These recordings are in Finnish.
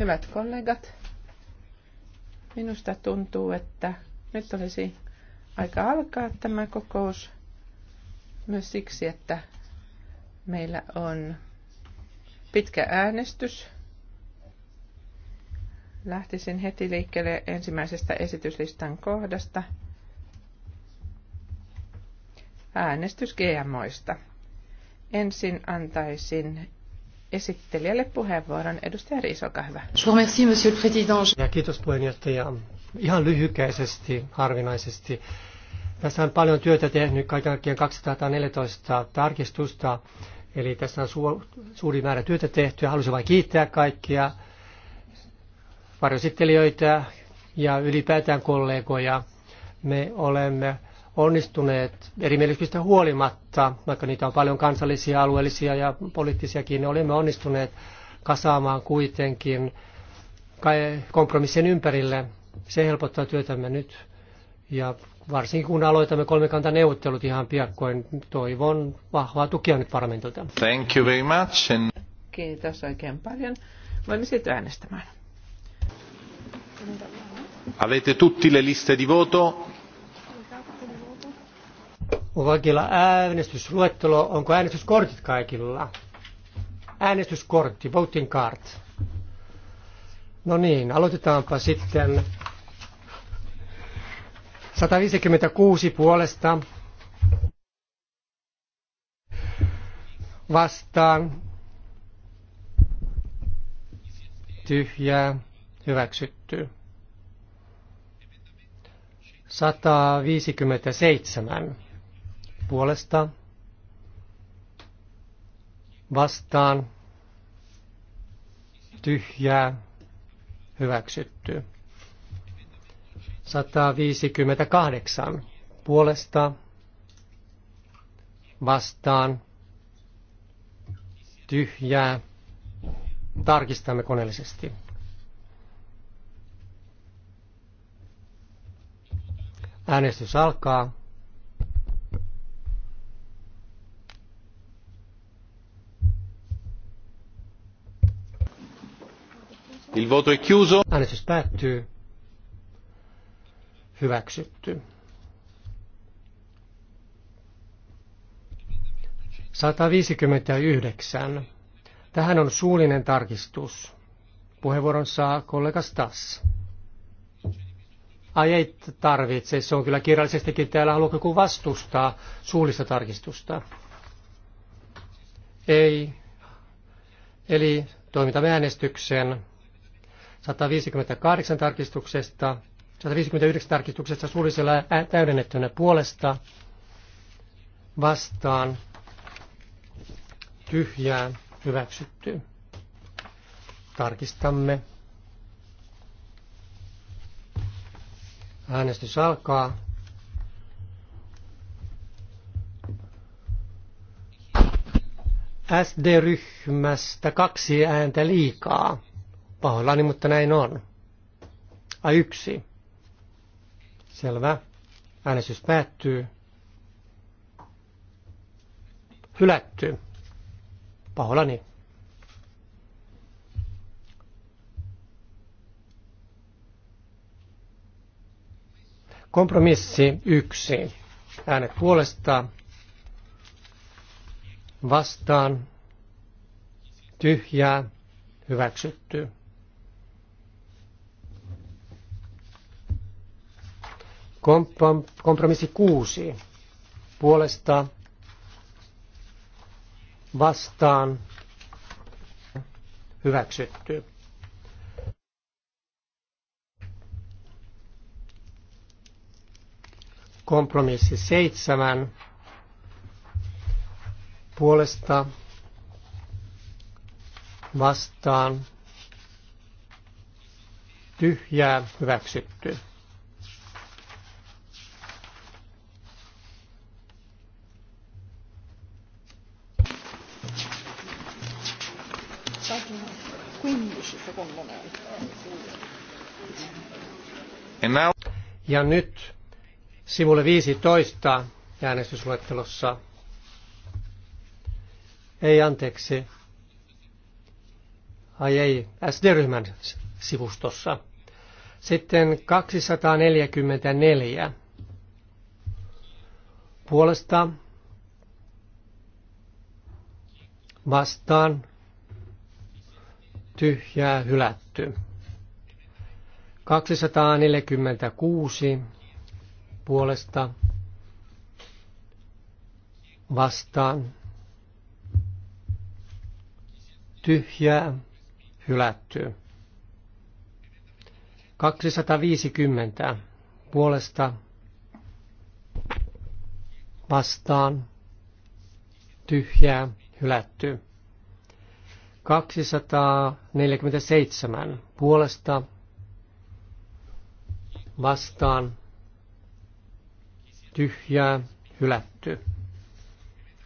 Hyvät kollegat, minusta tuntuu, että nyt olisi aika alkaa tämä kokous myös siksi, että meillä on pitkä äänestys. Lähtisin heti liikkeelle ensimmäisestä esityslistan kohdasta. Äänestys GMOista ensin antaisin esittelijälle puheenvuoron. Edustaja Riisi, olkaa hyvä. Ja kiitos puheenjohtaja. Ihan lyhykäisesti, harvinaisesti. Tässä on paljon työtä tehnyt, kaiken kaikkiaan 214 tarkistusta, eli tässä on su- suuri määrä työtä tehty. Haluaisin vain kiittää kaikkia varjosittelijöitä ja ylipäätään kollegoja. Me olemme onnistuneet erimielisyyksistä huolimatta, vaikka niitä on paljon kansallisia, alueellisia ja poliittisiakin, niin olemme onnistuneet kasaamaan kuitenkin kompromissien ympärille. Se helpottaa työtämme nyt ja varsinkin kun aloitamme kolmikantaneuvottelut ihan piakkoin, toivon vahvaa tukea nyt parlamentilta. Thank you very much. And... Kiitos oikein paljon. Voimme sitten äänestämään. Avete tutti le liste di voto? Vakilla äänestysluettelo. Onko äänestyskortit kaikilla? Äänestyskortti, voting card. No niin, aloitetaanpa sitten. 156 puolesta vastaan tyhjää hyväksytty. 157 puolesta vastaan tyhjää hyväksytty. 158 puolesta vastaan tyhjää. Tarkistamme koneellisesti. Äänestys alkaa. Il voto è chiuso. Äänestys päättyy. Hyväksytty. 159. Tähän on suullinen tarkistus. Puheenvuoron saa kollega Stas. Ai ei tarvitse, se on kyllä kirjallisestikin täällä. Haluatko joku vastustaa suullista tarkistusta? Ei. Eli toimitamme äänestyksen. 158 tarkistuksesta, 159 tarkistuksesta suullisella täydennettynä puolesta vastaan tyhjää hyväksytty. Tarkistamme. Äänestys alkaa. SD-ryhmästä kaksi ääntä liikaa. Pahoillani, mutta näin on. Ai yksi. Selvä. Äänestys päättyy. Hylätty. Pahoillani. Kompromissi yksi. Äänet puolesta vastaan tyhjää hyväksytty. Kompromissi kuusi. Puolesta vastaan hyväksytty. Kompromissi seitsemän puolesta vastaan tyhjää hyväksytty. Ja nyt sivulle 15 äänestysluettelossa. Ei anteeksi. Ai ei, SD-ryhmän sivustossa. Sitten 244 puolesta vastaan tyhjää hylätty. 246 puolesta vastaan tyhjää hylättyä. 250 puolesta vastaan tyhjää hylätty. 247 puolesta vastaan tyhjää hylätty.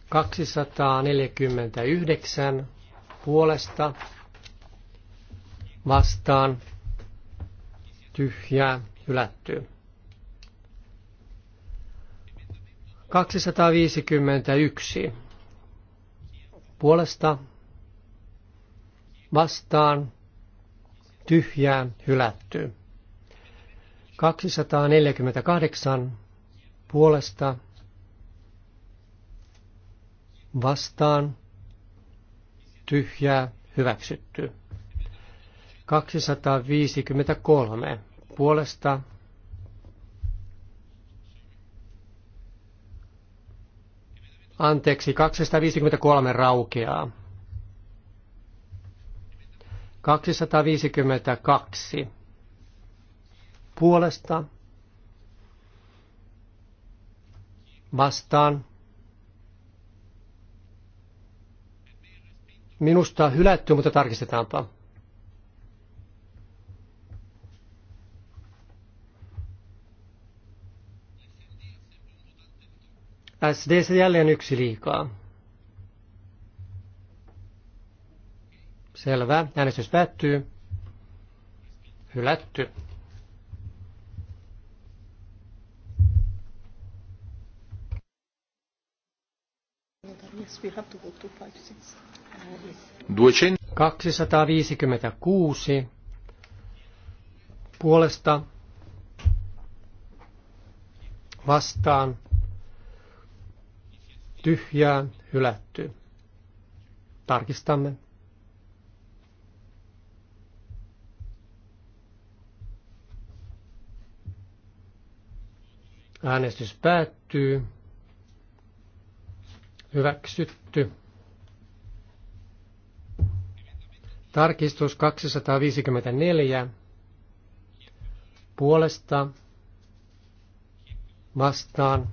249 puolesta vastaan tyhjää hylätty. 251 puolesta vastaan tyhjää hylätty. 248 puolesta vastaan tyhjää hyväksytty. 253 puolesta Anteeksi, 253 raukeaa. 252 puolesta vastaan. Minusta hylätty, mutta tarkistetaanpa. SD se jälleen yksi liikaa. Selvä. Äänestys päättyy. Hylätty. 256 uh, puolesta vastaan tyhjään hylätty. Tarkistamme. Äänestys päättyy. Hyväksytty. Tarkistus 254. Puolesta vastaan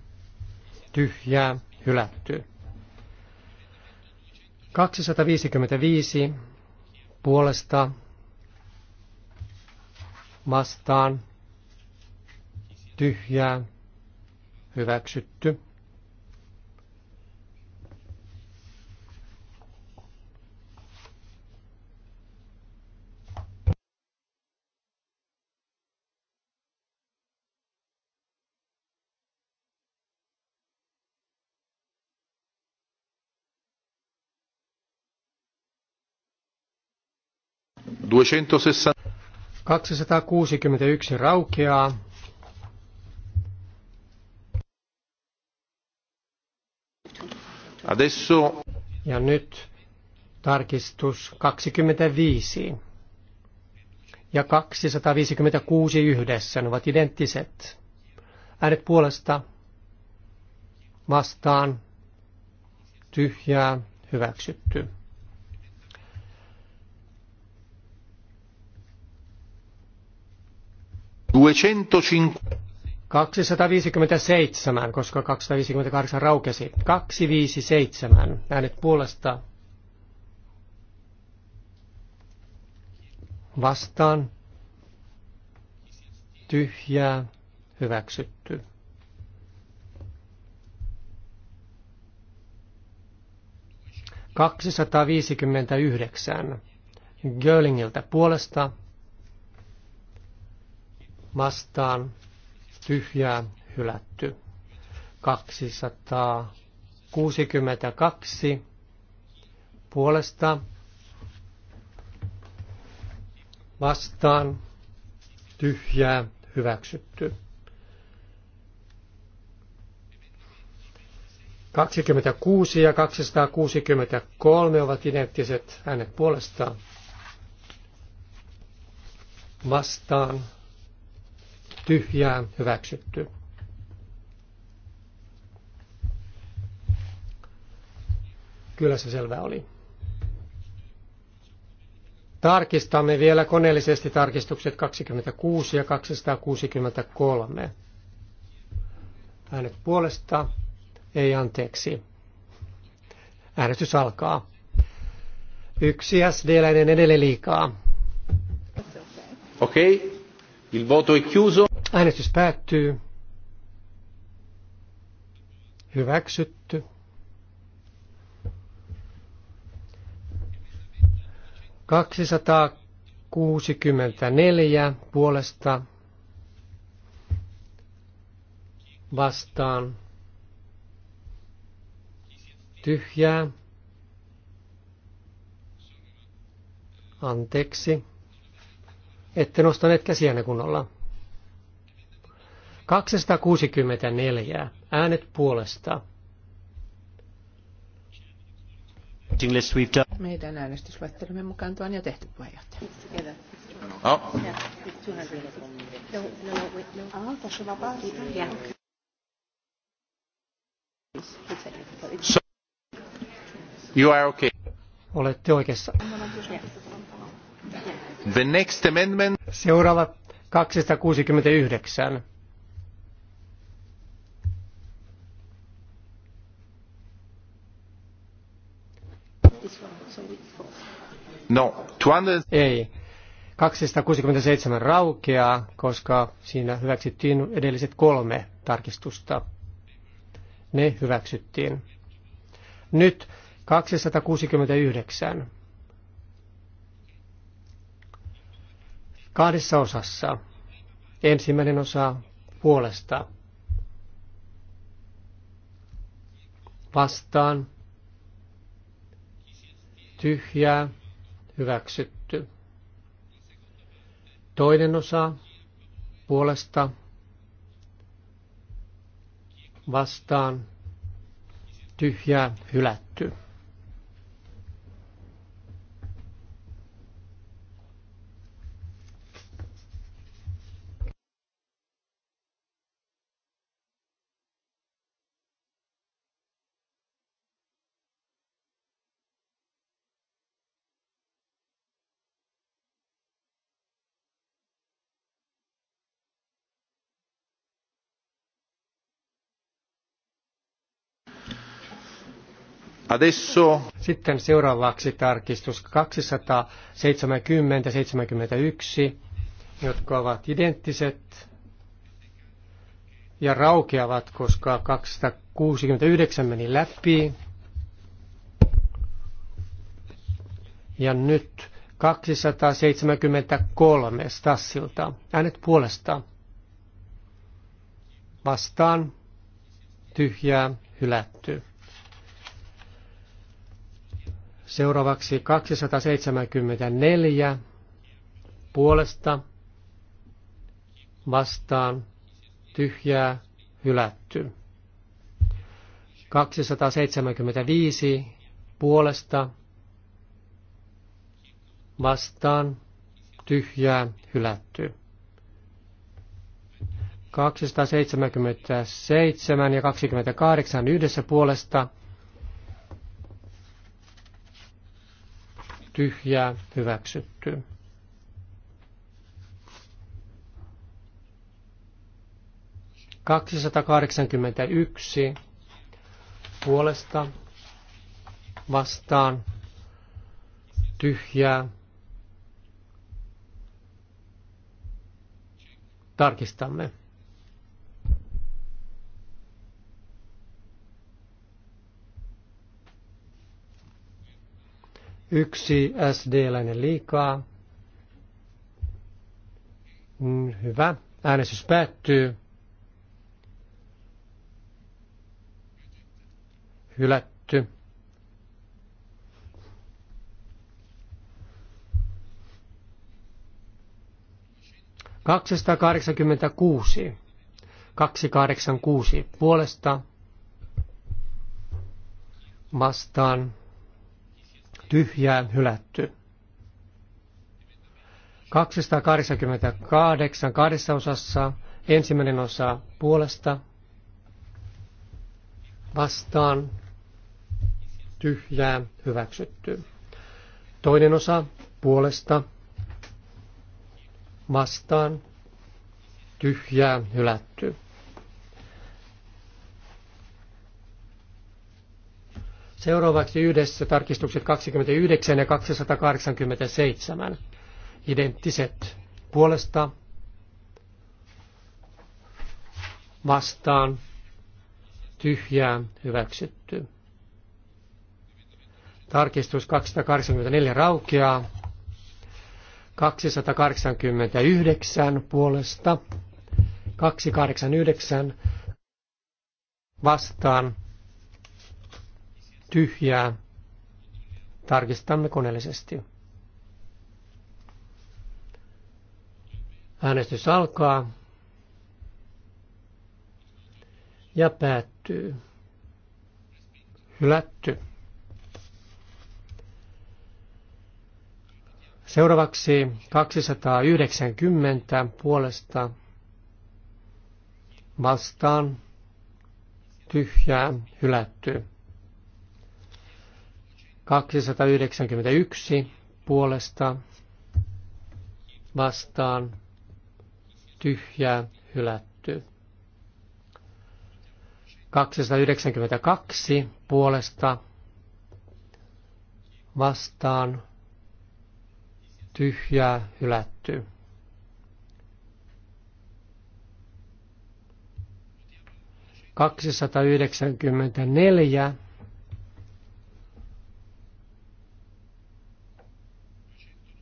tyhjää hylätty. 255 puolesta vastaan tyhjää hyväksytty. 261 raukeaa. Adesso... Ja nyt tarkistus 25 ja 256 yhdessä, ne ovat identtiset. Äänet puolesta vastaan tyhjää hyväksytty. 257, koska 258 raukesi. 257. Äänet puolesta. Vastaan. Tyhjää. Hyväksytty. Kaksisataaviisikymmentäyhdeksän. Görlingiltä puolesta vastaan tyhjää hylätty. 262 puolesta vastaan tyhjää hyväksytty. 26 ja 263 ovat identtiset äänet puolestaan vastaan tyhjää hyväksytty. Kyllä se selvä oli. Tarkistamme vielä koneellisesti tarkistukset 26 ja 263. Äänet puolesta, ei anteeksi. Äänestys alkaa. Yksi SD-läinen edelleen liikaa. Okei, okay. il voto è chiuso. Äänestys päättyy. Hyväksytty. Kaksisataa 64 puolesta vastaan tyhjää. Anteeksi. Ette nostaneet käsiänne kunnolla. 264 äänet puolesta. Meidän äänestysluettelumme mukaan tuo on jo tehty puheenjohtaja. Oh. you are okay. Olette oikeassa. The next amendment. Seuraava 269. No, Ei. 267 raukeaa, koska siinä hyväksyttiin edelliset kolme tarkistusta. Ne hyväksyttiin. Nyt 269. Kahdessa osassa. Ensimmäinen osa puolesta. Vastaan. Tyhjää hyväksytty. Toinen osa puolesta vastaan tyhjää hylätty. Adesso... Sitten seuraavaksi tarkistus 270-71, jotka ovat identtiset ja raukeavat, koska 269 meni läpi. Ja nyt 273 Stassilta. Äänet puolesta. Vastaan. Tyhjää. Hylätty. Seuraavaksi 274 puolesta vastaan tyhjää hylätty. 275 puolesta vastaan tyhjää hylätty. 277 ja 28 yhdessä puolesta tyhjää hyväksytty. Kaksisataakahdeksankymmentäyksi puolesta vastaan tyhjää. Tarkistamme. Yksi SD-läinen liikaa. Mm, hyvä. Äänestys päättyy. Hylätty. Kaksesta kahdeksankymmentä kuusi. kaksi kahdeksan kuusi puolesta vastaan tyhjää hylätty. 288 kahdessa osassa ensimmäinen osa puolesta vastaan tyhjää hyväksytty. Toinen osa puolesta vastaan tyhjää hylätty. Seuraavaksi yhdessä tarkistukset 29 ja 287. Identtiset puolesta vastaan tyhjää hyväksytty. Tarkistus 284 raukeaa. 289 puolesta 289 vastaan tyhjää. Tarkistamme koneellisesti. Äänestys alkaa ja päättyy. Hylätty. Seuraavaksi 290 puolesta vastaan tyhjää hylätty. 291 puolesta vastaan tyhjää hylätty. 292 puolesta vastaan tyhjää hylätty. 294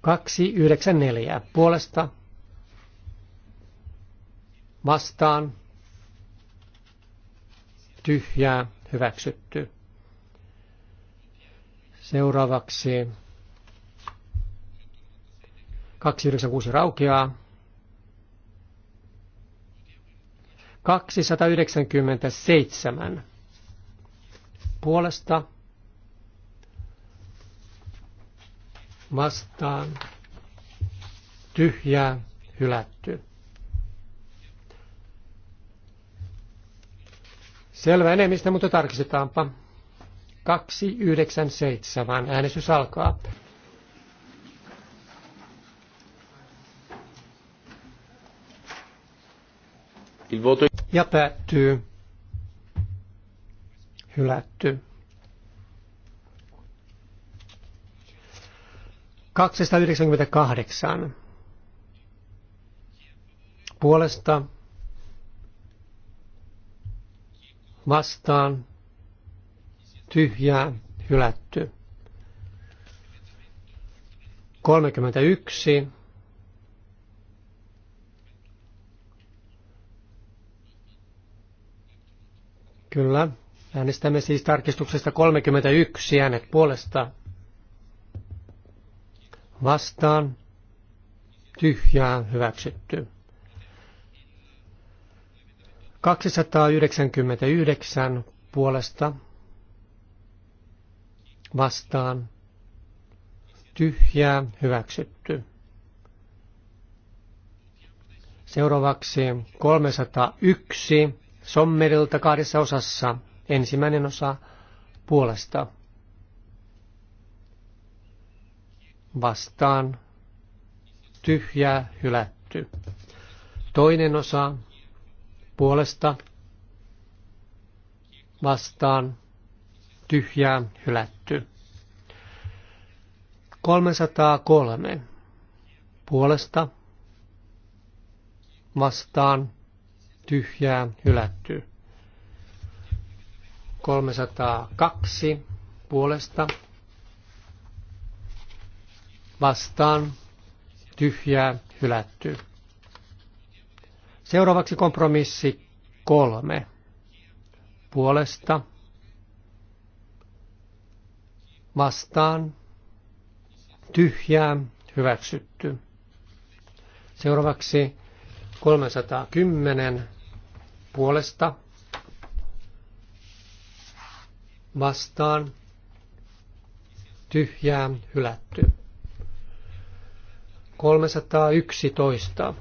294 puolesta vastaan tyhjää hyväksytty. Seuraavaksi 296 raukeaa. 297 puolesta vastaan tyhjää hylätty. Selvä enemmistö, mutta tarkistetaanpa. 297. Äänestys alkaa. Ja päättyy. Hylätty. 298 puolesta vastaan tyhjää hylätty. 31 Kyllä. Äänestämme siis tarkistuksesta 31 äänet puolesta vastaan tyhjää hyväksytty. 299 puolesta vastaan tyhjää hyväksytty. Seuraavaksi 301 Sommerilta kahdessa osassa. Ensimmäinen osa puolesta vastaan tyhjää hylätty. Toinen osa puolesta vastaan tyhjää hylätty. 303 puolesta vastaan tyhjää hylätty. 302 puolesta vastaan tyhjää hylätty. Seuraavaksi kompromissi kolme. Puolesta vastaan tyhjää hyväksytty. Seuraavaksi 310 puolesta vastaan tyhjää hylätty. 311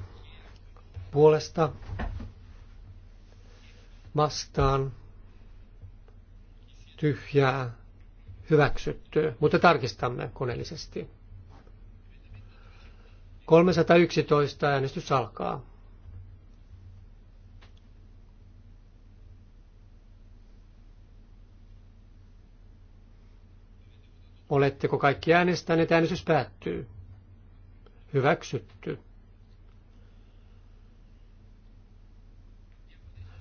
puolesta vastaan tyhjää hyväksyttyä, mutta tarkistamme koneellisesti. 311 äänestys alkaa. Oletteko kaikki äänestäneet? Äänestys päättyy hyväksytty.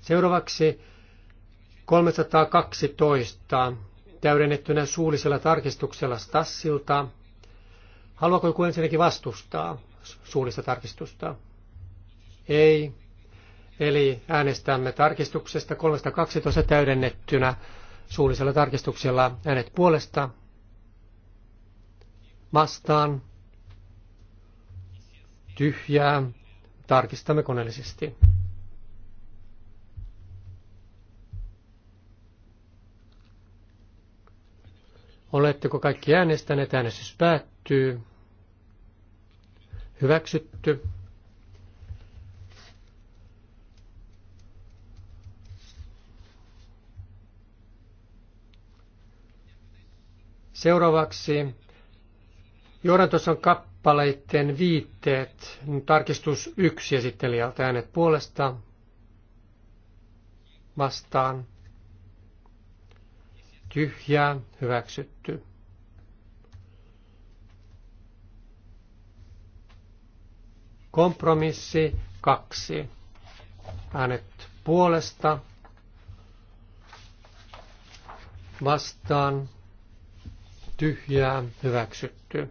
Seuraavaksi 312 täydennettynä suullisella tarkistuksella Stassilta. Haluaako joku ensinnäkin vastustaa suullista tarkistusta? Ei. Eli äänestämme tarkistuksesta 312 täydennettynä suullisella tarkistuksella äänet puolesta vastaan tyhjää. Tarkistamme koneellisesti. Oletteko kaikki äänestäneet? Äänestys päättyy. Hyväksytty. Seuraavaksi johdantossa on kappale kappaleiden viitteet, tarkistus yksi esittelijältä äänet puolesta vastaan. Tyhjää hyväksytty. Kompromissi kaksi. Äänet puolesta vastaan. Tyhjää hyväksytty.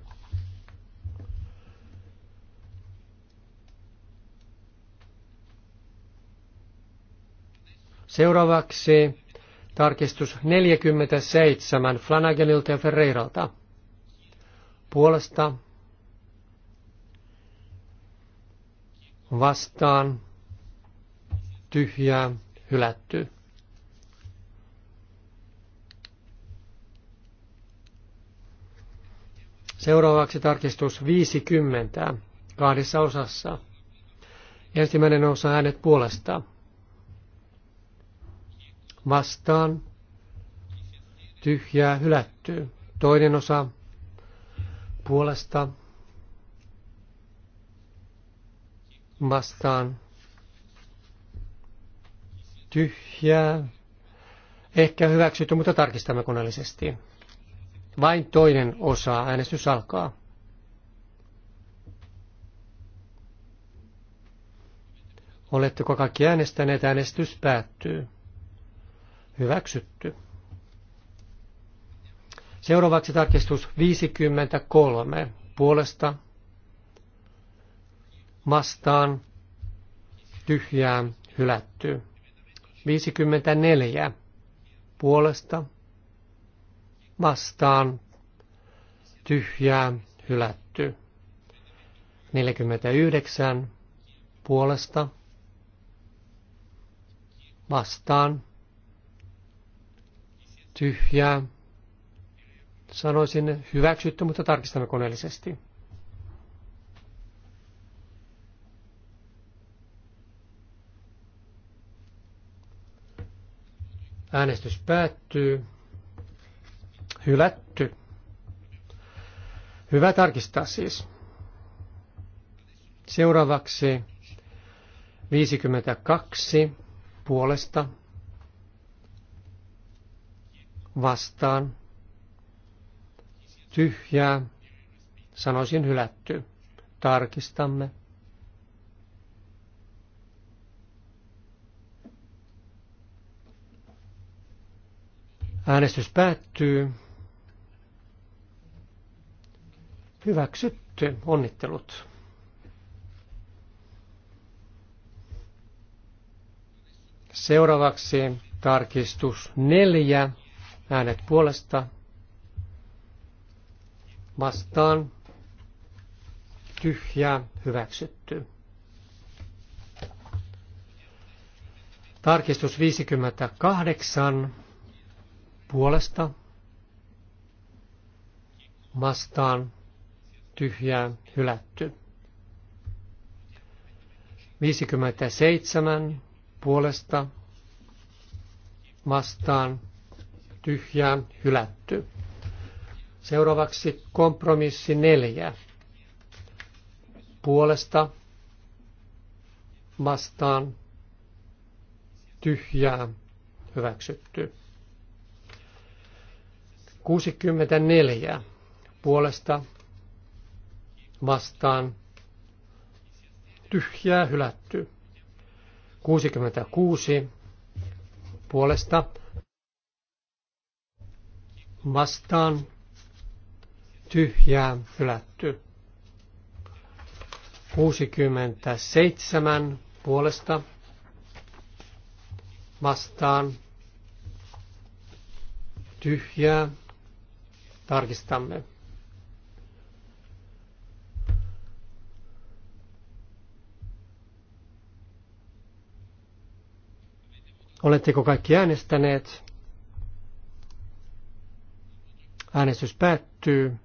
Seuraavaksi tarkistus 47 Flanaganilta ja Ferreiralta. Puolesta vastaan tyhjää hylätty. Seuraavaksi tarkistus 50 kahdessa osassa. Ensimmäinen osa äänet puolestaan vastaan, tyhjää hylätty. Toinen osa puolesta vastaan, tyhjää, ehkä hyväksytty, mutta tarkistamme koneellisesti. Vain toinen osa äänestys alkaa. Oletteko kaikki äänestäneet? Äänestys päättyy. Hyväksytty. Seuraavaksi tarkistus 53 puolesta vastaan tyhjää hylätty. 54 puolesta vastaan tyhjää hylätty. 49 puolesta vastaan tyhjää. Sanoisin hyväksytty, mutta tarkistamme koneellisesti. Äänestys päättyy. Hylätty. Hyvä tarkistaa siis. Seuraavaksi 52 puolesta vastaan, tyhjää, sanoisin hylätty. Tarkistamme. Äänestys päättyy. Hyväksytty. Onnittelut. Seuraavaksi tarkistus neljä Äänet puolesta vastaan tyhjää hyväksytty. Tarkistus 58 puolesta vastaan tyhjää hylätty. 57 puolesta vastaan tyhjää hylätty. Seuraavaksi kompromissi neljä. Puolesta vastaan tyhjää hyväksytty. 64 puolesta vastaan tyhjää hylätty. 66 puolesta vastaan tyhjää hylätty. 67 puolesta vastaan tyhjää tarkistamme. Oletteko kaikki äänestäneet? Äänestys päättyy.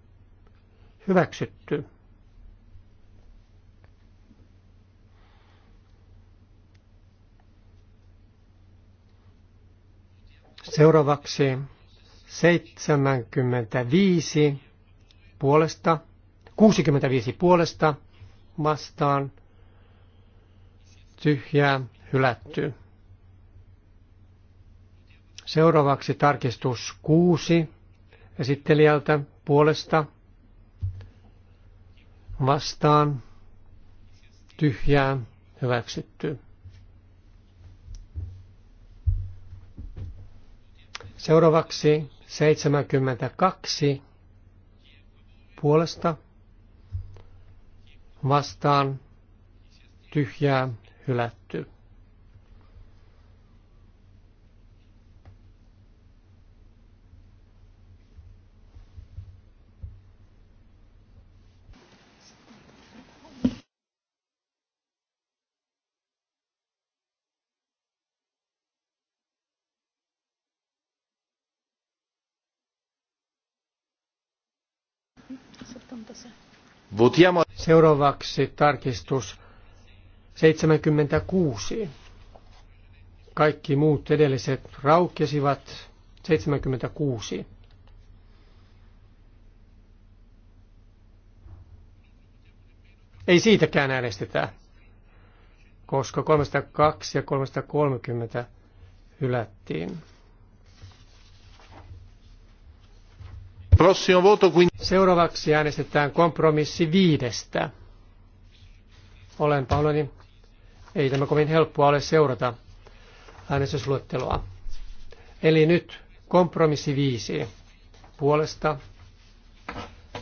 Hyväksytty. Seuraavaksi 75 puolesta, 65 puolesta vastaan tyhjää hylätty. Seuraavaksi tarkistus 6 esittelijältä puolesta vastaan tyhjää hyväksytty. Seuraavaksi 72 puolesta vastaan tyhjää hylätty. Votiamo. Seuraavaksi tarkistus 76. Kaikki muut edelliset raukesivat 76. Ei siitäkään äänestetä, koska 302 ja 330 hylättiin. Seuraavaksi äänestetään kompromissi viidestä. Olen pahoillani. Ei tämä kovin helppoa ole seurata äänestysluetteloa. Eli nyt kompromissi viisi. Puolesta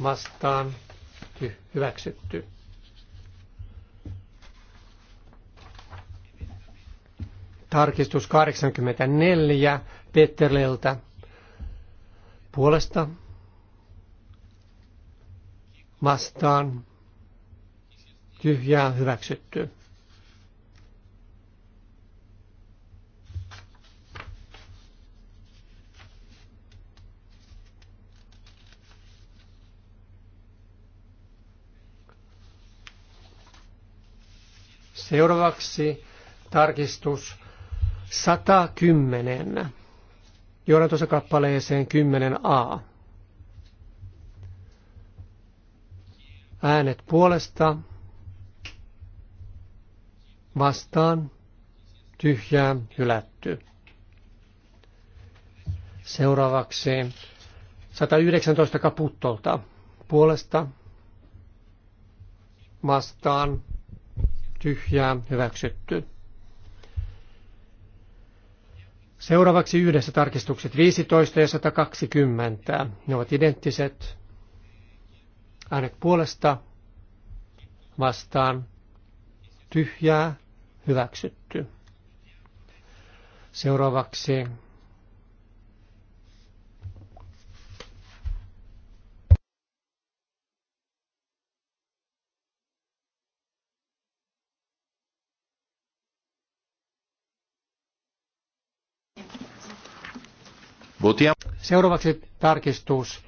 vastaan hyväksytty. Tarkistus 84 Petterleltä puolesta vastaan tyhjää hyväksytty. Seuraavaksi tarkistus 110. Johdantosa kappaleeseen 10a. Äänet puolesta vastaan tyhjää hylätty. Seuraavaksi 119 kaputtolta puolesta vastaan tyhjää hyväksytty. Seuraavaksi yhdessä tarkistukset 15 ja 120. Ne ovat identtiset Äänet puolesta vastaan tyhjää hyväksytty. Seuraavaksi Seuraavaksi tarkistus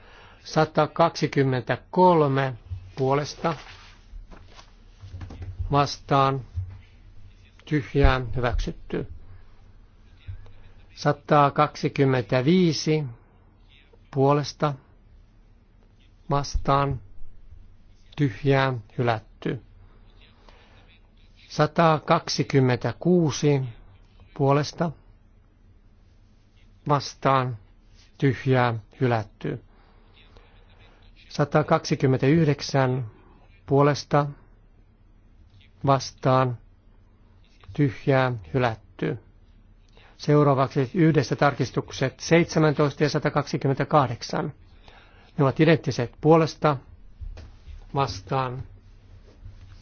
123 puolesta vastaan tyhjään hyväksytty. 125 puolesta vastaan tyhjään hylätty. 126 puolesta vastaan tyhjää hylätty. 129 puolesta vastaan tyhjää hylätty. Seuraavaksi yhdessä tarkistukset 17 ja 128. Ne ovat identtiset puolesta vastaan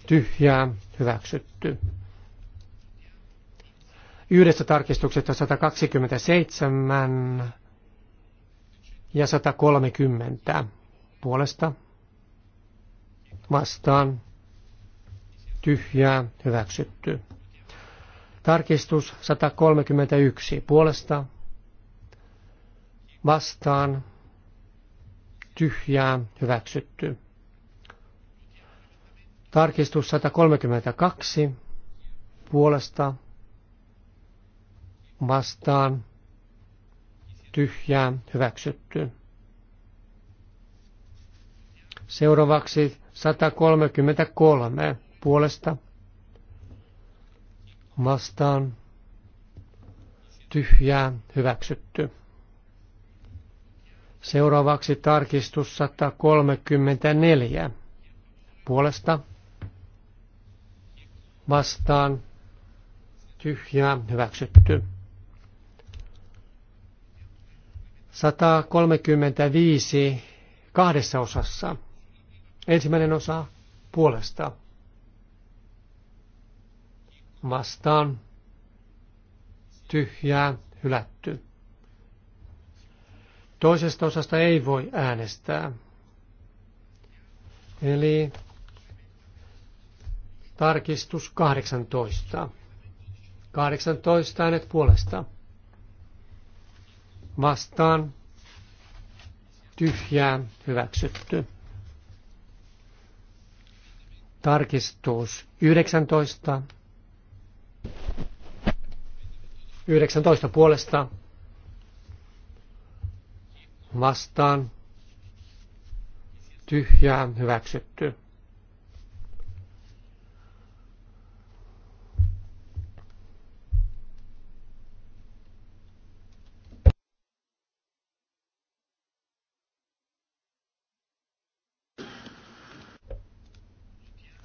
tyhjää hyväksytty. Yhdessä on 127 ja 130 puolesta vastaan tyhjää hyväksytty. Tarkistus 131 puolesta vastaan tyhjää hyväksytty. Tarkistus 132 puolesta vastaan tyhjää hyväksytty. Seuraavaksi 133 puolesta vastaan tyhjää hyväksytty. Seuraavaksi tarkistus 134 puolesta vastaan tyhjää hyväksytty. 135 kahdessa osassa. Ensimmäinen osa puolesta. Vastaan. Tyhjää, hylätty. Toisesta osasta ei voi äänestää. Eli tarkistus 18. 18 äänet puolesta. Vastaan. Tyhjää hyväksytty. Tarkistus 19. 19 puolesta vastaan tyhjää hyväksytty.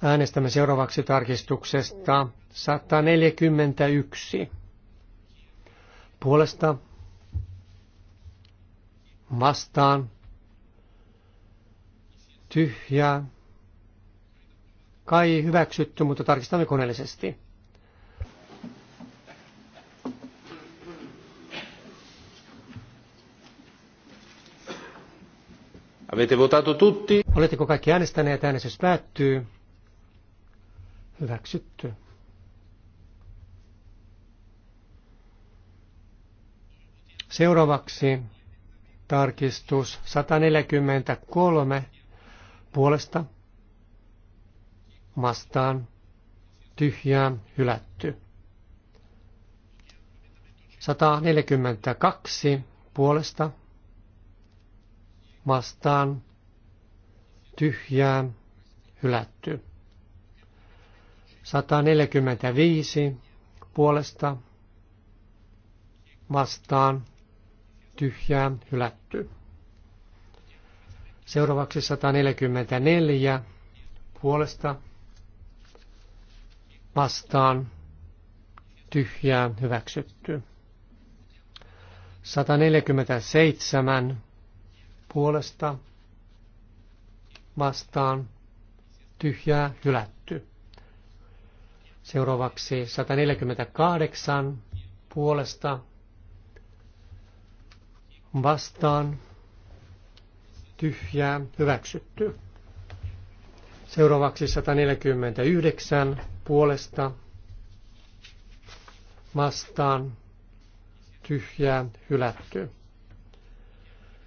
Äänestämme seuraavaksi tarkistuksesta 141. Puolesta vastaan tyhjää. Kai hyväksytty, mutta tarkistamme koneellisesti. Avete votato tutti? Oletteko kaikki äänestäneet? Äänestys päättyy. Hyväksytty. Seuraavaksi tarkistus 143 puolesta vastaan tyhjää hylätty. 142 puolesta vastaan tyhjää hylätty. 145 puolesta vastaan tyhjää hylätty. Seuraavaksi 144 puolesta vastaan tyhjää hyväksytty. 147 puolesta vastaan tyhjää hylätty. Seuraavaksi 148 puolesta vastaan tyhjää hyväksytty. Seuraavaksi 149 puolesta vastaan tyhjää hylätty.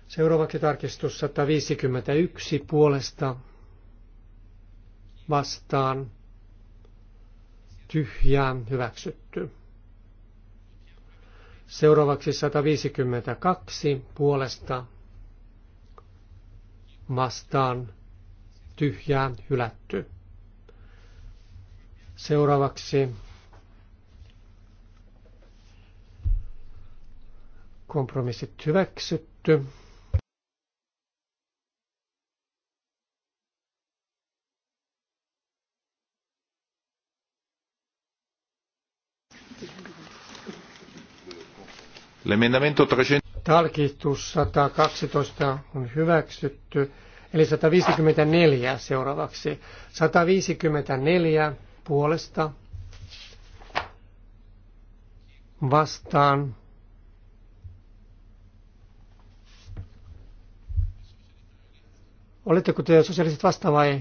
Seuraavaksi tarkistus 151 puolesta vastaan tyhjää hyväksytty. Seuraavaksi 152 puolesta vastaan tyhjää hylätty. Seuraavaksi kompromissit hyväksytty. L'emendamento 300... Tarkistus 112 on hyväksytty, eli 154 seuraavaksi. 154 puolesta vastaan Oletteko te sosiaaliset vasta vai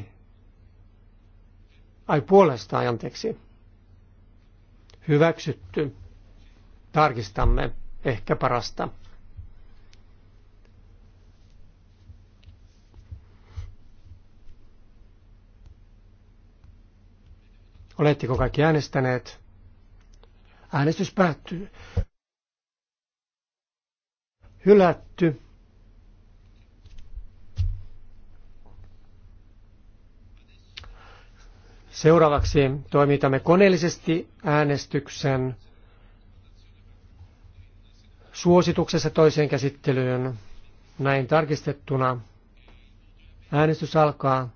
ai puolesta, anteeksi? Hyväksytty. Tarkistamme ehkä parasta. Oletteko kaikki äänestäneet? Äänestys päättyy. Hylätty. Seuraavaksi toimitamme koneellisesti äänestyksen suosituksessa toiseen käsittelyyn näin tarkistettuna. Äänestys alkaa.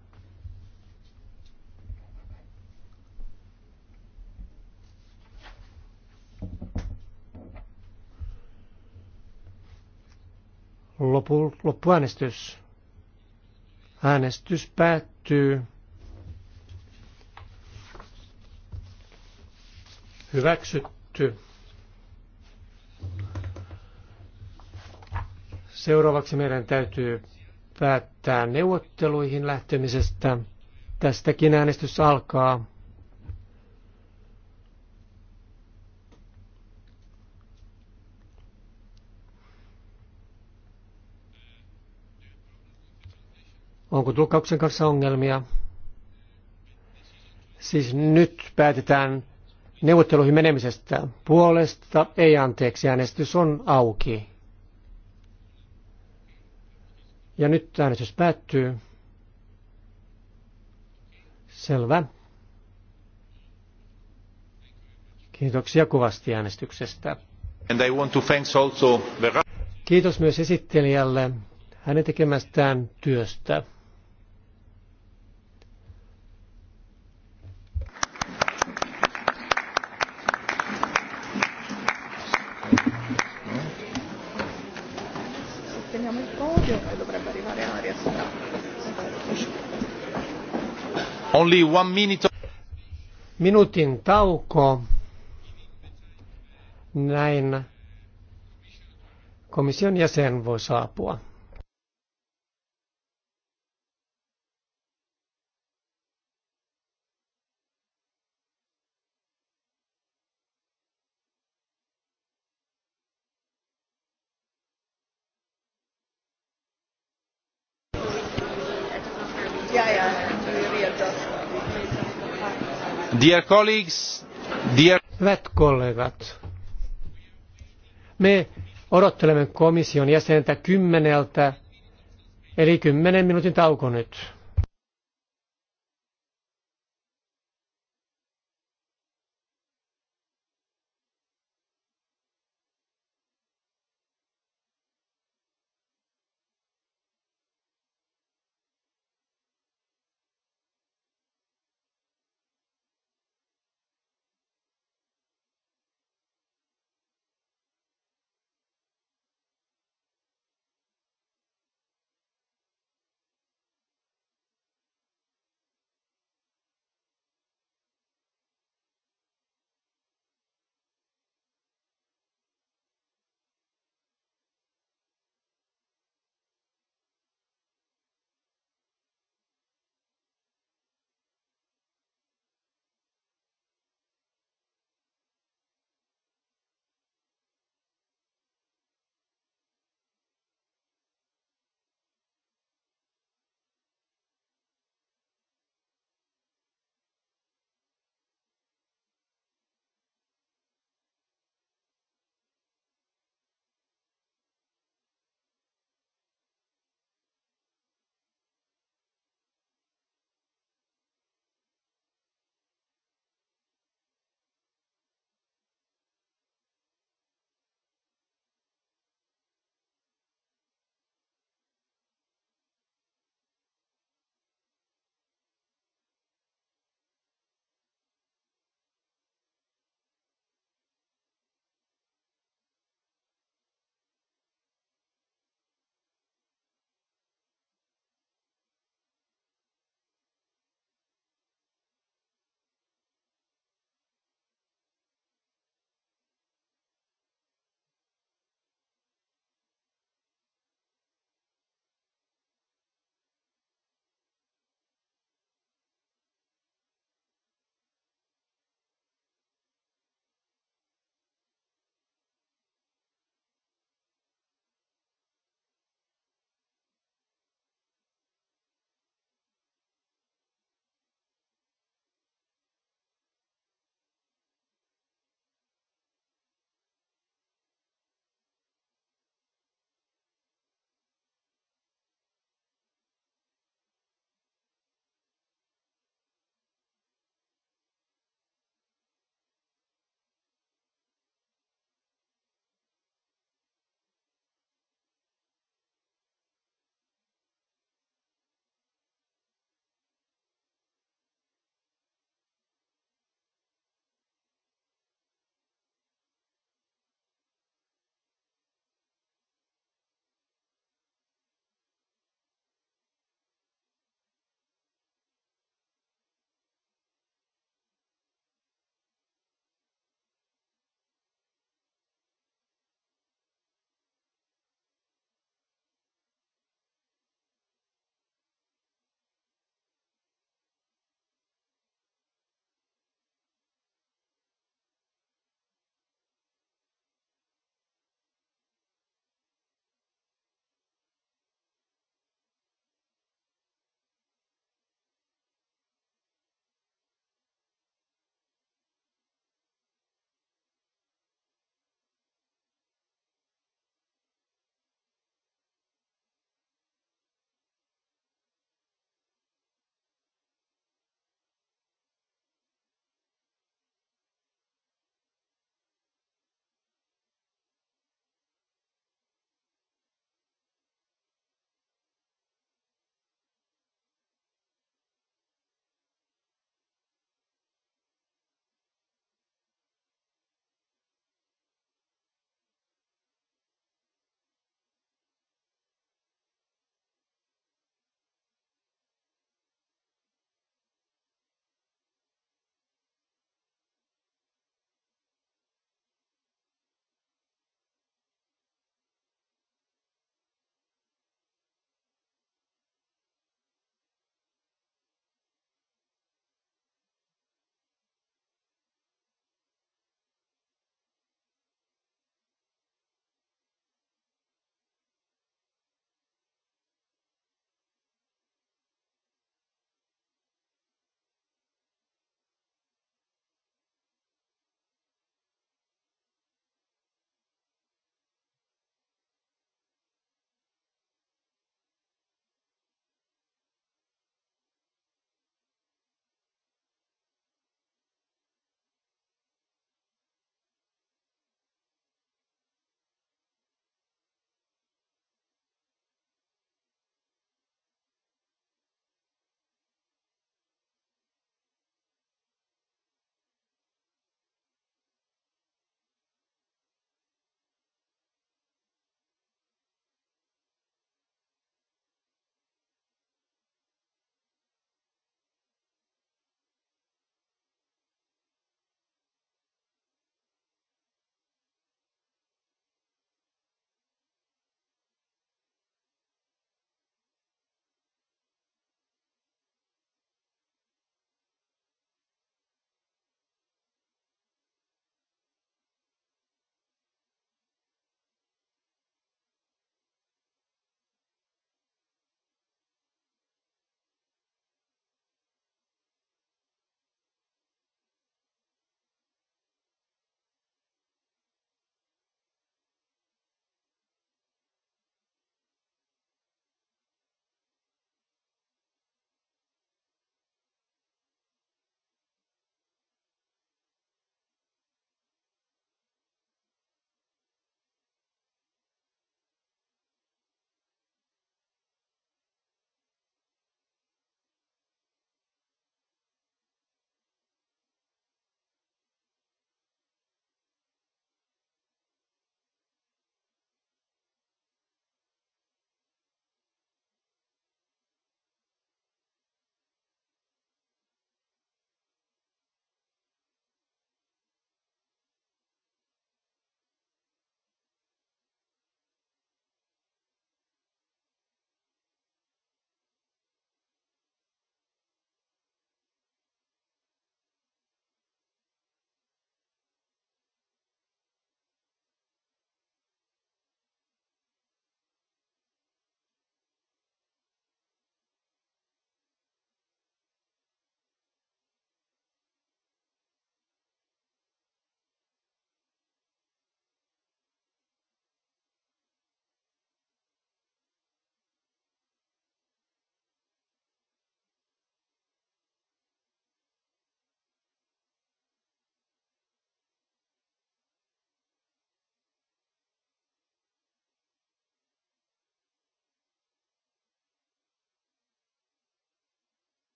Lopu, loppuäänestys. Äänestys päättyy. Hyväksytty. Seuraavaksi meidän täytyy päättää neuvotteluihin lähtemisestä. Tästäkin äänestys alkaa. Onko tulkauksen kanssa ongelmia? Siis nyt päätetään neuvotteluihin menemisestä puolesta, ei anteeksi, äänestys on auki. Ja nyt äänestys päättyy. Selvä. Kiitoksia kovasti äänestyksestä. And I want to thanks also the... Kiitos myös esittelijälle hänen tekemästään työstä. Only one minute. Minuutin tauko. Näin komission jäsen voi saapua. Dear colleagues, dear... Hyvät kollegat, me odottelemme komission jäsentä kymmeneltä, eli kymmenen minuutin tauko nyt.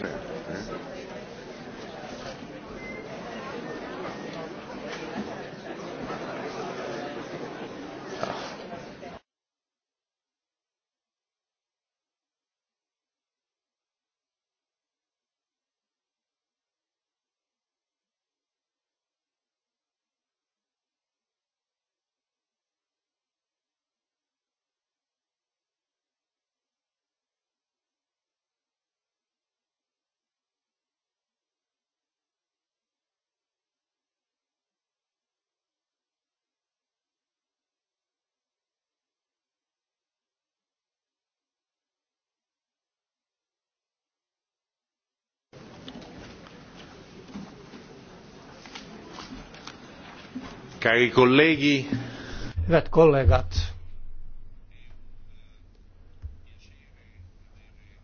Mm. Cari colleghi. Hyvät kollegat.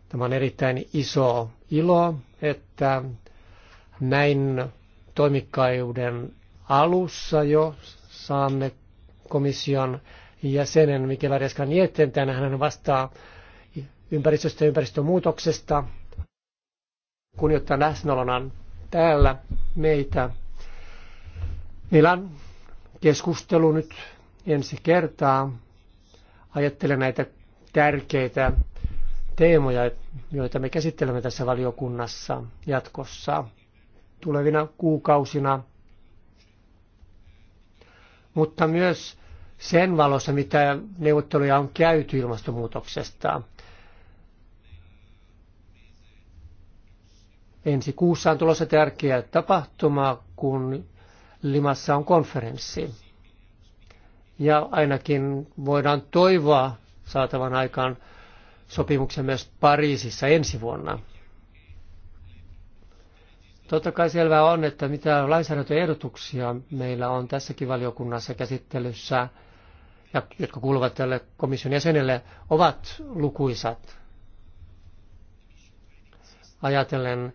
Tämä on erittäin iso ilo, että näin toimikkauden alussa jo saamme komission jäsenen Mikela Reskan Nieten. Tänään hän vastaa ympäristöstä ja ympäristömuutoksesta. Kunnioittaa läsnäolonan täällä meitä. Meillä on keskustelu nyt ensi kertaa. Ajattelen näitä tärkeitä teemoja, joita me käsittelemme tässä valiokunnassa jatkossa tulevina kuukausina, mutta myös sen valossa, mitä neuvotteluja on käyty ilmastonmuutoksesta. Ensi kuussa on tulossa tärkeä tapahtuma, kun Limassa on konferenssi. Ja ainakin voidaan toivoa saatavan aikaan sopimuksen myös Pariisissa ensi vuonna. Totta kai selvää on, että mitä lainsäädäntöehdotuksia meillä on tässäkin valiokunnassa käsittelyssä, ja jotka kuuluvat tälle komission jäsenelle, ovat lukuisat. Ajatellen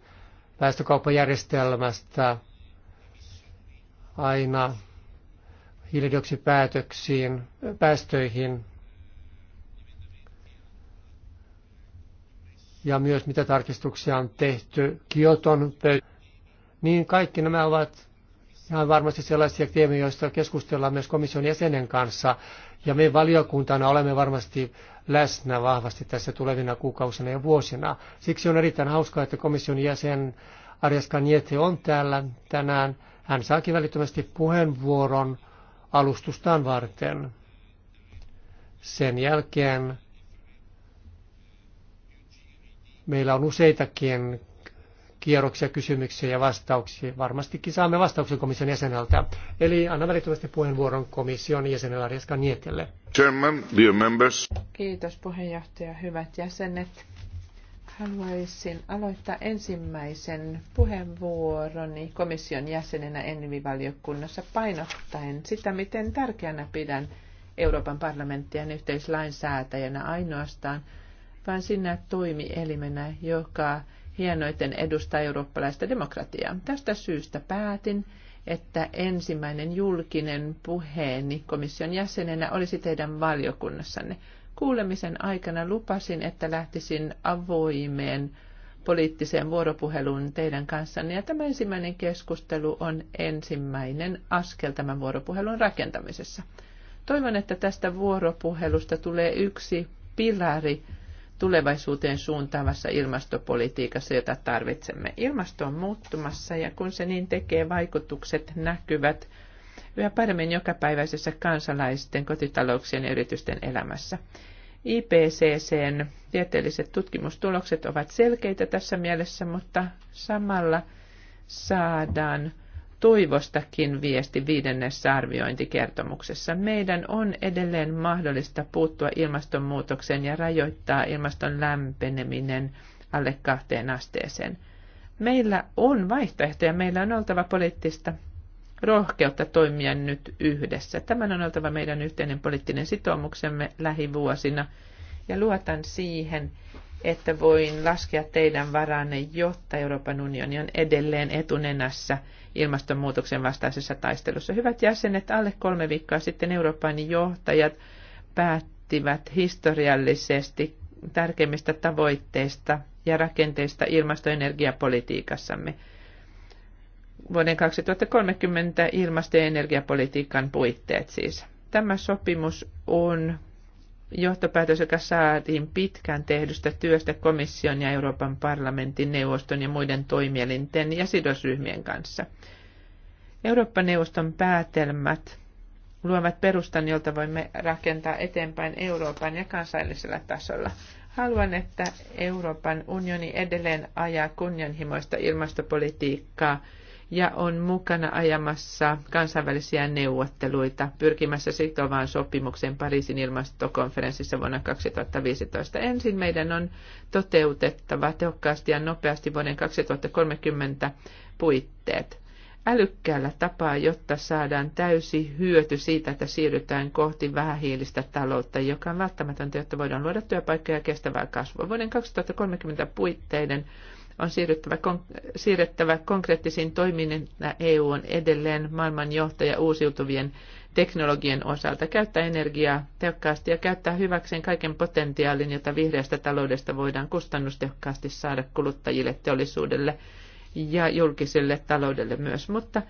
päästökauppajärjestelmästä, aina hiilidioksipäätöksiin, päästöihin ja myös mitä tarkistuksia on tehty Kioton pöytä. Niin kaikki nämä ovat ihan varmasti sellaisia teemoja, joista keskustellaan myös komission jäsenen kanssa. Ja me valiokuntana olemme varmasti läsnä vahvasti tässä tulevina kuukausina ja vuosina. Siksi on erittäin hauskaa, että komission jäsen Arjas Kanjete on täällä tänään hän saaki välittömästi puheenvuoron alustustaan varten. Sen jälkeen meillä on useitakin kierroksia, kysymyksiä ja vastauksia. Varmastikin saamme vastauksen komission jäseneltä. Eli anna välittömästi puheenvuoron komission jäsenellä Arjaska Nietelle. Chairman, dear members. Kiitos puheenjohtaja, hyvät jäsenet. Haluaisin aloittaa ensimmäisen puheenvuoroni komission jäsenenä Envi-valiokunnassa painottaen sitä, miten tärkeänä pidän Euroopan parlamenttien yhteislainsäätäjänä ainoastaan, vaan sinä toimielimenä, joka hienoiten edustaa eurooppalaista demokratiaa. Tästä syystä päätin, että ensimmäinen julkinen puheeni komission jäsenenä olisi teidän valiokunnassanne. Kuulemisen aikana lupasin, että lähtisin avoimeen poliittiseen vuoropuheluun teidän kanssanne. Ja tämä ensimmäinen keskustelu on ensimmäinen askel tämän vuoropuhelun rakentamisessa. Toivon, että tästä vuoropuhelusta tulee yksi pilari tulevaisuuteen suuntaavassa ilmastopolitiikassa, jota tarvitsemme. Ilmasto on muuttumassa ja kun se niin tekee, vaikutukset näkyvät yhä paremmin jokapäiväisessä kansalaisten, kotitalouksien ja yritysten elämässä. IPCCn tieteelliset tutkimustulokset ovat selkeitä tässä mielessä, mutta samalla saadaan toivostakin viesti viidennessä arviointikertomuksessa. Meidän on edelleen mahdollista puuttua ilmastonmuutokseen ja rajoittaa ilmaston lämpeneminen alle kahteen asteeseen. Meillä on vaihtoehtoja, meillä on oltava poliittista rohkeutta toimia nyt yhdessä. Tämän on oltava meidän yhteinen poliittinen sitoumuksemme lähivuosina. Ja luotan siihen, että voin laskea teidän varanne, jotta Euroopan unioni on edelleen etunenässä ilmastonmuutoksen vastaisessa taistelussa. Hyvät jäsenet, alle kolme viikkoa sitten Euroopan johtajat päättivät historiallisesti tärkeimmistä tavoitteista ja rakenteista ilmastoenergiapolitiikassamme. energiapolitiikassamme vuoden 2030 ilmasto- ja energiapolitiikan puitteet siis. Tämä sopimus on johtopäätös, joka saatiin pitkään tehdystä työstä komission ja Euroopan parlamentin neuvoston ja muiden toimielinten ja sidosryhmien kanssa. Eurooppa-neuvoston päätelmät luovat perustan, jolta voimme rakentaa eteenpäin Euroopan ja kansallisella tasolla. Haluan, että Euroopan unioni edelleen ajaa kunnianhimoista ilmastopolitiikkaa – ja on mukana ajamassa kansainvälisiä neuvotteluita pyrkimässä sitovaan sopimukseen Pariisin ilmastokonferenssissa vuonna 2015. Ensin meidän on toteutettava tehokkaasti ja nopeasti vuoden 2030 puitteet älykkäällä tapaa, jotta saadaan täysi hyöty siitä, että siirrytään kohti vähähiilistä taloutta, joka on välttämätöntä, jotta voidaan luoda työpaikkoja ja kestävää kasvua. Vuoden 2030 puitteiden on siirryttävä, siirrettävä konkreettisiin toimiin, että EU on edelleen maailmanjohtaja uusiutuvien teknologian osalta, käyttää energiaa tehokkaasti ja käyttää hyväkseen kaiken potentiaalin, jota vihreästä taloudesta voidaan kustannustehokkaasti saada kuluttajille, teollisuudelle ja julkiselle taloudelle myös. Mutta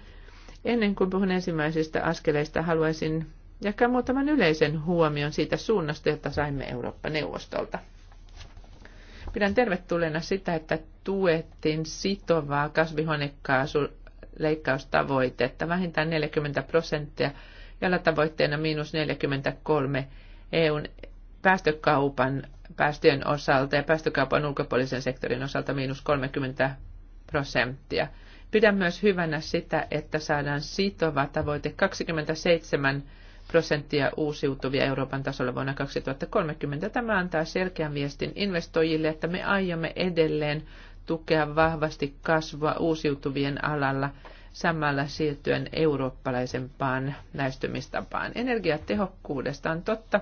ennen kuin puhun ensimmäisistä askeleista, haluaisin jakaa muutaman yleisen huomion siitä suunnasta, jota saimme Eurooppa-neuvostolta. Pidän tervetulleena sitä, että tuettiin sitovaa kasvihuonekaasuleikkaustavoitetta vähintään 40 prosenttia, jolla tavoitteena miinus 43 EUn päästökaupan päästöjen osalta ja päästökaupan ulkopuolisen sektorin osalta miinus 30 prosenttia. Pidän myös hyvänä sitä, että saadaan sitova tavoite 27 prosenttia uusiutuvia Euroopan tasolla vuonna 2030. Tämä antaa selkeän viestin investoijille, että me aiomme edelleen tukea vahvasti kasvua uusiutuvien alalla samalla siirtyen eurooppalaisempaan näistymistapaan. Energiatehokkuudesta on totta,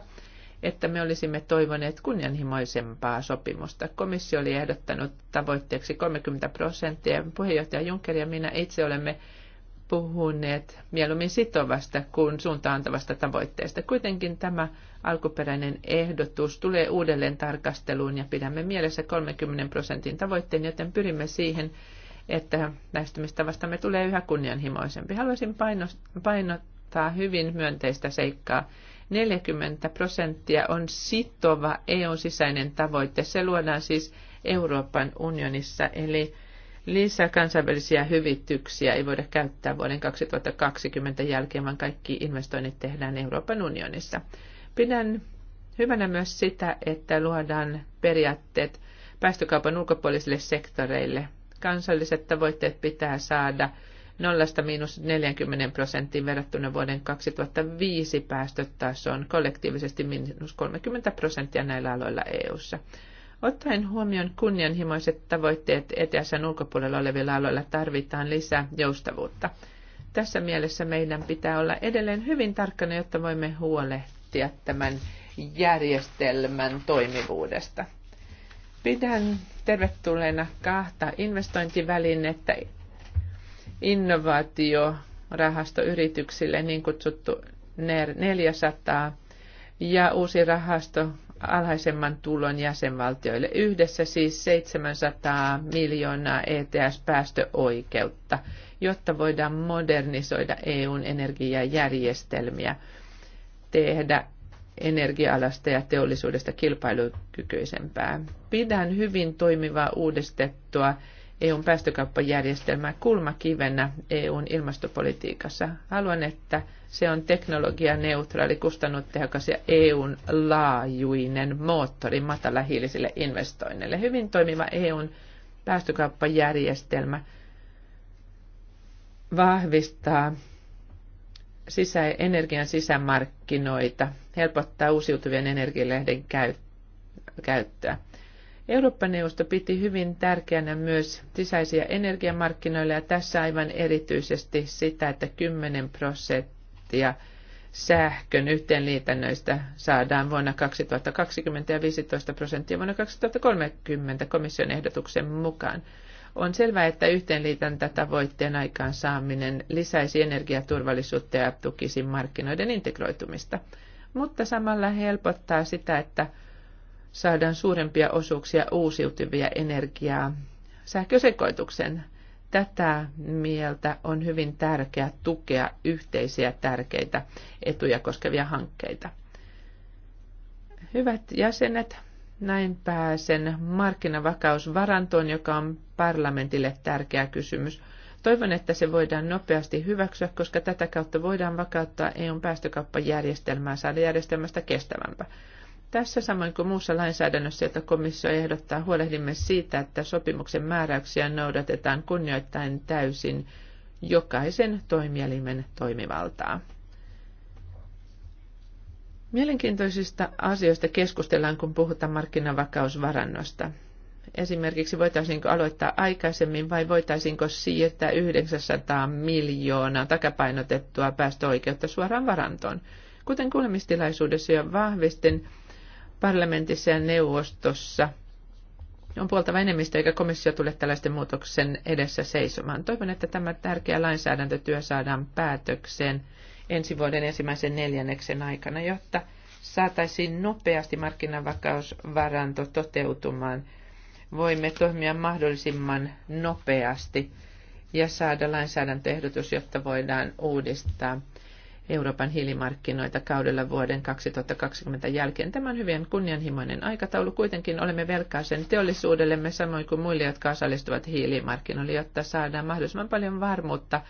että me olisimme toivoneet kunnianhimoisempaa sopimusta. Komissio oli ehdottanut tavoitteeksi 30 prosenttia. Puheenjohtaja Juncker ja minä itse olemme puhuneet mieluummin sitovasta kuin suuntaantavasta tavoitteesta. Kuitenkin tämä alkuperäinen ehdotus tulee uudelleen tarkasteluun ja pidämme mielessä 30 prosentin tavoitteen, joten pyrimme siihen, että lähestymistavastamme tulee yhä kunnianhimoisempi. Haluaisin painottaa hyvin myönteistä seikkaa. 40 prosenttia on sitova eu sisäinen tavoite. Se luodaan siis Euroopan unionissa, eli lisää kansainvälisiä hyvityksiä ei voida käyttää vuoden 2020 jälkeen, vaan kaikki investoinnit tehdään Euroopan unionissa. Pidän hyvänä myös sitä, että luodaan periaatteet päästökaupan ulkopuolisille sektoreille. Kansalliset tavoitteet pitää saada nollasta miinus 40 prosenttiin verrattuna vuoden 2005 päästötasoon, kollektiivisesti miinus 30 prosenttia näillä aloilla EU:ssa. ssa Ottaen huomioon kunnianhimoiset tavoitteet ETSn ulkopuolella olevilla aloilla tarvitaan lisää joustavuutta. Tässä mielessä meidän pitää olla edelleen hyvin tarkkana, jotta voimme huolehtia tämän järjestelmän toimivuudesta. Pidän tervetulleena kahta investointivälinettä innovaatiorahastoyrityksille, niin kutsuttu e NER 400 ja uusi rahasto alhaisemman tulon jäsenvaltioille. Yhdessä siis 700 miljoonaa ETS-päästöoikeutta, jotta voidaan modernisoida EUn energiajärjestelmiä, tehdä energia-alasta ja teollisuudesta kilpailukykyisempää. Pidän hyvin toimivaa uudistettua EUn päästökauppajärjestelmää kulmakivenä EUn ilmastopolitiikassa. Haluan, että se on teknologianeutraali, kustannustehokas ja EUn laajuinen moottori matalahiilisille investoinneille. Hyvin toimiva EUn päästökauppajärjestelmä vahvistaa sisä- energian sisämarkkinoita, helpottaa uusiutuvien energialähden käyttöä Eurooppa-neuvosto piti hyvin tärkeänä myös sisäisiä energiamarkkinoilla ja tässä aivan erityisesti sitä, että 10 prosenttia sähkön yhteenliitännöistä saadaan vuonna 2020 ja 15 prosenttia vuonna 2030 komission ehdotuksen mukaan. On selvää, että yhteenliitäntätavoitteen aikaansaaminen lisäisi energiaturvallisuutta ja tukisi markkinoiden integroitumista, mutta samalla helpottaa sitä, että saadaan suurempia osuuksia uusiutuvia energiaa sähkösekoituksen. Tätä mieltä on hyvin tärkeää tukea yhteisiä tärkeitä etuja koskevia hankkeita. Hyvät jäsenet, näin pääsen markkinavakausvarantoon, joka on parlamentille tärkeä kysymys. Toivon, että se voidaan nopeasti hyväksyä, koska tätä kautta voidaan vakauttaa EUn päästökauppajärjestelmää saada järjestelmästä kestävämpää. Tässä samoin kuin muussa lainsäädännössä, jota komissio ehdottaa, huolehdimme siitä, että sopimuksen määräyksiä noudatetaan kunnioittain täysin jokaisen toimielimen toimivaltaa. Mielenkiintoisista asioista keskustellaan, kun puhutaan markkinavakausvarannosta. Esimerkiksi voitaisiinko aloittaa aikaisemmin vai voitaisiinko siirtää 900 miljoonaa takapainotettua päästöoikeutta suoraan varantoon. Kuten kuulemistilaisuudessa jo vahvistin, parlamentissa ja neuvostossa on puolta enemmistö, eikä komissio tule tällaisten muutoksen edessä seisomaan. Toivon, että tämä tärkeä lainsäädäntötyö saadaan päätökseen ensi vuoden ensimmäisen neljänneksen aikana, jotta saataisiin nopeasti markkinavakausvaranto toteutumaan. Voimme toimia mahdollisimman nopeasti ja saada lainsäädäntöehdotus, jotta voidaan uudistaa Euroopan hiilimarkkinoita kaudella vuoden 2020 jälkeen. Tämä on hyvin kunnianhimoinen aikataulu. Kuitenkin olemme velkaa sen teollisuudellemme samoin kuin muille, jotka osallistuvat hiilimarkkinoille, jotta saadaan mahdollisimman paljon varmuutta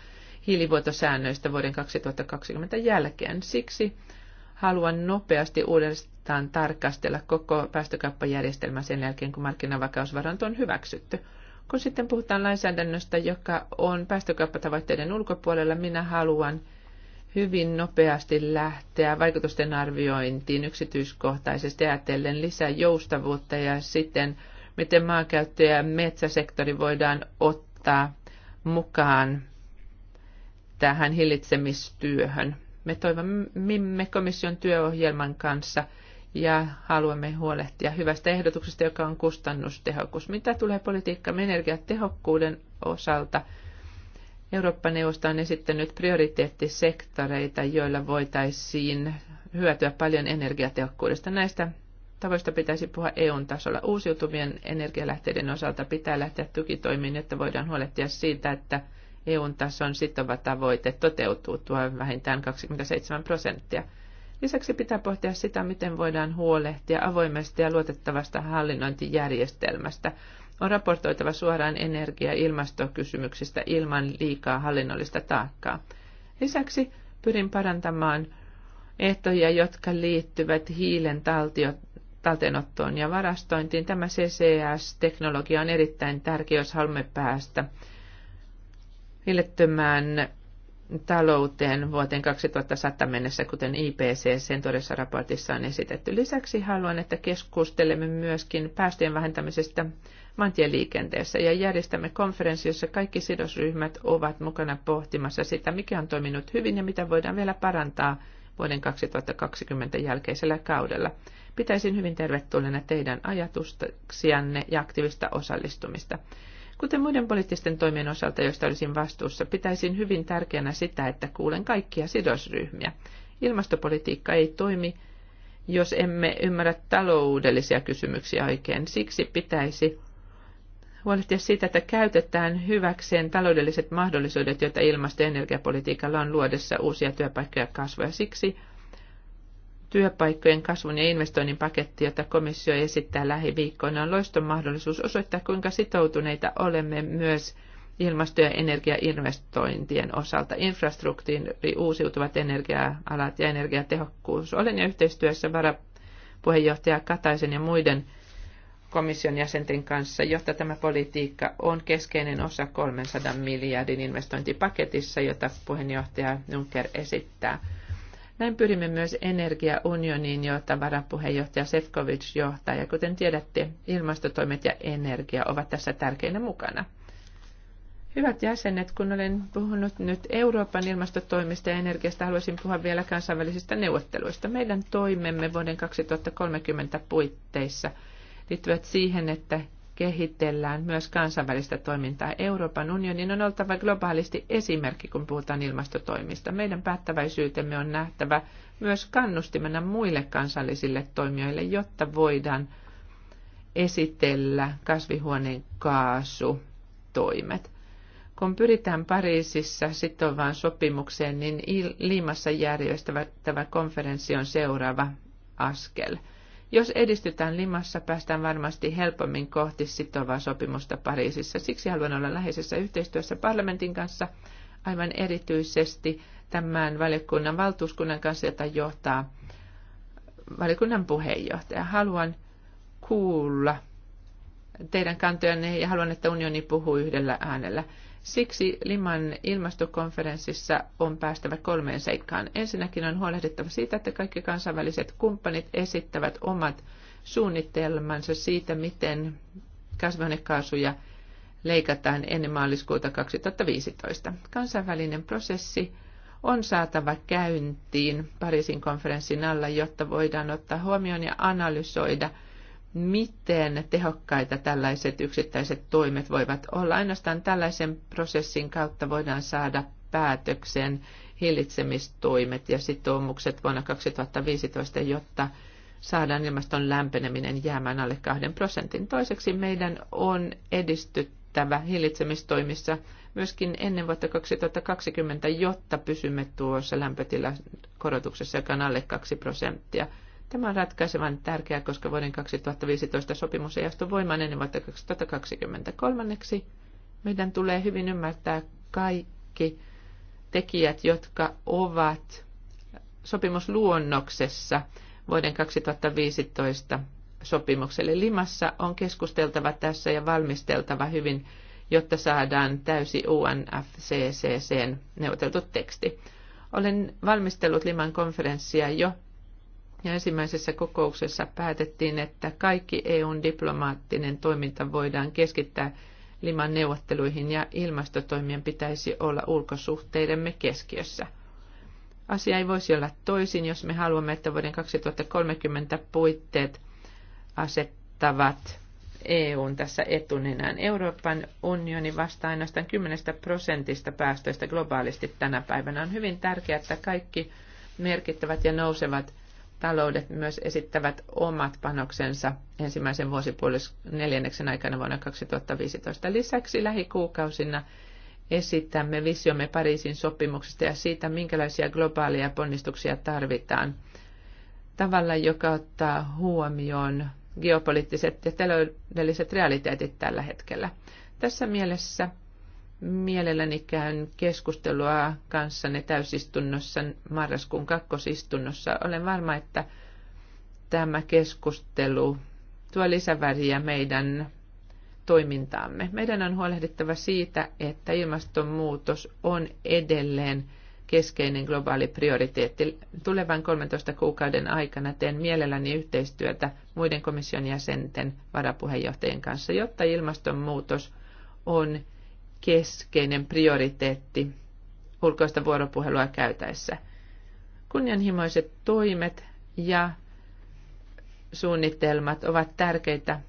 hiilivuotosäännöistä vuoden 2020 jälkeen. Siksi haluan nopeasti uudestaan tarkastella koko päästökauppajärjestelmä sen jälkeen, kun markkinavakausvaranto on hyväksytty. Kun sitten puhutaan lainsäädännöstä, joka on päästökauppatavoitteiden ulkopuolella, minä haluan hyvin nopeasti lähteä vaikutusten arviointiin yksityiskohtaisesti ajatellen lisää joustavuutta ja sitten miten maankäyttö- ja metsäsektori voidaan ottaa mukaan tähän hillitsemistyöhön. Me toivomme komission työohjelman kanssa ja haluamme huolehtia hyvästä ehdotuksesta, joka on kustannustehokus. Mitä tulee politiikkaan energiatehokkuuden osalta, Eurooppa-neuvosto on esittänyt prioriteettisektoreita, joilla voitaisiin hyötyä paljon energiatehokkuudesta. Näistä tavoista pitäisi puhua EUn tasolla. Uusiutuvien energialähteiden osalta pitää lähteä tukitoimiin, jotta voidaan huolehtia siitä, että EUn tason sitova tavoite toteutuu tuo vähintään 27 prosenttia. Lisäksi pitää pohtia sitä, miten voidaan huolehtia avoimesta ja luotettavasta hallinnointijärjestelmästä on raportoitava suoraan energia- ja ilmastokysymyksistä ilman liikaa hallinnollista taakkaa. Lisäksi pyrin parantamaan ehtoja, jotka liittyvät hiilen talteenottoon ja varastointiin. Tämä CCS-teknologia on erittäin tärkeä, jos haluamme päästä hiilettömään talouteen vuoteen 2100 mennessä, kuten sen todessa raportissa on esitetty. Lisäksi haluan, että keskustelemme myöskin päästöjen vähentämisestä maantieliikenteessä ja järjestämme konferenssi, jossa kaikki sidosryhmät ovat mukana pohtimassa sitä, mikä on toiminut hyvin ja mitä voidaan vielä parantaa vuoden 2020 jälkeisellä kaudella. Pitäisin hyvin tervetulleena teidän ajatuksianne ja aktiivista osallistumista. Kuten muiden poliittisten toimien osalta, joista olisin vastuussa, pitäisin hyvin tärkeänä sitä, että kuulen kaikkia sidosryhmiä. Ilmastopolitiikka ei toimi, jos emme ymmärrä taloudellisia kysymyksiä oikein. Siksi pitäisi huolehtia siitä, että käytetään hyväkseen taloudelliset mahdollisuudet, joita ilmasto- ja energiapolitiikalla on luodessa uusia työpaikkoja kasvoja. Siksi työpaikkojen kasvun ja investoinnin paketti, jota komissio esittää lähiviikkoina, on loiston mahdollisuus osoittaa, kuinka sitoutuneita olemme myös ilmasto- ja energiainvestointien osalta, infrastruktuuri, uusiutuvat energia-alat ja energiatehokkuus. Olen jo yhteistyössä varapuheenjohtaja Kataisen ja muiden komission jäsenten kanssa, jotta tämä politiikka on keskeinen osa 300 miljardin investointipaketissa, jota puheenjohtaja Juncker esittää. Näin pyrimme myös energiaunioniin, jota varapuheenjohtaja Sefcovic johtaa, ja kuten tiedätte, ilmastotoimet ja energia ovat tässä tärkeinä mukana. Hyvät jäsenet, kun olen puhunut nyt Euroopan ilmastotoimista ja energiasta, haluaisin puhua vielä kansainvälisistä neuvotteluista. Meidän toimemme vuoden 2030 puitteissa liittyvät siihen, että kehitellään myös kansainvälistä toimintaa. Euroopan unionin on oltava globaalisti esimerkki, kun puhutaan ilmastotoimista. Meidän päättäväisyytemme on nähtävä myös kannustimena muille kansallisille toimijoille, jotta voidaan esitellä kaasutoimet. Kun pyritään Pariisissa sitovaan sopimukseen, niin Liimassa järjestävä konferenssi on seuraava askel – jos edistytään Limassa, päästään varmasti helpommin kohti sitovaa sopimusta Pariisissa. Siksi haluan olla läheisessä yhteistyössä parlamentin kanssa, aivan erityisesti tämän valiokunnan valtuuskunnan kanssa, jota johtaa valiokunnan puheenjohtaja. Haluan kuulla teidän kantojanne ja haluan, että unioni puhuu yhdellä äänellä. Siksi Liman ilmastokonferenssissa on päästävä kolmeen seikkaan. Ensinnäkin on huolehdittava siitä, että kaikki kansainväliset kumppanit esittävät omat suunnitelmansa siitä, miten kasvihuonekaasuja leikataan ennen maaliskuuta 2015. Kansainvälinen prosessi on saatava käyntiin Pariisin konferenssin alla, jotta voidaan ottaa huomioon ja analysoida – miten tehokkaita tällaiset yksittäiset toimet voivat olla. Ainoastaan tällaisen prosessin kautta voidaan saada päätöksen hillitsemistoimet ja sitoumukset vuonna 2015, jotta saadaan ilmaston lämpeneminen jäämään alle kahden prosentin. Toiseksi meidän on edistyttävä hillitsemistoimissa myöskin ennen vuotta 2020, jotta pysymme tuossa lämpötilakorotuksessa, korotuksessa, joka on alle 2 prosenttia. Tämä on ratkaisevan tärkeää, koska vuoden 2015 sopimus ei astu voimaan ennen vuotta 2023. Meidän tulee hyvin ymmärtää kaikki tekijät, jotka ovat sopimusluonnoksessa vuoden 2015 sopimukselle. Limassa on keskusteltava tässä ja valmisteltava hyvin, jotta saadaan täysi UNFCCCn neuvoteltu teksti. Olen valmistellut Liman konferenssia jo ja ensimmäisessä kokouksessa päätettiin, että kaikki EUn diplomaattinen toiminta voidaan keskittää Liman neuvotteluihin ja ilmastotoimien pitäisi olla ulkosuhteidemme keskiössä. Asia ei voisi olla toisin, jos me haluamme, että vuoden 2030 puitteet asettavat EUn tässä etunenään. Euroopan unioni vastaa ainoastaan 10 prosentista päästöistä globaalisti tänä päivänä. On hyvin tärkeää, että kaikki merkittävät ja nousevat taloudet myös esittävät omat panoksensa ensimmäisen neljänneksen aikana vuonna 2015. Lisäksi lähikuukausina esitämme visiomme Pariisin sopimuksesta ja siitä, minkälaisia globaaleja ponnistuksia tarvitaan tavalla, joka ottaa huomioon geopoliittiset ja taloudelliset realiteetit tällä hetkellä. Tässä mielessä mielelläni käyn keskustelua kanssanne täysistunnossa marraskuun kakkosistunnossa. Olen varma, että tämä keskustelu tuo lisäväriä meidän toimintaamme. Meidän on huolehdittava siitä, että ilmastonmuutos on edelleen keskeinen globaali prioriteetti. Tulevan 13 kuukauden aikana teen mielelläni yhteistyötä muiden komission jäsenten varapuheenjohtajien kanssa, jotta ilmastonmuutos on keskeinen prioriteetti ulkoista vuoropuhelua käytäessä. Kunnianhimoiset toimet ja suunnitelmat ovat tärkeitä.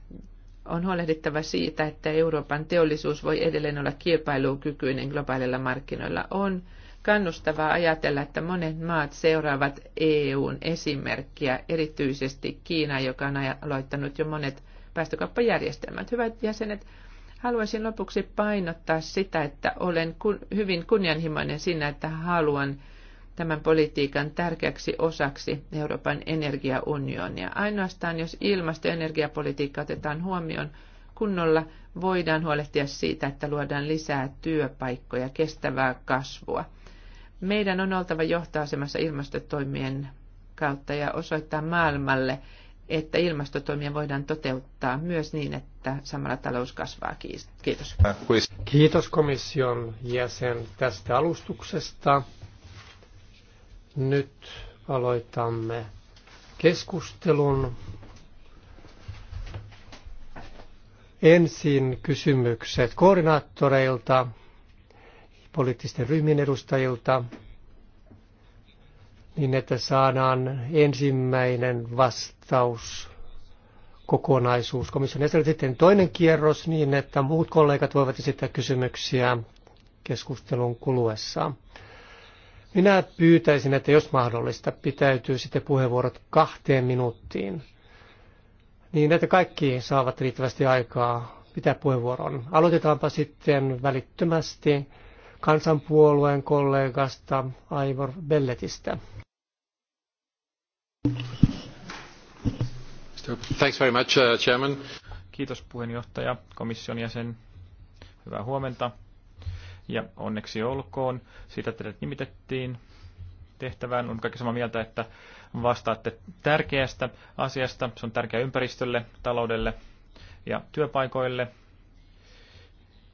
On huolehdittava siitä, että Euroopan teollisuus voi edelleen olla kilpailukykyinen globaaleilla markkinoilla. On kannustavaa ajatella, että monet maat seuraavat EUn esimerkkiä, erityisesti Kiina, joka on aloittanut jo monet päästökauppajärjestelmät. Hyvät jäsenet, Haluaisin lopuksi painottaa sitä, että olen hyvin kunnianhimoinen siinä, että haluan tämän politiikan tärkeäksi osaksi Euroopan energiaunionia. Ainoastaan jos ilmasto- ja energiapolitiikka otetaan huomioon kunnolla, voidaan huolehtia siitä, että luodaan lisää työpaikkoja, kestävää kasvua. Meidän on oltava johtoasemassa ilmastotoimien kautta ja osoittaa maailmalle, että ilmastotoimia voidaan toteuttaa myös niin, että samalla talous kasvaa. Kiitos. Kiitos komission jäsen tästä alustuksesta. Nyt aloitamme keskustelun. Ensin kysymykset koordinaattoreilta, poliittisten ryhmien edustajilta, niin että saadaan ensimmäinen vastaus kokonaisuus komission esille. Sitten toinen kierros niin, että muut kollegat voivat esittää kysymyksiä keskustelun kuluessa. Minä pyytäisin, että jos mahdollista, pitäytyy sitten puheenvuorot kahteen minuuttiin, niin että kaikki saavat riittävästi aikaa pitää puheenvuoron. Aloitetaanpa sitten välittömästi kansanpuolueen kollegasta Aivor Belletistä. Thanks very much, uh, chairman. Kiitos puheenjohtaja, komission jäsen. Hyvää huomenta. Ja onneksi olkoon. Siitä teidät nimitettiin tehtävään. On kaikki samaa mieltä, että vastaatte tärkeästä asiasta. Se on tärkeä ympäristölle, taloudelle ja työpaikoille.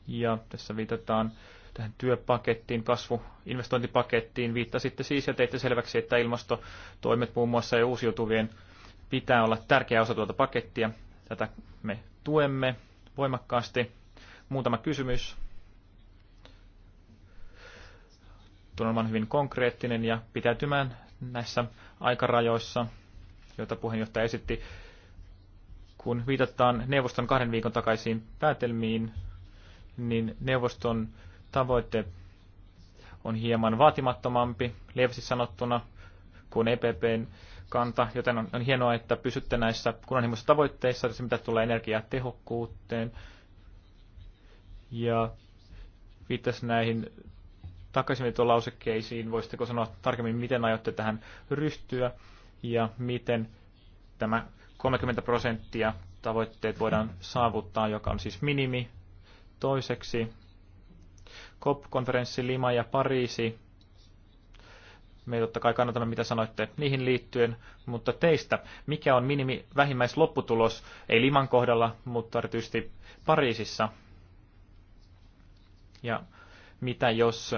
Ja tässä viitataan tähän työpakettiin, kasvuinvestointipakettiin, investointipakettiin viittasitte siis ja teitte selväksi, että ilmastotoimet muun muassa ja uusiutuvien pitää olla tärkeä osa tuota pakettia. Tätä me tuemme voimakkaasti. Muutama kysymys. Tulen olemaan hyvin konkreettinen ja pitäytymään näissä aikarajoissa, joita puheenjohtaja esitti. Kun viitataan neuvoston kahden viikon takaisiin päätelmiin, niin neuvoston tavoite on hieman vaatimattomampi, lievästi sanottuna, kuin EPPn kanta, joten on, on hienoa, että pysytte näissä kunnianhimoisissa tavoitteissa, se mitä tulee energiatehokkuuteen. Ja viittasi näihin lausekkeisiin, voisitteko sanoa tarkemmin, miten aiotte tähän ryhtyä ja miten tämä 30 prosenttia tavoitteet voidaan saavuttaa, joka on siis minimi. Toiseksi COP-konferenssi Lima ja Pariisi. Me totta kai kannatamme, mitä sanoitte niihin liittyen, mutta teistä, mikä on minimi vähimmäislopputulos, ei Liman kohdalla, mutta erityisesti Pariisissa? Ja mitä jos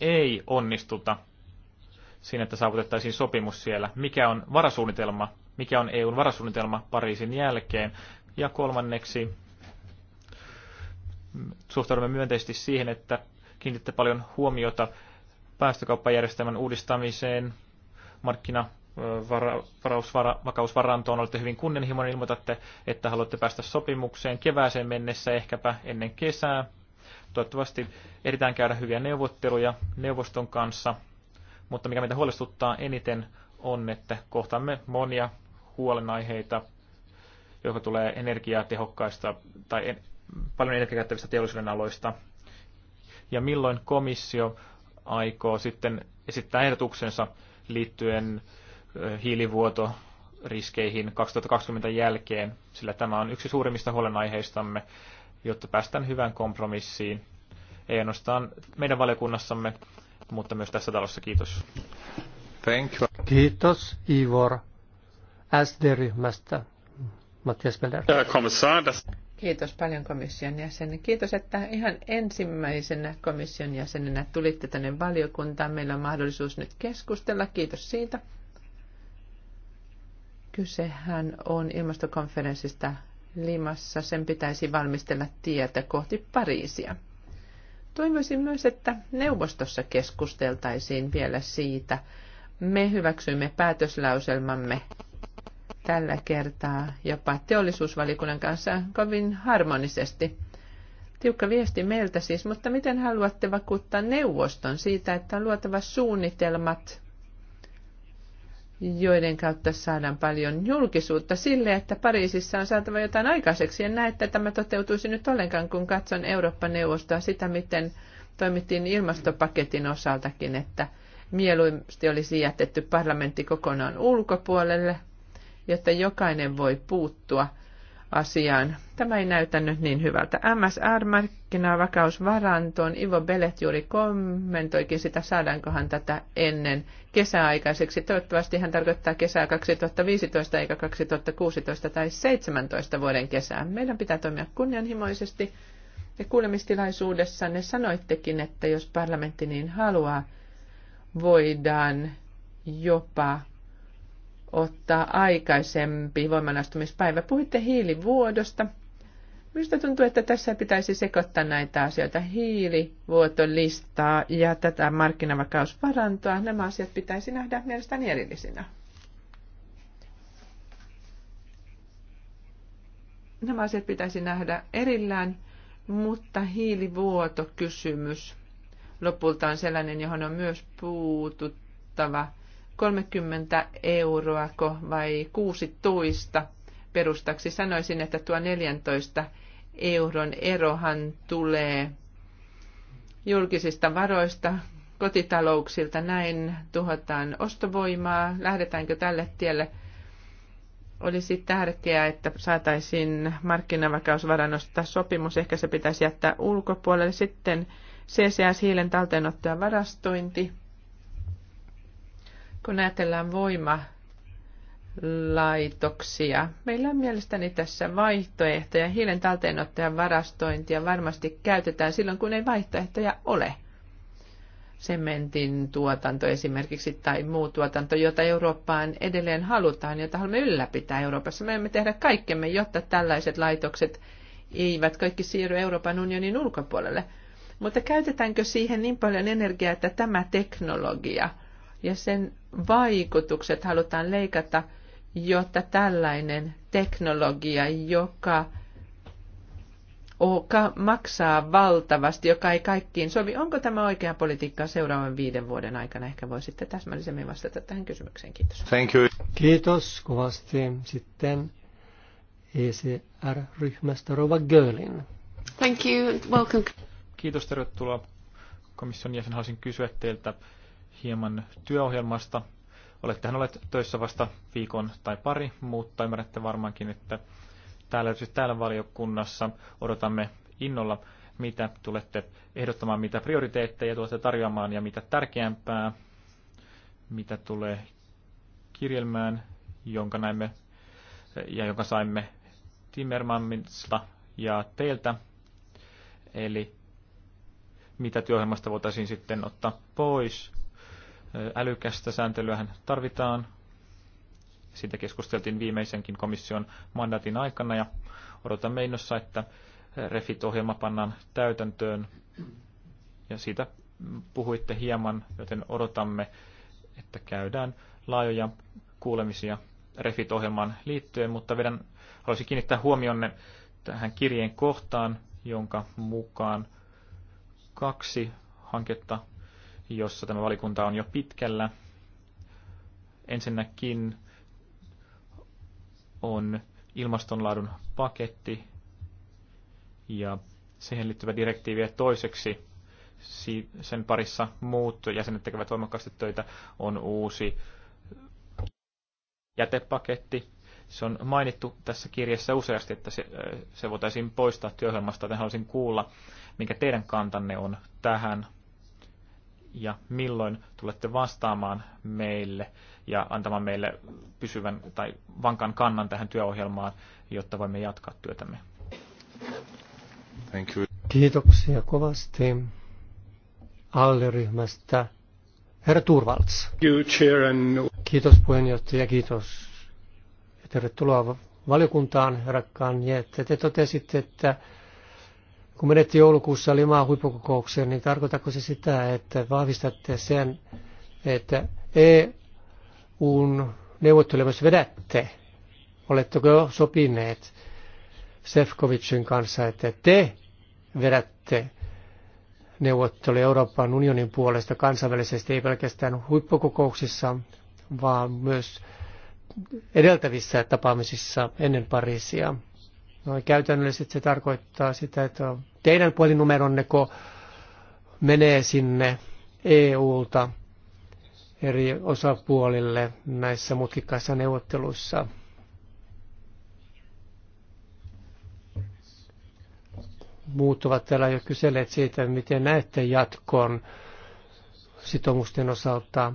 ei onnistuta siinä, että saavutettaisiin sopimus siellä? Mikä on varasuunnitelma? Mikä on EUn varasuunnitelma Pariisin jälkeen? Ja kolmanneksi, suhtaudumme myönteisesti siihen, että kiinnitte paljon huomiota päästökauppajärjestelmän uudistamiseen, markkina varausvakausvarantoon olette hyvin kunnianhimoinen, ilmoitatte, että haluatte päästä sopimukseen kevääseen mennessä, ehkäpä ennen kesää. Toivottavasti eritään käydä hyviä neuvotteluja neuvoston kanssa, mutta mikä meitä huolestuttaa eniten on, että kohtamme monia huolenaiheita, joka tulee energiatehokkaista tai paljon energiakäyttävistä teollisuuden aloista. Ja milloin komissio aikoo sitten esittää ehdotuksensa liittyen hiilivuotoriskeihin 2020 jälkeen, sillä tämä on yksi suurimmista huolenaiheistamme, jotta päästään hyvään kompromissiin. Ei ainoastaan meidän valiokunnassamme, mutta myös tässä talossa. Kiitos. Thank you. Kiitos Ivor SD-ryhmästä. Matthias Belder. Herr Kommissar, das... Kiitos paljon komission jäsen. Kiitos, että ihan ensimmäisenä komission jäsenenä tulitte tänne valiokuntaan. Meillä on mahdollisuus nyt keskustella. Kiitos siitä. Kysehän on ilmastokonferenssista Limassa. Sen pitäisi valmistella tietä kohti Pariisia. Toivoisin myös, että neuvostossa keskusteltaisiin vielä siitä. Me hyväksyimme päätöslauselmamme tällä kertaa jopa teollisuusvalikunnan kanssa kovin harmonisesti. Tiukka viesti meiltä siis, mutta miten haluatte vakuuttaa neuvoston siitä, että on luotava suunnitelmat, joiden kautta saadaan paljon julkisuutta sille, että Pariisissa on saatava jotain aikaiseksi. En näe, että tämä toteutuisi nyt ollenkaan, kun katson Eurooppa-neuvostoa sitä, miten toimittiin ilmastopaketin osaltakin, että mieluusti olisi jätetty parlamentti kokonaan ulkopuolelle – jotta jokainen voi puuttua asiaan. Tämä ei näytä nyt niin hyvältä. MSR-markkinavakausvarantoon Ivo Belet juuri kommentoikin sitä, saadaankohan tätä ennen kesäaikaiseksi. Toivottavasti hän tarkoittaa kesää 2015 eikä 2016 tai 2017 vuoden kesää. Meidän pitää toimia kunnianhimoisesti. Ja ne sanoittekin, että jos parlamentti niin haluaa, voidaan jopa ottaa aikaisempi voimanastumispäivä. Puhuitte hiilivuodosta. Minusta tuntuu, että tässä pitäisi sekoittaa näitä asioita. Hiilivuotolistaa ja tätä markkinavakausvarantoa. Nämä asiat pitäisi nähdä mielestäni erillisinä. Nämä asiat pitäisi nähdä erillään, mutta hiilivuotokysymys lopulta on sellainen, johon on myös puututtava – 30 euroa vai 16 perustaksi. Sanoisin, että tuo 14 euron erohan tulee julkisista varoista, kotitalouksilta. Näin tuhotaan ostovoimaa. Lähdetäänkö tälle tielle? Olisi tärkeää, että saataisiin markkinavakausvarannosta sopimus. Ehkä se pitäisi jättää ulkopuolelle. Sitten CCS-hiilen talteenotto ja varastointi kun ajatellaan voimalaitoksia, meillä on mielestäni tässä vaihtoehtoja. Hiilen talteenottajan varastointia varmasti käytetään silloin, kun ei vaihtoehtoja ole. Sementin tuotanto esimerkiksi tai muu tuotanto, jota Eurooppaan edelleen halutaan, jota haluamme ylläpitää Euroopassa. Me emme tehdä kaikkemme, jotta tällaiset laitokset eivät kaikki siirry Euroopan unionin ulkopuolelle. Mutta käytetäänkö siihen niin paljon energiaa, että tämä teknologia – ja sen vaikutukset halutaan leikata, jotta tällainen teknologia, joka joka maksaa valtavasti, joka ei kaikkiin sovi. Onko tämä oikea politiikka seuraavan viiden vuoden aikana? Ehkä voisitte täsmällisemmin vastata tähän kysymykseen. Kiitos. Thank you. Kiitos kovasti. Sitten ECR-ryhmästä Rova Görlin. Thank you. Welcome. Kiitos, tervetuloa komission jäsen. Haluaisin kysyä teiltä hieman työohjelmasta. Olettehan olet töissä vasta viikon tai pari, mutta ymmärrätte varmaankin, että täällä, siis täällä valiokunnassa odotamme innolla, mitä tulette ehdottamaan, mitä prioriteetteja tulette tarjoamaan ja mitä tärkeämpää, mitä tulee kirjelmään, jonka näimme ja jonka saimme Timmermansilta ja teiltä. Eli mitä työohjelmasta voitaisiin sitten ottaa pois älykästä sääntelyähän tarvitaan. Siitä keskusteltiin viimeisenkin komission mandaatin aikana ja odotamme innossa, että Refit-ohjelma pannaan täytäntöön. Ja siitä puhuitte hieman, joten odotamme, että käydään laajoja kuulemisia Refit-ohjelmaan liittyen, mutta vedän, haluaisin kiinnittää huomionne tähän kirjeen kohtaan, jonka mukaan kaksi hanketta jossa tämä valikunta on jo pitkällä. Ensinnäkin on ilmastonlaadun paketti ja siihen liittyvä direktiivi ja toiseksi sen parissa muut jäsenet tekevät voimakkaasti töitä on uusi jätepaketti. Se on mainittu tässä kirjassa useasti, että se, se voitaisiin poistaa työohjelmasta, joten haluaisin kuulla, mikä teidän kantanne on tähän ja milloin tulette vastaamaan meille ja antamaan meille pysyvän tai vankan kannan tähän työohjelmaan, jotta voimme jatkaa työtämme. Thank you. Kiitoksia kovasti alleryhmästä. Herra Turvalts. Kiitos puheenjohtaja, kiitos. Ja tervetuloa valiokuntaan, herra Kanje. Te totesitte, että kun menette joulukuussa limaa huippukokoukseen, niin tarkoitatko se sitä, että vahvistatte sen, että EUn neuvottelemassa vedätte? Oletteko jo sopineet Sefcovicin kanssa, että te vedätte neuvottelu Euroopan unionin puolesta kansainvälisesti, ei pelkästään huippukokouksissa, vaan myös edeltävissä tapaamisissa ennen Pariisia. No, käytännöllisesti se tarkoittaa sitä, että teidän kun menee sinne EUlta eri osapuolille näissä mutkikkaissa neuvotteluissa. Muut ovat täällä jo kyselleet siitä, miten näette jatkon sitomusten osalta.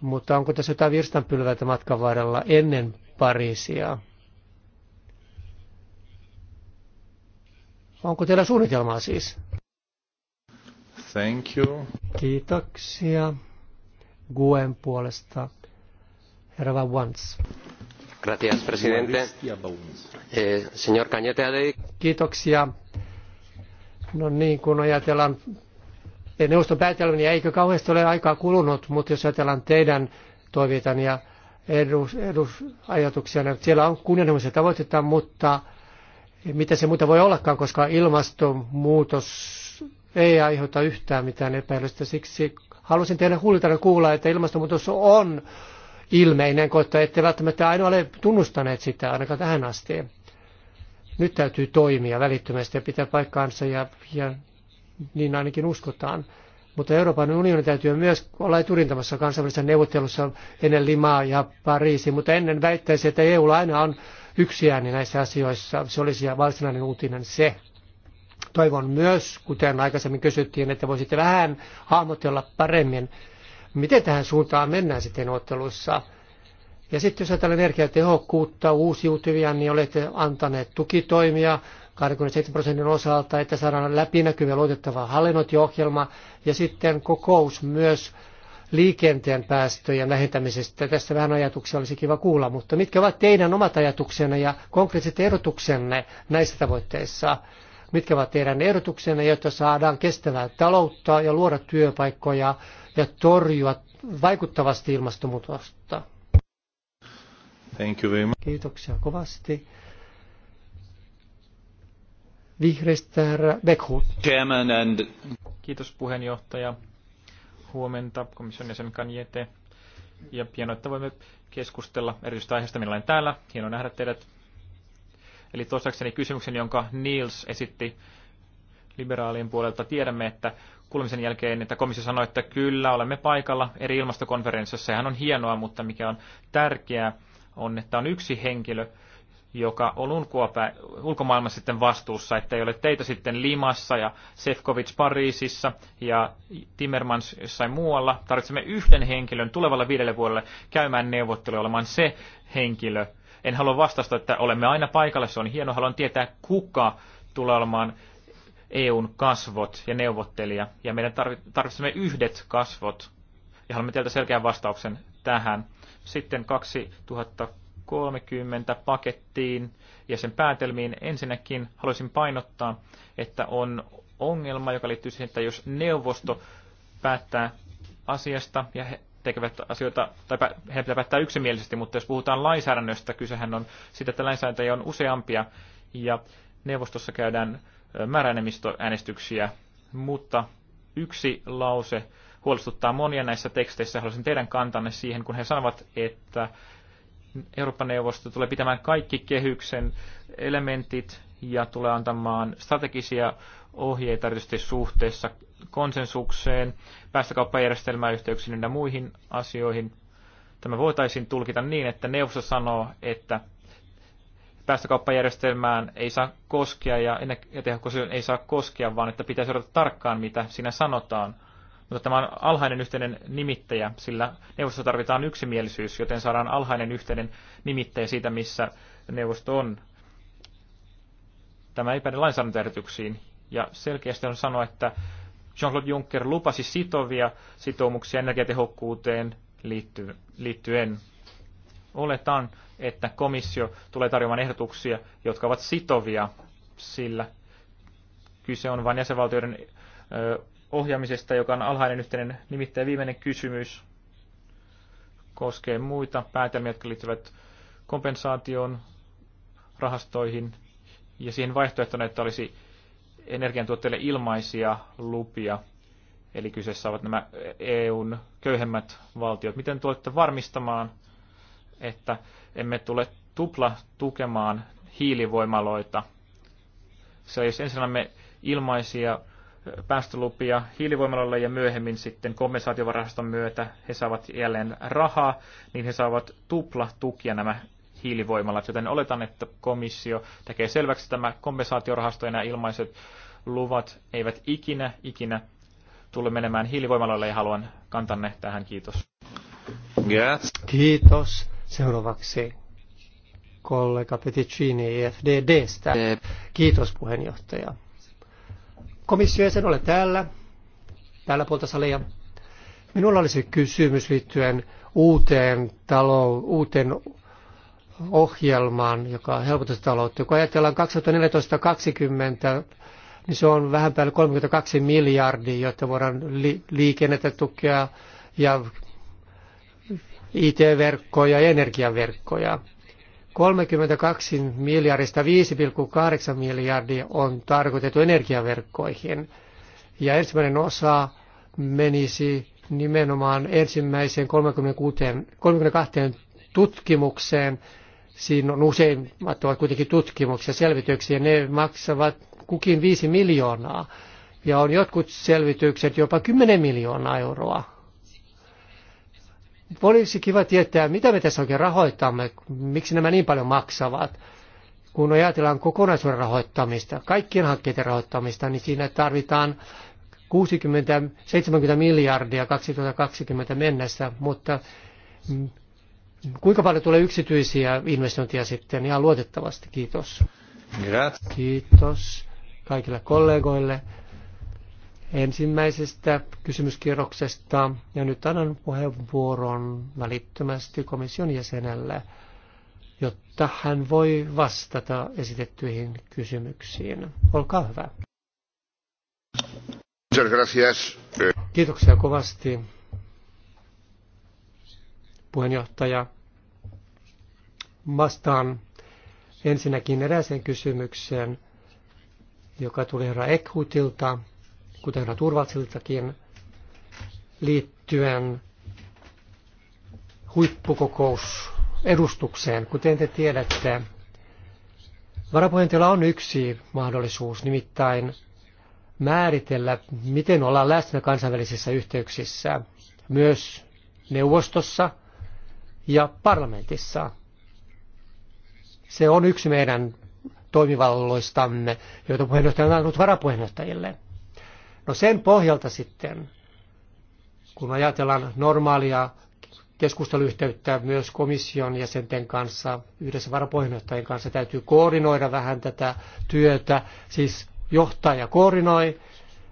Mutta onko tässä jotain virstanpylväitä matkan varrella ennen Pariisia? Onko teillä suunnitelmaa siis? Thank you. Kiitoksia. Guen puolesta. Herra Van Gracias, presidente. Eh, señor Cañete Kiitoksia. No niin, kun ajatellaan neuvoston päätelmä, niin eikö kauheasti ole aikaa kulunut, mutta jos ajatellaan teidän toiveitanne ja edus, edus ajatuksia, niin siellä on kunnianhimoisia tavoitteita, mutta mitä se muuta voi ollakaan, koska ilmastonmuutos ei aiheuta yhtään mitään epäilystä. Siksi halusin teidän huulitana kuulla, että ilmastonmuutos on ilmeinen, koska ette välttämättä aina ole tunnustaneet sitä ainakaan tähän asti. Nyt täytyy toimia välittömästi ja pitää paikkaansa ja, ja niin ainakin uskotaan. Mutta Euroopan unionin täytyy myös olla eturintamassa kansainvälisessä neuvottelussa ennen Limaa ja Pariisi, mutta ennen väittäisi, että EU aina on yksi ääni näissä asioissa. Se olisi varsinainen uutinen se. Toivon myös, kuten aikaisemmin kysyttiin, että voisitte vähän hahmotella paremmin, miten tähän suuntaan mennään sitten ottelussa. Ja sitten jos ajatellaan energiatehokkuutta, uusiutuvia, niin olette antaneet tukitoimia 27 prosentin osalta, että saadaan läpinäkyvä luotettava hallinnointiohjelma ja sitten kokous myös liikenteen päästöjen vähentämisestä. Tästä vähän ajatuksia olisi kiva kuulla, mutta mitkä ovat teidän omat ajatuksenne ja konkreettiset erotuksenne näissä tavoitteissa? Mitkä ovat teidän erotuksenne, jotta saadaan kestävää taloutta ja luoda työpaikkoja ja torjua vaikuttavasti ilmastonmuutosta? Thank you very much. Kiitoksia kovasti. Vihreistä herra Beckhut. Chairman and... Kiitos puheenjohtaja huomenta komission jäsen Kanjete. Ja hienoa, että voimme keskustella erityisestä aiheesta, millä olen täällä. Hienoa nähdä teidät. Eli toistaakseni kysymyksen, jonka Niels esitti liberaalien puolelta. Tiedämme, että kuulemisen jälkeen, että komissio sanoi, että kyllä, olemme paikalla eri ilmastokonferenssissa. Sehän on hienoa, mutta mikä on tärkeää, on, että on yksi henkilö, joka on ulkoapä, ulkomaailmassa sitten vastuussa, että ei ole teitä sitten Limassa ja Sefkovic Pariisissa ja Timmermans jossain muualla. Tarvitsemme yhden henkilön tulevalla viidelle vuodelle käymään neuvotteluja olemaan se henkilö. En halua vastata, että olemme aina paikalla, se on hieno. Haluan tietää, kuka tulee olemaan EUn kasvot ja neuvottelija. Ja meidän tarvitsemme yhdet kasvot. Ja haluamme teiltä selkeän vastauksen tähän. Sitten 2000 30 pakettiin ja sen päätelmiin. Ensinnäkin haluaisin painottaa, että on ongelma, joka liittyy siihen, että jos neuvosto päättää asiasta ja he tekevät asioita, tai he pitää päättää yksimielisesti, mutta jos puhutaan lainsäädännöstä, kysehän on sitä, että lainsäädäntöjä on useampia ja neuvostossa käydään määräenemmistöäänestyksiä, mutta yksi lause huolestuttaa monia näissä teksteissä. Haluaisin teidän kantanne siihen, kun he sanovat, että Euroopan neuvosto tulee pitämään kaikki kehyksen elementit ja tulee antamaan strategisia ohjeita erityisesti suhteessa konsensukseen, päästökauppajärjestelmään, yhteyksiin ja muihin asioihin. Tämä voitaisiin tulkita niin, että neuvosto sanoo, että päästökauppajärjestelmään ei saa koskea ja energiatehokkuuteen ei saa koskea, vaan että pitäisi odottaa tarkkaan, mitä siinä sanotaan – mutta tämä on alhainen yhteinen nimittäjä, sillä neuvosto tarvitaan yksimielisyys, joten saadaan alhainen yhteinen nimittäjä siitä, missä neuvosto on. Tämä ei päde lainsäädäntöehdotuksiin. Ja selkeästi on sanoa, että Jean-Claude Juncker lupasi sitovia sitoumuksia energiatehokkuuteen liittyen. Oletan, että komissio tulee tarjoamaan ehdotuksia, jotka ovat sitovia, sillä kyse on vain jäsenvaltioiden ohjaamisesta, joka on alhainen yhteinen nimittäin viimeinen kysymys koskee muita päätelmiä, jotka liittyvät kompensaatioon, rahastoihin ja siihen vaihtoehtona, että olisi energiantuotteille ilmaisia lupia. Eli kyseessä ovat nämä EUn köyhemmät valtiot. Miten tulette varmistamaan, että emme tule tupla tukemaan hiilivoimaloita? Se jos ensin ilmaisia päästölupia hiilivoimalalle ja myöhemmin sitten kompensaatiovaraston myötä he saavat jälleen rahaa, niin he saavat tupla tukia nämä hiilivoimalat, joten oletan, että komissio tekee selväksi että tämä kompensaatiorahasto ja nämä ilmaiset luvat eivät ikinä, ikinä tule menemään hiilivoimalalle ja haluan kantanne tähän, kiitos. Kiitos. Seuraavaksi kollega Peticini EFDDstä. Eh. Kiitos puheenjohtaja. Komissio jäsen ole täällä, täällä puolta salia. Minulla olisi kysymys liittyen uuteen, talou, uuteen ohjelmaan, joka helpottaa taloutta. Kun ajatellaan 2014-2020, niin se on vähän päälle 32 miljardia, jotta voidaan li- liikennettä tukea ja IT-verkkoja ja energiaverkkoja. 32 miljardista 5,8 miljardia on tarkoitettu energiaverkkoihin. Ja ensimmäinen osa menisi nimenomaan ensimmäiseen 36, 32 tutkimukseen. Siinä on useimmat ovat kuitenkin tutkimuksia, selvityksiä. Ne maksavat kukin 5 miljoonaa. Ja on jotkut selvitykset jopa 10 miljoonaa euroa olisi kiva tietää, mitä me tässä oikein rahoitamme, miksi nämä niin paljon maksavat. Kun ajatellaan kokonaisuuden rahoittamista, kaikkien hankkeiden rahoittamista, niin siinä tarvitaan 60-70 miljardia 2020 mennessä, mutta kuinka paljon tulee yksityisiä investointeja sitten ihan luotettavasti? Kiitos. Kiitos kaikille kollegoille ensimmäisestä kysymyskierroksesta ja nyt annan puheenvuoron välittömästi komission jäsenelle, jotta hän voi vastata esitettyihin kysymyksiin. Olkaa hyvä. Kiitoksia kovasti, puheenjohtaja. Vastaan ensinnäkin erääseen kysymykseen, joka tuli herra Ekhutilta kuten turvallisiltakin, liittyen huippukokousedustukseen. Kuten te tiedätte, varapuheenjohtajalla on yksi mahdollisuus, nimittäin määritellä, miten ollaan läsnä kansainvälisissä yhteyksissä, myös neuvostossa ja parlamentissa. Se on yksi meidän toimivalloistamme, joita puheenjohtaja on antanut varapuheenjohtajille – No sen pohjalta sitten, kun ajatellaan normaalia keskusteluyhteyttä myös komission jäsenten kanssa, yhdessä varapuheenjohtajien kanssa täytyy koordinoida vähän tätä työtä, siis johtaja koordinoi,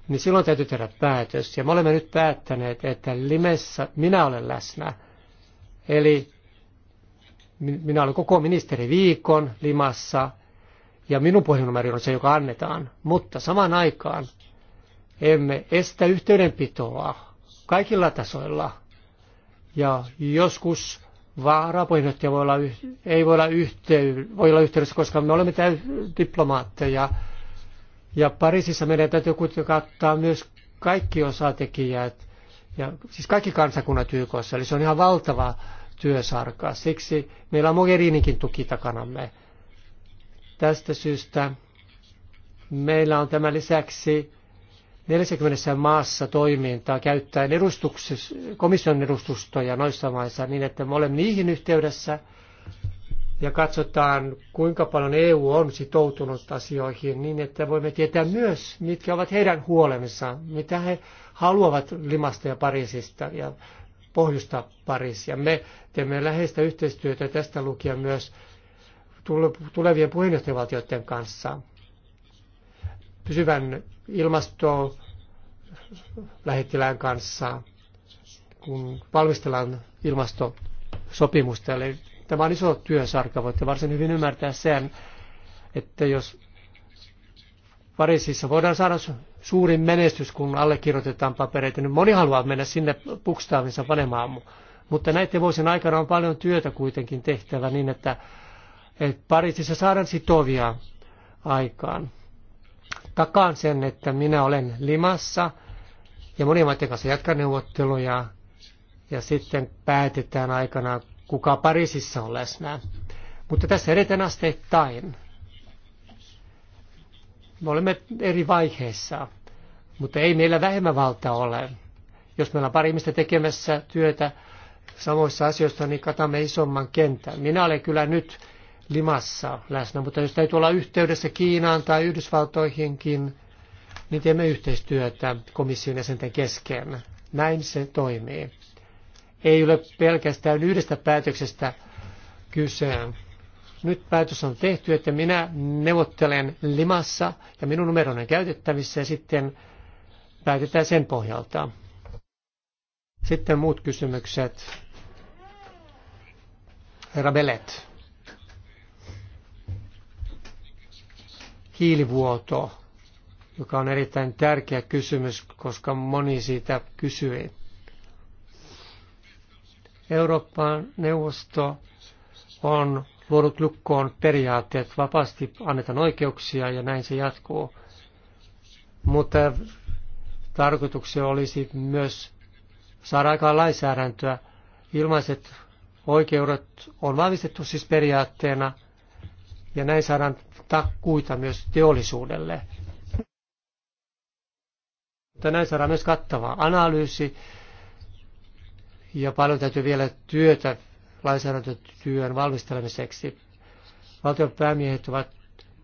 niin silloin täytyy tehdä päätös. Ja me olemme nyt päättäneet, että Limessä minä olen läsnä. Eli minä olen koko ministeri viikon Limassa ja minun puhelinnumeri on se, joka annetaan. Mutta samaan aikaan emme estä yhteydenpitoa kaikilla tasoilla. Ja joskus vaarapuheenjohtaja voi olla, ei voi olla, yhtey, voi olla yhteydessä, koska me olemme täy- diplomaatteja. Ja Pariisissa meidän täytyy kuitenkin kattaa myös kaikki osatekijät, ja, siis kaikki kansakunnat YKssa. Eli se on ihan valtava työsarka. Siksi meillä on Mogherininkin tuki takanamme. Tästä syystä meillä on tämän lisäksi 40 maassa toimintaa käyttäen komission edustustoja noissa maissa niin, että me olemme niihin yhteydessä ja katsotaan, kuinka paljon EU on sitoutunut asioihin niin, että voimme tietää myös, mitkä ovat heidän huolensa, mitä he haluavat Limasta ja Pariisista ja pohjusta Pariisia. Me teemme läheistä yhteistyötä tästä lukien myös tulevien puheenjohtajavaltioiden kanssa pysyvän ilmasto lähettilään kanssa, kun valmistellaan ilmastosopimusta. Eli tämä on iso työsarka, voitte varsin hyvin ymmärtää sen, että jos Pariisissa voidaan saada suurin menestys, kun allekirjoitetaan papereita, niin moni haluaa mennä sinne pukstaavinsa panemaan. Mutta näiden vuosien aikana on paljon työtä kuitenkin tehtävä niin, että, että Pariisissa saadaan sitovia aikaan takaan sen, että minä olen Limassa ja monien maiden kanssa jatkan neuvotteluja ja sitten päätetään aikana, kuka Pariisissa on läsnä. Mutta tässä edetään asteittain. Me olemme eri vaiheissa, mutta ei meillä vähemmän valtaa ole. Jos meillä on pari ihmistä tekemässä työtä samoissa asioissa, niin katamme isomman kentän. Minä olen kyllä nyt Limassa läsnä, mutta jos täytyy olla yhteydessä Kiinaan tai Yhdysvaltoihinkin, niin teemme yhteistyötä komission jäsenten kesken. Näin se toimii. Ei ole pelkästään yhdestä päätöksestä kyse. Nyt päätös on tehty, että minä neuvottelen Limassa ja minun numeroni on käytettävissä ja sitten päätetään sen pohjalta. Sitten muut kysymykset. Herra Belet. hiilivuoto, joka on erittäin tärkeä kysymys, koska moni siitä kysyi. Euroopan neuvosto on luonut lukkoon periaatteet, vapaasti annetaan oikeuksia ja näin se jatkuu. Mutta tarkoituksia olisi myös saada aikaan lainsäädäntöä. Ilmaiset oikeudet on vahvistettu siis periaatteena – ja näin saadaan takkuita myös teollisuudelle. Mutta näin saadaan myös kattava analyysi ja paljon täytyy vielä työtä lainsäädäntötyön valmistelemiseksi. Valtion päämiehet ovat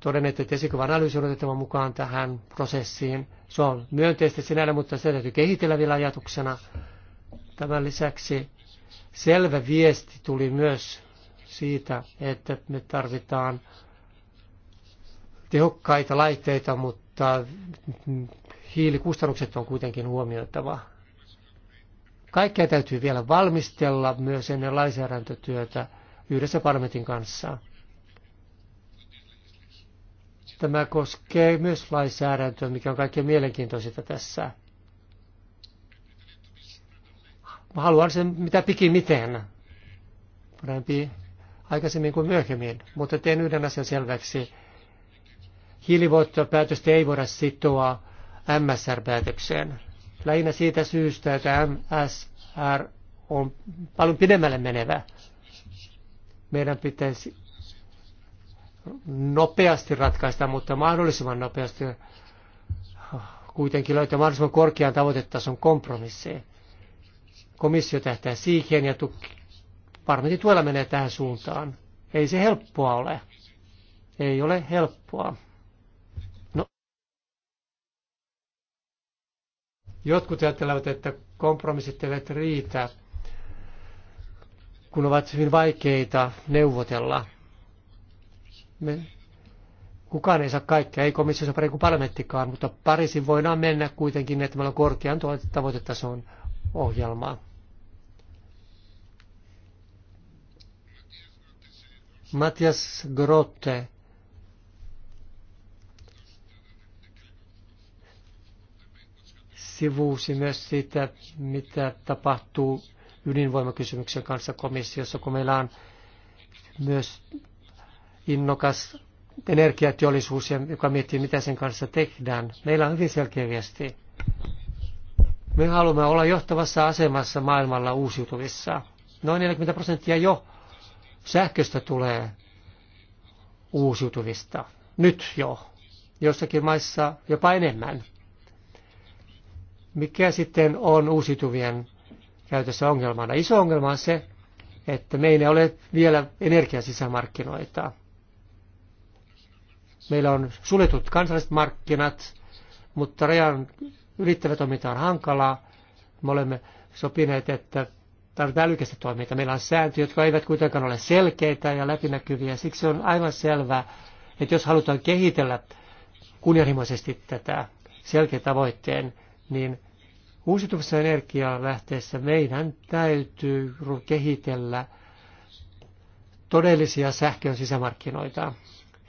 todenneet, että esikuva-analyysi on otettava mukaan tähän prosessiin. Se on myönteistä sinällä, mutta se täytyy kehitellä vielä ajatuksena. Tämän lisäksi selvä viesti tuli myös siitä, että me tarvitaan tehokkaita laitteita, mutta hiilikustannukset on kuitenkin huomioitava. Kaikkea täytyy vielä valmistella myös ennen lainsäädäntötyötä yhdessä parlamentin kanssa. Tämä koskee myös lainsäädäntöä, mikä on kaikkein mielenkiintoisinta tässä. Mä haluan sen mitä pikimiten. Parempi aikaisemmin kuin myöhemmin, mutta teen yhden asian selväksi. Hiilivuottopäätöstä ei voida sitoa MSR-päätökseen. Lähinnä siitä syystä, että MSR on paljon pidemmälle menevä. Meidän pitäisi nopeasti ratkaista, mutta mahdollisimman nopeasti kuitenkin löytää mahdollisimman korkean tavoitetason kompromissi. Komissio tähtää siihen ja Parlamentin tuella menee tähän suuntaan. Ei se helppoa ole. Ei ole helppoa. No. Jotkut ajattelevat, että kompromissit eivät riitä, kun ovat hyvin vaikeita neuvotella. Me kukaan ei saa kaikkea, ei komissiossa pari kuin parlamenttikaan, mutta Pariisin voidaan mennä kuitenkin, että meillä on korkean tavoitetason ohjelmaa. Matias Grotte. Sivuusi myös siitä, mitä tapahtuu ydinvoimakysymyksen kanssa komissiossa, kun meillä on myös innokas energiateollisuus, joka miettii, mitä sen kanssa tehdään. Meillä on hyvin selkeä viesti. Me haluamme olla johtavassa asemassa maailmalla uusiutuvissa. Noin 40 prosenttia jo sähköstä tulee uusiutuvista. Nyt jo. Jossakin maissa jopa enemmän. Mikä sitten on uusiutuvien käytössä ongelmana? Iso ongelma on se, että meillä ei ole vielä energiasisämarkkinoita. Meillä on suljetut kansalliset markkinat, mutta rajan ylittävä toiminta on hankalaa. Me olemme sopineet, että tarvitaan älykästä toimintaa. Meillä on sääntöjä, jotka eivät kuitenkaan ole selkeitä ja läpinäkyviä. Siksi on aivan selvää, että jos halutaan kehitellä kunnianhimoisesti tätä selkeä tavoitteen, niin uusiutuvassa energialähteessä meidän täytyy kehitellä todellisia sähkön sisämarkkinoita.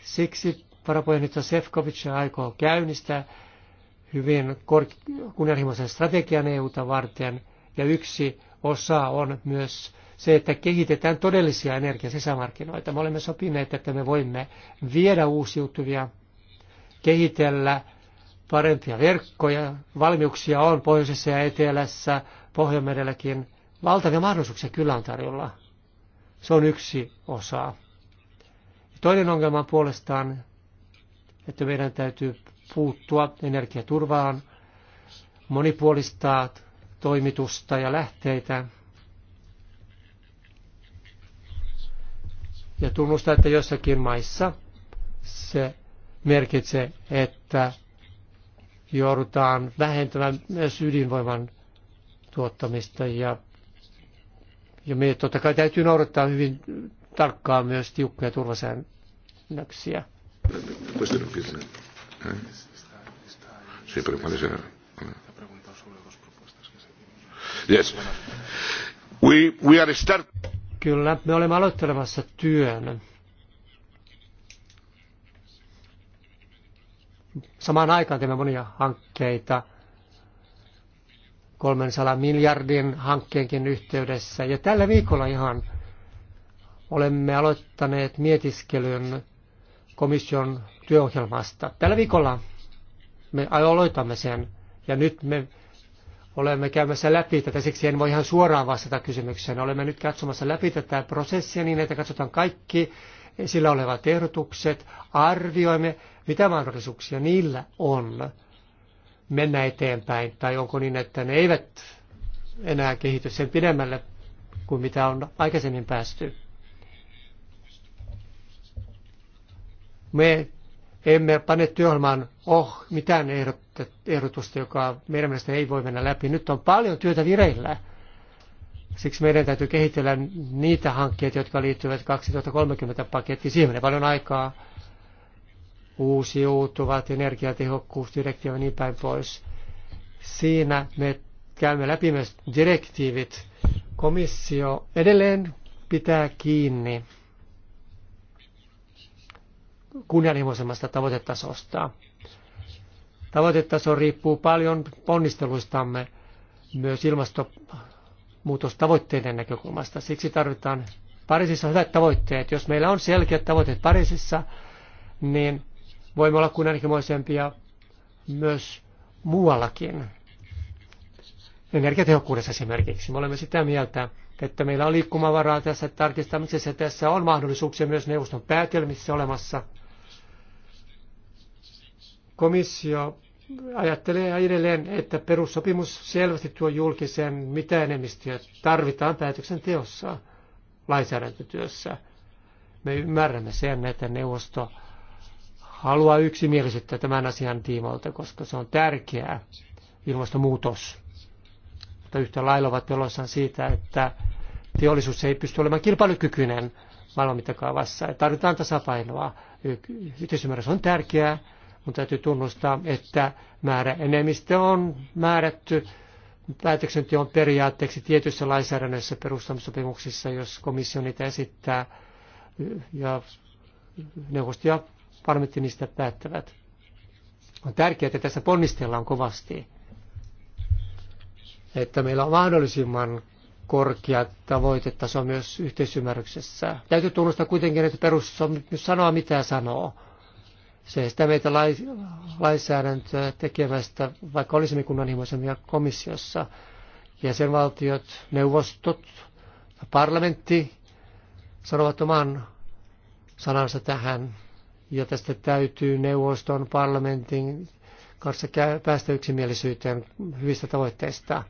Siksi varapuheenjohtaja Sefcovic aikoo käynnistää hyvin kunnianhimoisen strategian EUta varten – ja yksi osa on myös se, että kehitetään todellisia energiasisämarkkinoita. Me olemme sopineet, että me voimme viedä uusiutuvia, kehitellä parempia verkkoja. Valmiuksia on pohjoisessa ja etelässä, Pohjanmerelläkin. Valtavia mahdollisuuksia kyllä on tarjolla. Se on yksi osa. Toinen ongelma on puolestaan, että meidän täytyy puuttua energiaturvaan, monipuolistaa toimitusta ja lähteitä. Ja tunnusta, että jossakin maissa se merkitsee, että joudutaan vähentämään myös ydinvoiman tuottamista ja, ja me totta kai täytyy noudattaa hyvin tarkkaan myös tiukkoja turvasäännöksiä. Questo era eh, più Sì, per quale Kyllä, me olemme aloittelemassa työn. Samaan aikaan teemme monia hankkeita 300 miljardin hankkeenkin yhteydessä. Ja tällä viikolla ihan olemme aloittaneet mietiskelyn komission työohjelmasta. Tällä viikolla me aloitamme sen ja nyt me olemme käymässä läpi tätä, siksi en voi ihan suoraan vastata kysymykseen. Olemme nyt katsomassa läpi tätä prosessia niin, että katsotaan kaikki sillä olevat ehdotukset, arvioimme, mitä mahdollisuuksia niillä on mennä eteenpäin, tai onko niin, että ne eivät enää kehity sen pidemmälle kuin mitä on aikaisemmin päästy. Me emme pane työohjelmaan oh, mitään ehdotusta, joka meidän mielestä ei voi mennä läpi. Nyt on paljon työtä vireillä. Siksi meidän täytyy kehitellä niitä hankkeita, jotka liittyvät 2030 pakettiin. Siihen menee paljon aikaa. Uusiutuvat, energiatehokkuusdirektiivi ja niin päin pois. Siinä me käymme läpi myös direktiivit. Komissio edelleen pitää kiinni kunnianhimoisemmasta tavoitetasosta. Tavoitetaso riippuu paljon ponnisteluistamme myös ilmastonmuutostavoitteiden näkökulmasta. Siksi tarvitaan Pariisissa hyvät tavoitteet. Jos meillä on selkeät tavoitteet Pariisissa, niin voimme olla kunnianhimoisempia myös muuallakin. Energiatehokkuudessa esimerkiksi. Me olemme sitä mieltä, että meillä on liikkumavaraa tässä tarkistamisessa. Tässä on mahdollisuuksia myös neuvoston päätelmissä olemassa – Komissio ajattelee edelleen, että perussopimus selvästi tuo julkisen, mitä enemmistöä tarvitaan päätöksenteossa, lainsäädäntötyössä. Me ymmärrämme sen, että neuvosto haluaa yksimielisyyttä tämän asian tiimoilta, koska se on tärkeää, ilmastonmuutos. Mutta yhtä lailla ovat pelossaan siitä, että teollisuus ei pysty olemaan kilpailukykyinen maailman mittakaavassa. Tarvitaan tasapainoa. Yhteisymmärrys on tärkeää, mutta täytyy tunnustaa, että määrä enemmistö on määrätty päätöksenteon periaatteeksi tietyissä lainsäädännössä perustamissopimuksissa, jos komissio niitä esittää ja neuvosto ja parlamentti niistä päättävät. On tärkeää, että tässä ponnistellaan kovasti, että meillä on mahdollisimman korkea tavoitetaso myös yhteisymmärryksessä. Täytyy tunnustaa kuitenkin, että perus perussopimus sanoa mitä sanoo se estää meitä lainsäädäntöä tekemästä, vaikka olisimme kunnanhimoisemmia komissiossa. Jäsenvaltiot, neuvostot ja parlamentti sanovat oman sanansa tähän, ja tästä täytyy neuvoston, parlamentin kanssa päästä yksimielisyyteen hyvistä tavoitteista.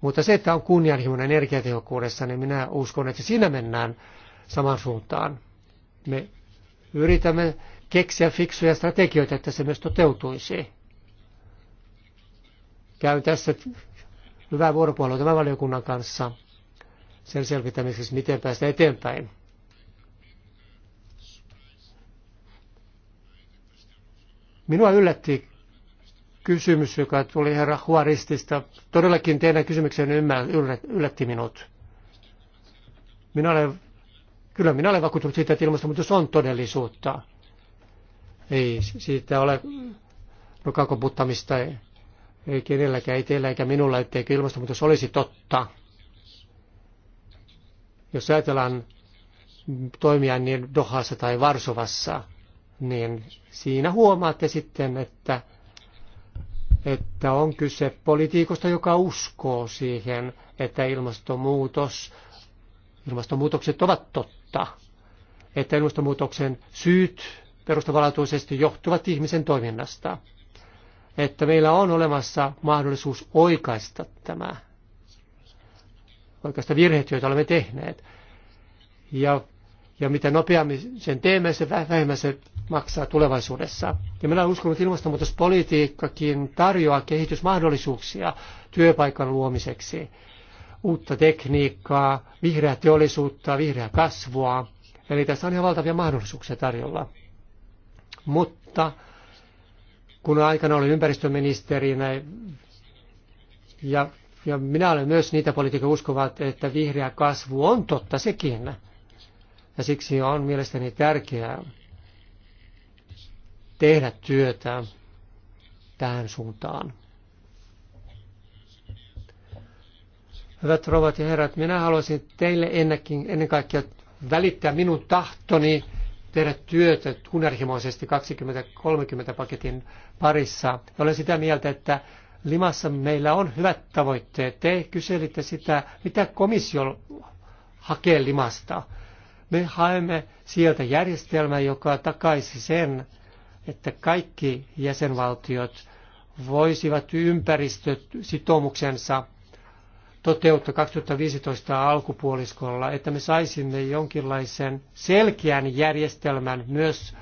Mutta se, että on kunnianhimoinen energiatehokkuudessa, niin minä uskon, että siinä mennään saman suuntaan. Me yritämme keksiä fiksuja strategioita, että se myös toteutuisi. Käyn tässä hyvää vuoropuhelua tämän valiokunnan kanssa sen selvittämiseksi, miten päästä eteenpäin. Minua yllätti kysymys, joka tuli herra Huaristista. Todellakin teidän kysymyksen yllätti minut. Minä olen, kyllä minä olen vakuuttunut siitä, että ilmastonmuutos on todellisuutta. Ei siitä ole nukakoputtamista ei, ei kenelläkään, ei teillä eikä minulla, etteikö ilmastonmuutos olisi totta. Jos ajatellaan toimia niin Dohassa tai Varsovassa, niin siinä huomaatte sitten, että, että on kyse politiikosta, joka uskoo siihen, että ilmastonmuutos, ilmastonmuutokset ovat totta, että ilmastonmuutoksen syyt perustavanlaatuisesti johtuvat ihmisen toiminnasta. Että meillä on olemassa mahdollisuus oikaista tämä, oikaista virheet, joita olemme tehneet. Ja, ja mitä nopeammin sen teemme, se vähemmän se maksaa tulevaisuudessa. Ja minä uskon, että ilmastonmuutospolitiikkakin tarjoaa kehitysmahdollisuuksia työpaikan luomiseksi. Uutta tekniikkaa, vihreää teollisuutta, vihreää kasvua. Eli tässä on ihan valtavia mahdollisuuksia tarjolla mutta kun aikana olin ympäristöministerinä ja, ja minä olen myös niitä poliitikkoja uskovat, että vihreä kasvu on totta sekin. Ja siksi on mielestäni tärkeää tehdä työtä tähän suuntaan. Hyvät rouvat ja herrat, minä haluaisin teille ennenkin, ennen kaikkea välittää minun tahtoni tehdä työtä kunnianhimoisesti 2030 paketin parissa. Olen sitä mieltä, että Limassa meillä on hyvät tavoitteet. Te kyselitte sitä, mitä komissio hakee Limasta. Me haemme sieltä järjestelmää, joka takaisi sen, että kaikki jäsenvaltiot voisivat ympäristösitoumuksensa toteuttaa 2015 alkupuoliskolla, että me saisimme jonkinlaisen selkeän järjestelmän myös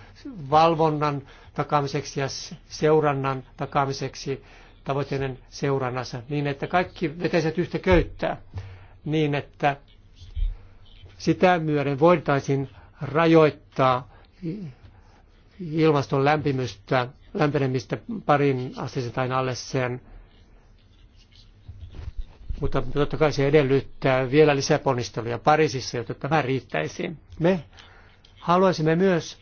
valvonnan takaamiseksi ja seurannan takaamiseksi tavoitteiden seurannassa, niin että kaikki vetäisivät yhtä köyttää, niin että sitä myöden voitaisiin rajoittaa ilmaston lämpimystä, lämpenemistä parin asteeseen tai alle sen mutta totta kai se edellyttää vielä lisäponnisteluja Pariisissa, jotta tämä riittäisi. Me haluaisimme myös,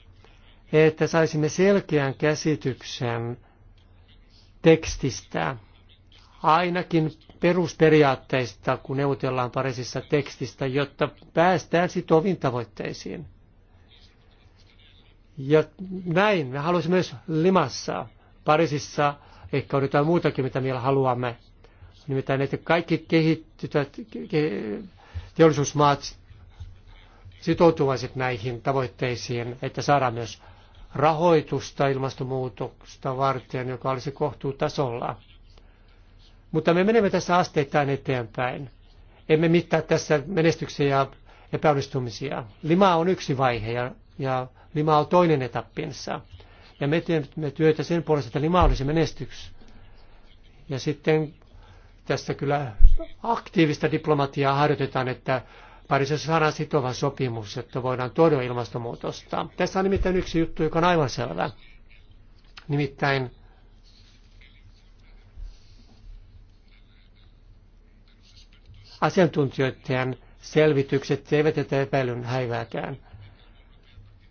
että saisimme selkeän käsityksen tekstistä, ainakin perusperiaatteista, kun neuvotellaan Pariisissa tekstistä, jotta päästään sitoviin tavoitteisiin. Ja näin me haluaisimme myös Limassa, Pariisissa, ehkä on jotain muutakin, mitä vielä haluamme Nimittäin, että kaikki kehittyvät teollisuusmaat sitoutuvat näihin tavoitteisiin, että saadaan myös rahoitusta ilmastonmuutosta varten, joka olisi kohtuutasolla. Mutta me menemme tässä asteittain eteenpäin. Emme mittaa tässä menestyksiä ja epäonnistumisia. Lima on yksi vaihe ja, ja lima on toinen etappinsa. Ja me teemme työtä sen puolesta, että lima olisi menestyksi. Ja sitten tässä kyllä aktiivista diplomatiaa harjoitetaan, että Pariisissa saadaan sitova sopimus, että voidaan tuoda ilmastonmuutosta. Tässä on nimittäin yksi juttu, joka on aivan selvä. Nimittäin asiantuntijoiden selvitykset eivät tätä epäilyn häivääkään.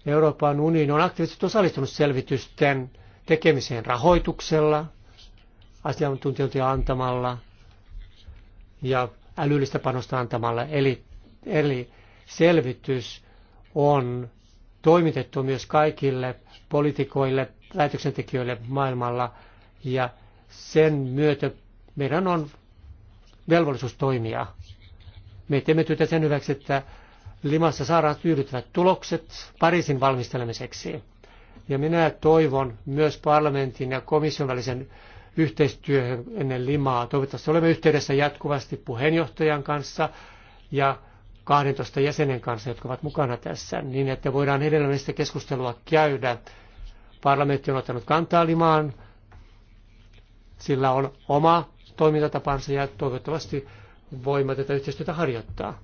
Euroopan unioni on aktiivisesti osallistunut selvitysten tekemiseen rahoituksella, asiantuntijoita antamalla ja älyllistä panosta antamalla. Eli, eli selvitys on toimitettu myös kaikille politikoille, päätöksentekijöille maailmalla ja sen myötä meidän on velvollisuus toimia. Me teemme työtä sen hyväksi, että Limassa saadaan tyydyttävät tulokset Pariisin valmistelemiseksi. Ja minä toivon myös parlamentin ja komission välisen yhteistyöhön ennen limaa. Toivottavasti olemme yhteydessä jatkuvasti puheenjohtajan kanssa ja 12 jäsenen kanssa, jotka ovat mukana tässä, niin että voidaan edelleen sitä keskustelua käydä. Parlamentti on ottanut kantaa limaan, sillä on oma toimintatapansa ja toivottavasti voimme tätä yhteistyötä harjoittaa.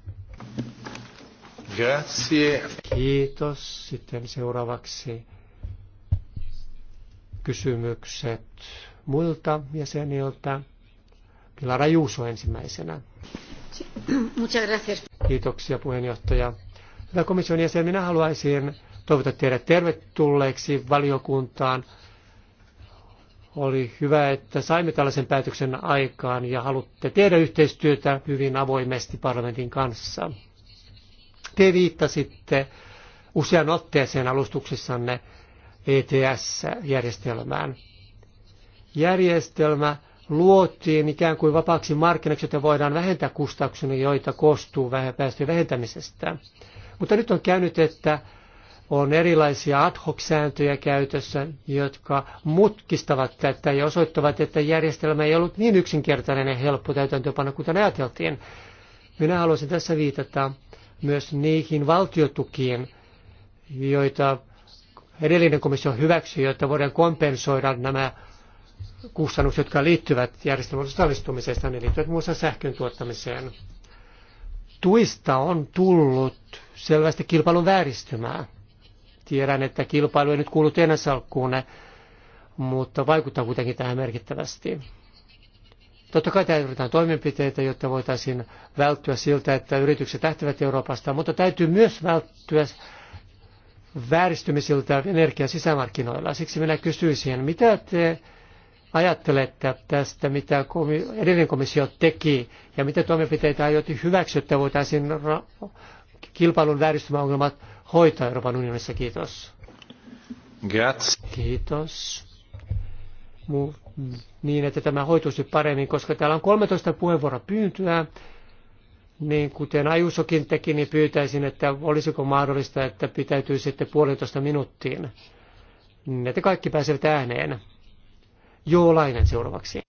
Grazie. Kiitos. Sitten seuraavaksi kysymykset muilta jäseniltä. Pilar Ajuuso ensimmäisenä. Kiitoksia puheenjohtaja. Hyvä komission jäsen, minä haluaisin toivottaa teidät tervetulleeksi valiokuntaan. Oli hyvä, että saimme tällaisen päätöksen aikaan ja halutte tehdä yhteistyötä hyvin avoimesti parlamentin kanssa. Te viittasitte usean otteeseen alustuksissanne ETS-järjestelmään järjestelmä luotiin ikään kuin vapaaksi markkinaksi, että voidaan vähentää kustannuksia, joita koostuu päästöjen vähentämisestä. Mutta nyt on käynyt, että on erilaisia ad hoc-sääntöjä käytössä, jotka mutkistavat tätä ja osoittavat, että järjestelmä ei ollut niin yksinkertainen ja helppo täytäntöpano, kuten ajateltiin. Minä haluaisin tässä viitata myös niihin valtiotukiin, joita edellinen komissio hyväksyi, jotta voidaan kompensoida nämä kustannukset, jotka liittyvät järjestelmän osallistumisesta, ne liittyvät muun muassa sähkön tuottamiseen. Tuista on tullut selvästi kilpailun vääristymää. Tiedän, että kilpailu ei nyt kuulu teidän salkkuunne, mutta vaikuttaa kuitenkin tähän merkittävästi. Totta kai tarvitaan toimenpiteitä, jotta voitaisiin välttyä siltä, että yritykset lähtevät Euroopasta, mutta täytyy myös välttyä vääristymisiltä energian sisämarkkinoilla. Siksi minä kysyisin, mitä te ajattelette tästä, mitä edellinen komissio teki ja mitä toimenpiteitä aiotte hyväksyä, että voitaisiin kilpailun vääristymäongelmat hoitaa Euroopan unionissa? Kiitos. Kiitos. mu Niin, että tämä hoituisi paremmin, koska täällä on 13 puheenvuoropyyntöä. Niin kuten Ajusokin teki, niin pyytäisin, että olisiko mahdollista, että pitäytyy sitten puolentoista minuuttiin. Niin, että kaikki pääsevät ääneen. Joolainen seuraavaksi.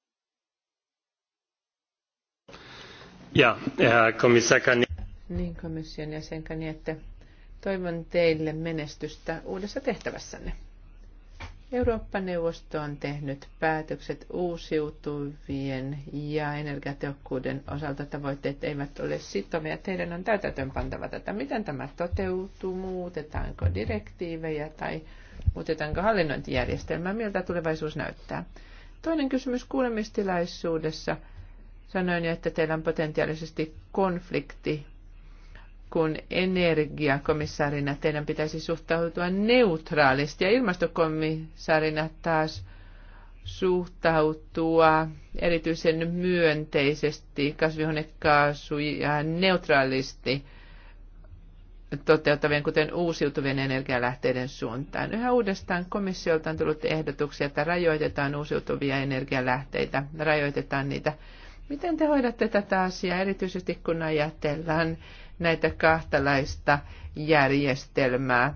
Ja, eh, komissakani. Niin, komission jäsenkani, että toivon teille menestystä uudessa tehtävässänne. Eurooppa-neuvosto on tehnyt päätökset uusiutuvien ja energiatehokkuuden osalta tavoitteet eivät ole sitovia. Teidän on täytäntöönpantava tätä. Miten tämä toteutuu? Muutetaanko direktiivejä tai muutetaanko hallinnointijärjestelmää, miltä tulevaisuus näyttää. Toinen kysymys kuulemistilaisuudessa. Sanoin jo, että teillä on potentiaalisesti konflikti, kun energiakomissaarina teidän pitäisi suhtautua neutraalisti ja ilmastokomissaarina taas suhtautua erityisen myönteisesti kasvihuonekaasuja neutraalisti – toteuttavien, kuten uusiutuvien energialähteiden suuntaan. Yhä uudestaan komissiolta on tullut ehdotuksia, että rajoitetaan uusiutuvia energialähteitä, rajoitetaan niitä. Miten te hoidatte tätä asiaa, erityisesti kun ajatellaan näitä kahtalaista järjestelmää,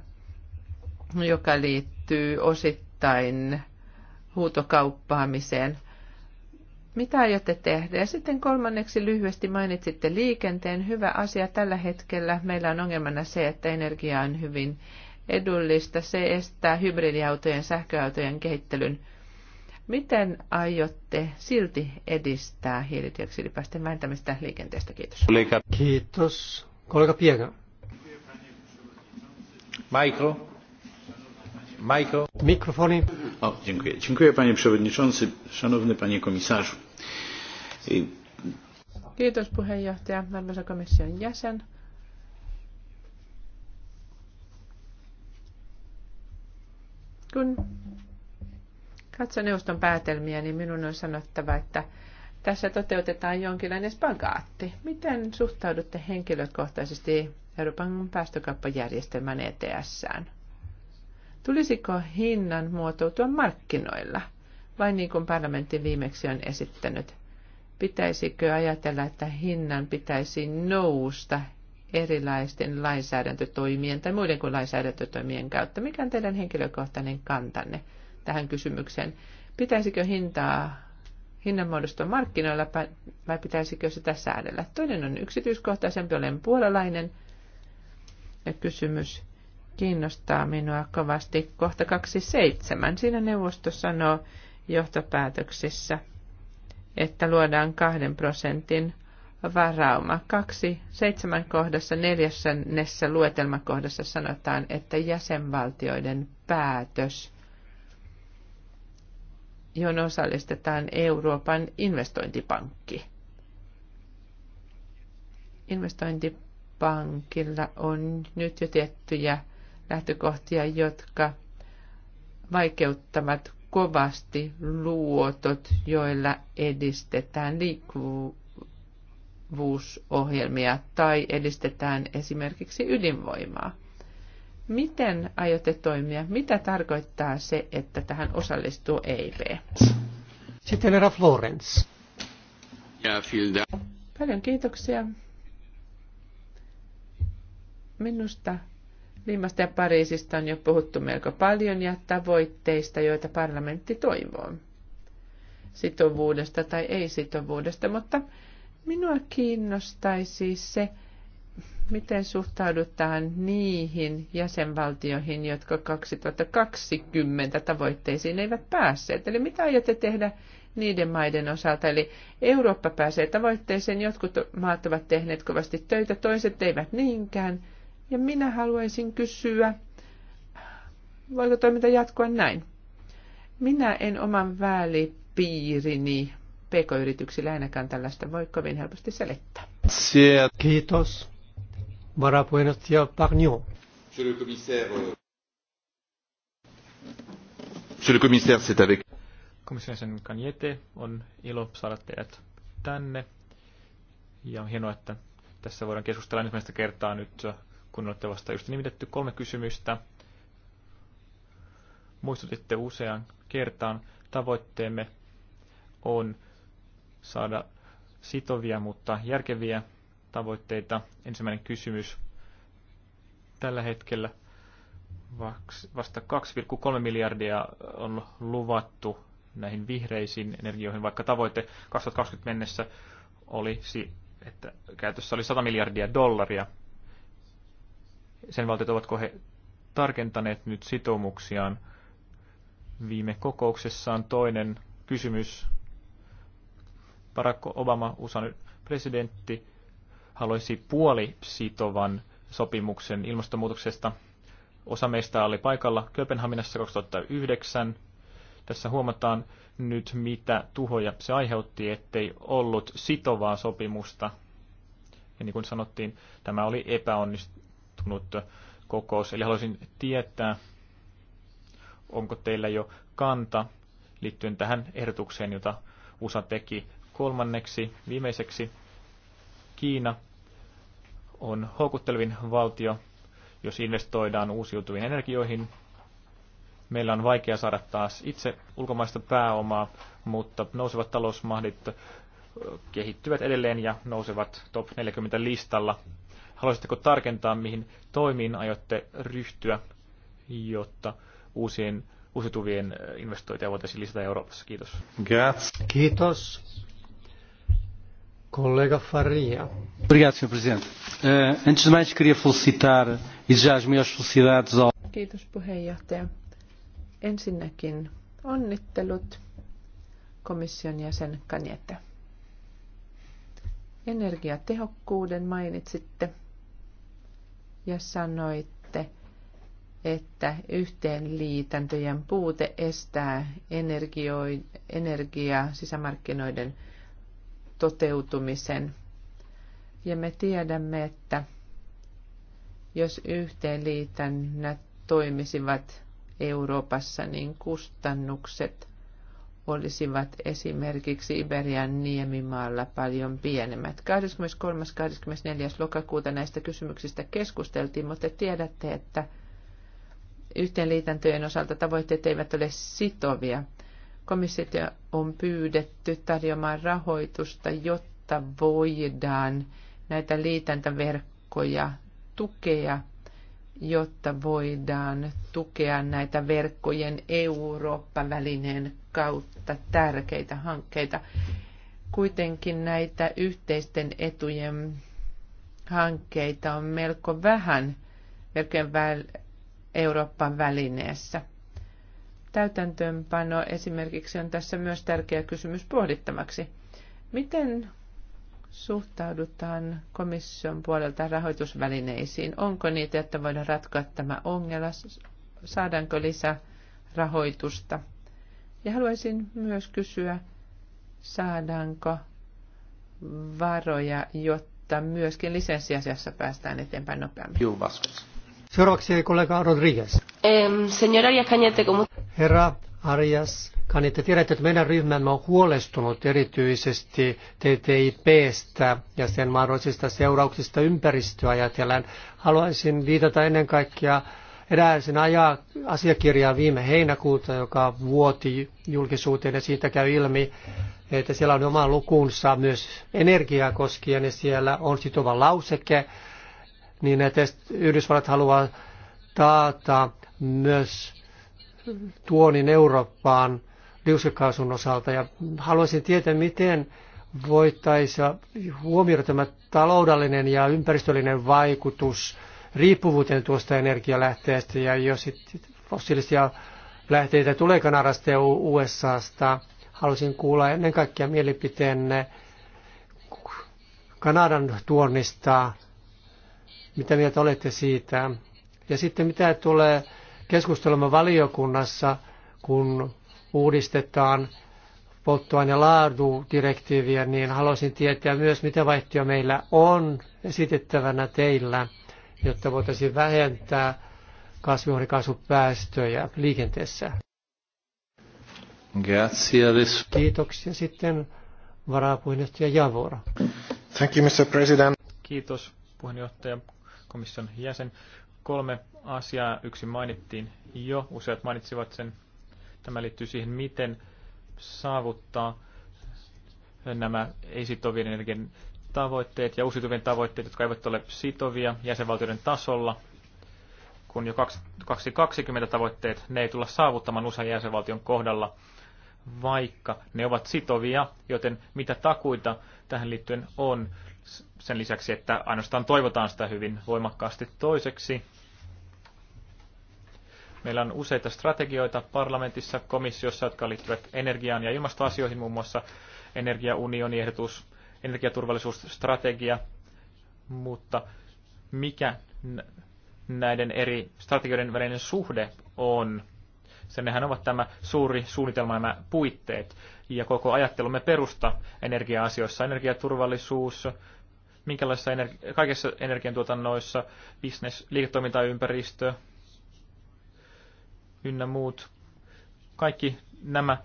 joka liittyy osittain huutokauppaamiseen – mitä aiotte tehdä? Ja sitten kolmanneksi lyhyesti mainitsitte liikenteen. Hyvä asia tällä hetkellä. Meillä on ongelmana se, että energia on hyvin edullista. Se estää hybridiautojen, sähköautojen kehittelyn. Miten aiotte silti edistää hiilidioksidipäästöjen vähentämistä liikenteestä? Kiitos. Kiitos. Kollega Piega. Mikro. Mikro. Mikrofoni. O, dziękuję. Dziękuję panie przewodniczący, szanowny panie komisarzu. Kiitos puheenjohtaja, arvoisa komission jäsen. Kun katson neuvoston päätelmiä, niin minun on sanottava, että tässä toteutetaan jonkinlainen spagaatti. Miten suhtaudutte henkilökohtaisesti Euroopan päästökauppajärjestelmän ets Tulisiko hinnan muotoutua markkinoilla – vai niin kuin parlamentti viimeksi on esittänyt? Pitäisikö ajatella, että hinnan pitäisi nousta erilaisten lainsäädäntötoimien tai muiden kuin lainsäädäntötoimien kautta? Mikä on teidän henkilökohtainen kantanne tähän kysymykseen? Pitäisikö hintaa hinnan muodostua markkinoilla vai pitäisikö sitä säädellä? Toinen on yksityiskohtaisempi, olen puolalainen. Ja kysymys kiinnostaa minua kovasti. Kohta 27. Siinä neuvosto sanoo, johtopäätöksissä, että luodaan kahden prosentin varauma. Kaksi seitsemän kohdassa neljässä luetelmakohdassa sanotaan, että jäsenvaltioiden päätös, johon osallistetaan Euroopan investointipankki. Investointipankilla on nyt jo tiettyjä lähtökohtia, jotka vaikeuttavat kovasti luotot, joilla edistetään liikkuvuusohjelmia tai edistetään esimerkiksi ydinvoimaa. Miten aiotte toimia? Mitä tarkoittaa se, että tähän osallistuu EIP? Sitten herra Florence. Ja, Paljon kiitoksia. Minusta Limasta ja Pariisista on jo puhuttu melko paljon ja tavoitteista, joita parlamentti toivoo. Sitovuudesta tai ei-sitovuudesta, mutta minua kiinnostaisi se, miten suhtaudutaan niihin jäsenvaltioihin, jotka 2020 tavoitteisiin eivät päässeet. Eli mitä aiotte tehdä niiden maiden osalta? Eli Eurooppa pääsee tavoitteeseen, jotkut maat ovat tehneet kovasti töitä, toiset eivät niinkään – ja minä haluaisin kysyä, voiko toiminta jatkua näin? Minä en oman välipiirini pk-yrityksillä ainakaan tällaista voi kovin helposti selittää. Kiitos. Varapuheenjohtaja Pagnon. Euh, Monsieur le commissaire, c'est avec... Kanjete on ilo saada teidät tänne. Ja on hienoa, että tässä voidaan keskustella ensimmäistä kertaa nyt kun olette vasta just nimitetty kolme kysymystä. Muistutitte usean kertaan, tavoitteemme on saada sitovia, mutta järkeviä tavoitteita. Ensimmäinen kysymys. Tällä hetkellä vasta 2,3 miljardia on luvattu näihin vihreisiin energioihin, vaikka tavoite 2020 mennessä olisi, että käytössä oli 100 miljardia dollaria sen valtiot, ovatko he tarkentaneet nyt sitoumuksiaan viime kokouksessaan. Toinen kysymys. Barack Obama, USAn presidentti, haluaisi puoli sitovan sopimuksen ilmastonmuutoksesta. Osa meistä oli paikalla Kööpenhaminassa 2009. Tässä huomataan nyt, mitä tuhoja se aiheutti, ettei ollut sitovaa sopimusta. Ja niin kuin sanottiin, tämä oli epäonnistunut tapahtunut kokous. Eli haluaisin tietää, onko teillä jo kanta liittyen tähän ehdotukseen, jota USA teki. Kolmanneksi, viimeiseksi, Kiina on houkuttelevin valtio, jos investoidaan uusiutuviin energioihin. Meillä on vaikea saada taas itse ulkomaista pääomaa, mutta nousevat talousmahdit kehittyvät edelleen ja nousevat top 40 listalla Haluaisitteko tarkentaa, mihin toimiin aiotte ryhtyä, jotta uusien uusituvien äh, investointeja voitaisiin lisätä Euroopassa? Kiitos. Kiitos. Kiitos. Kollega Faria. Obrigado, Sr. Presidente. Uh, antes de mais, queria felicitar e desejar as melhores felicidades ao... Kiitos, puheenjohtaja. Ensinnäkin onnittelut komission jäsen Kanjete. Energiatehokkuuden mainitsitte ja sanoitte, että yhteenliitäntöjen puute estää energia- sisämarkkinoiden toteutumisen. Ja me tiedämme, että jos yhteenliitännät toimisivat Euroopassa, niin kustannukset olisivat esimerkiksi Iberian niemimaalla paljon pienemmät. 23. 24. lokakuuta näistä kysymyksistä keskusteltiin, mutta tiedätte, että yhteenliitäntöjen osalta tavoitteet eivät ole sitovia. Komissio on pyydetty tarjoamaan rahoitusta, jotta voidaan näitä liitäntäverkkoja tukea, jotta voidaan tukea näitä verkkojen Eurooppa-välineen kautta tärkeitä hankkeita. Kuitenkin näitä yhteisten etujen hankkeita on melko vähän melkein väl- Euroopan välineessä. Täytäntöönpano esimerkiksi on tässä myös tärkeä kysymys pohdittavaksi. Miten suhtaudutaan komission puolelta rahoitusvälineisiin? Onko niitä, että voidaan ratkoa tämä ongelma? Saadaanko lisää rahoitusta ja haluaisin myös kysyä, saadaanko varoja, jotta myöskin lisenssiasiassa päästään eteenpäin nopeammin. Seuraavaksi kollega Rodriguez. Herra Arias Kanette, tiedätte, että meidän ryhmämme on huolestunut erityisesti TTIPstä ja sen mahdollisista seurauksista ajatellen. Haluaisin viitata ennen kaikkea eräisen ajaa asiakirjaa viime heinäkuuta, joka vuoti julkisuuteen ja siitä käy ilmi, että siellä on oma lukunsa myös energiaa koskien ja siellä on sitova lauseke, niin että Yhdysvallat haluaa taata myös tuonin Eurooppaan liuskekaasun osalta ja haluaisin tietää, miten voitaisiin huomioida tämä taloudellinen ja ympäristöllinen vaikutus riippuvuuteen tuosta energialähteestä. Ja jos fossiilisia lähteitä tulee Kanadasta ja USAsta, halusin kuulla ennen kaikkea mielipiteenne Kanadan tuonnista. Mitä mieltä olette siitä? Ja sitten mitä tulee keskustelemaan valiokunnassa, kun uudistetaan polttoaine- laadu-direktiiviä, niin haluaisin tietää myös, mitä vaihtoehtoja meillä on esitettävänä teillä – jotta voitaisiin vähentää kasvihuonekaasupäästöjä liikenteessä. Kiitoksia sitten varapuheenjohtaja Javor. Thank you, Mr. President. Kiitos puheenjohtaja, komission jäsen. Kolme asiaa, yksi mainittiin jo, useat mainitsivat sen. Tämä liittyy siihen, miten saavuttaa nämä ei-sitovien energian tavoitteet ja uusiutuvien tavoitteet, jotka eivät ole sitovia jäsenvaltioiden tasolla, kun jo 2020 tavoitteet ne ei tulla saavuttamaan usean jäsenvaltion kohdalla, vaikka ne ovat sitovia, joten mitä takuita tähän liittyen on, sen lisäksi, että ainoastaan toivotaan sitä hyvin voimakkaasti toiseksi. Meillä on useita strategioita parlamentissa, komissiossa, jotka liittyvät energiaan ja ilmastoasioihin, muun muassa unioni-ehdotus energiaturvallisuusstrategia, mutta mikä näiden eri strategioiden välinen suhde on? Sennehän ovat tämä suuri suunnitelma, nämä puitteet ja koko ajattelumme perusta energia-asioissa, energiaturvallisuus, minkälaisissa energi- kaikissa energiantuotannoissa, business, liiketoimintaympäristö ynnä muut. Kaikki nämä äh,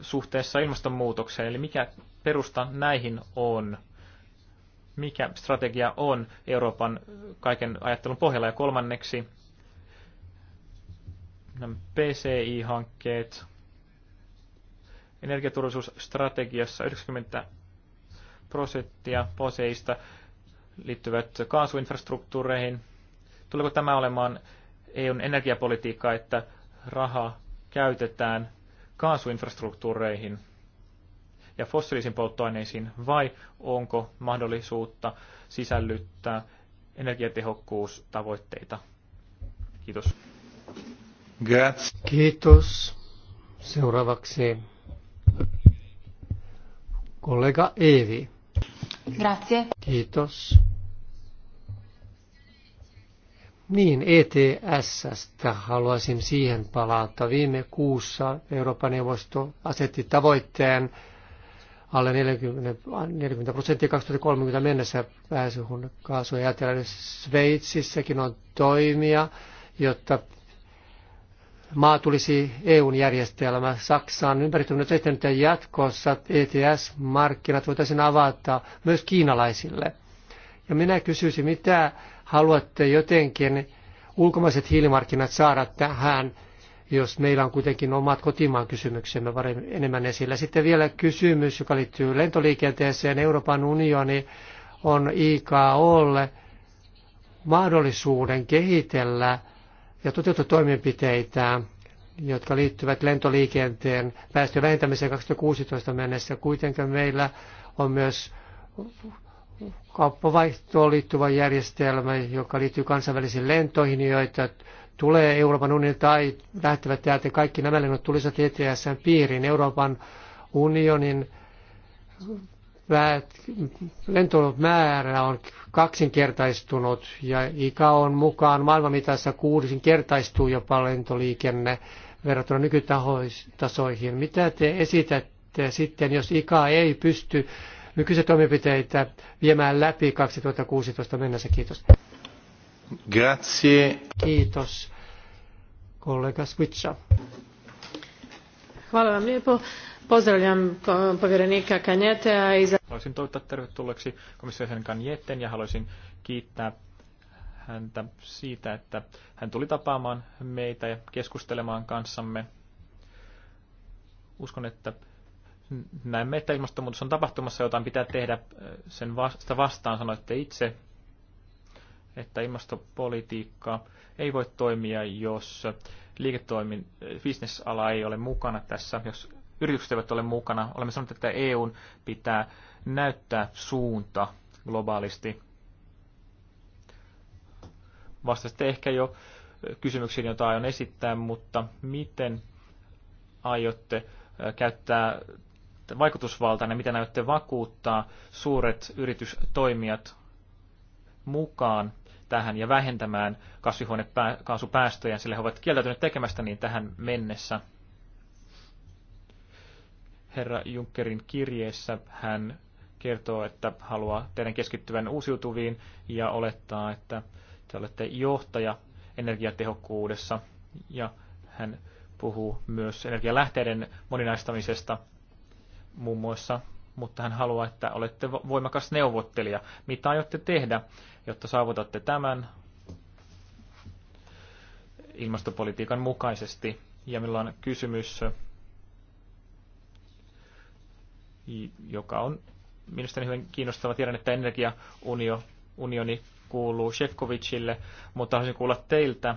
suhteessa ilmastonmuutokseen, eli mikä perusta näihin on? Mikä strategia on Euroopan kaiken ajattelun pohjalla? Ja kolmanneksi, nämä PCI-hankkeet, energiaturvallisuusstrategiassa 90 prosenttia poseista liittyvät kaasuinfrastruktuureihin. Tuleeko tämä olemaan EUn energiapolitiikka, että raha käytetään kaasuinfrastruktuureihin – ja fossiilisiin polttoaineisiin, vai onko mahdollisuutta sisällyttää energiatehokkuustavoitteita? Kiitos. Grazie. Kiitos. Seuraavaksi kollega Eevi. Grazie. Kiitos. Niin, ETSstä haluaisin siihen palata. Viime kuussa Euroopan neuvosto asetti tavoitteen alle 40, 40 prosenttia 2030 mennessä kaasuja. Ajatellaan, Sveitsissäkin on toimia, jotta maa tulisi EUn järjestelmä Saksaan ympäristöministeriön ja jatkossa ETS-markkinat voitaisiin avata myös kiinalaisille. Ja minä kysyisin, mitä haluatte jotenkin ulkomaiset hiilimarkkinat saada tähän jos meillä on kuitenkin omat kotimaan kysymyksemme enemmän esillä. Sitten vielä kysymys, joka liittyy lentoliikenteeseen. Euroopan unioni on IKOlle mahdollisuuden kehitellä ja toteuttaa toimenpiteitä, jotka liittyvät lentoliikenteen päästöjen vähentämiseen 2016 mennessä. Kuitenkin meillä on myös kauppavaihtoon liittyvä järjestelmä, joka liittyy kansainvälisiin lentoihin, joita tulee Euroopan unioni tai lähtevät täältä, kaikki nämä lennot tulisivat ETSn piiriin. Euroopan unionin lentomäärä on kaksinkertaistunut ja ikä on mukaan maailmanmitassa kertaistuu jopa lentoliikenne verrattuna nykytasoihin. Mitä te esitätte sitten, jos ikä ei pysty nykyisiä toimenpiteitä viemään läpi 2016 mennessä? Kiitos. Grazie. Kiitos. Kollega Switcha. Hvala vam lijepo. Pozdravljam povjerenika Kanjetea. I za... Haluaisin toivottaa tervetulleeksi komissiojäsen Kanjeten ja haluaisin kiittää häntä siitä, että hän tuli tapaamaan meitä ja keskustelemaan kanssamme. Uskon, että näemme, että ilmastonmuutos on tapahtumassa, jotain pitää tehdä sen vastaan, sanoitte itse että ilmastopolitiikka ei voi toimia, jos liiketoimin, bisnesala ei ole mukana tässä, jos yritykset eivät ole mukana. Olemme sanoneet, että EUn pitää näyttää suunta globaalisti. Vastasitte ehkä jo kysymyksiin, joita aion esittää, mutta miten aiotte käyttää vaikutusvaltaa, ja miten aiotte vakuuttaa suuret yritystoimijat mukaan tähän ja vähentämään kasvihuonekaasupäästöjä, sillä he ovat kieltäytyneet tekemästä niin tähän mennessä. Herra Junckerin kirjeessä hän kertoo, että haluaa teidän keskittyvän uusiutuviin ja olettaa, että te olette johtaja energiatehokkuudessa ja hän puhuu myös energialähteiden moninaistamisesta muun muassa mutta hän haluaa, että olette voimakas neuvottelija. Mitä aiotte tehdä, jotta saavutatte tämän ilmastopolitiikan mukaisesti? Ja meillä on kysymys, joka on mielestäni hyvin kiinnostava. Tiedän, että energiaunioni kuuluu Shevkovicille, mutta haluaisin kuulla teiltä,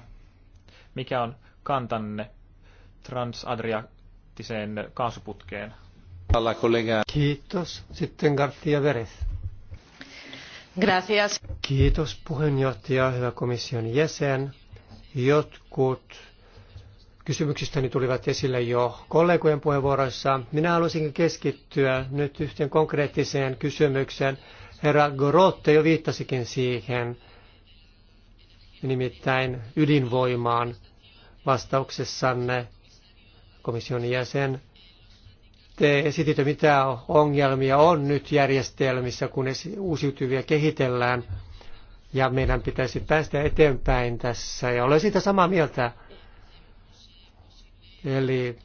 mikä on kantanne transadriaattiseen kaasuputkeen Kiitos. Sitten Garcia Verez. Gracias. Kiitos puheenjohtaja, hyvä komission jäsen. Jotkut kysymyksistäni tulivat esille jo kollegojen puheenvuoroissa. Minä haluaisin keskittyä nyt yhteen konkreettiseen kysymykseen. Herra Gorotte jo viittasikin siihen, nimittäin ydinvoimaan vastauksessanne komission jäsen te esititte, mitä ongelmia on nyt järjestelmissä, kun uusiutuvia kehitellään. Ja meidän pitäisi päästä eteenpäin tässä. Ja olen siitä samaa mieltä. Eli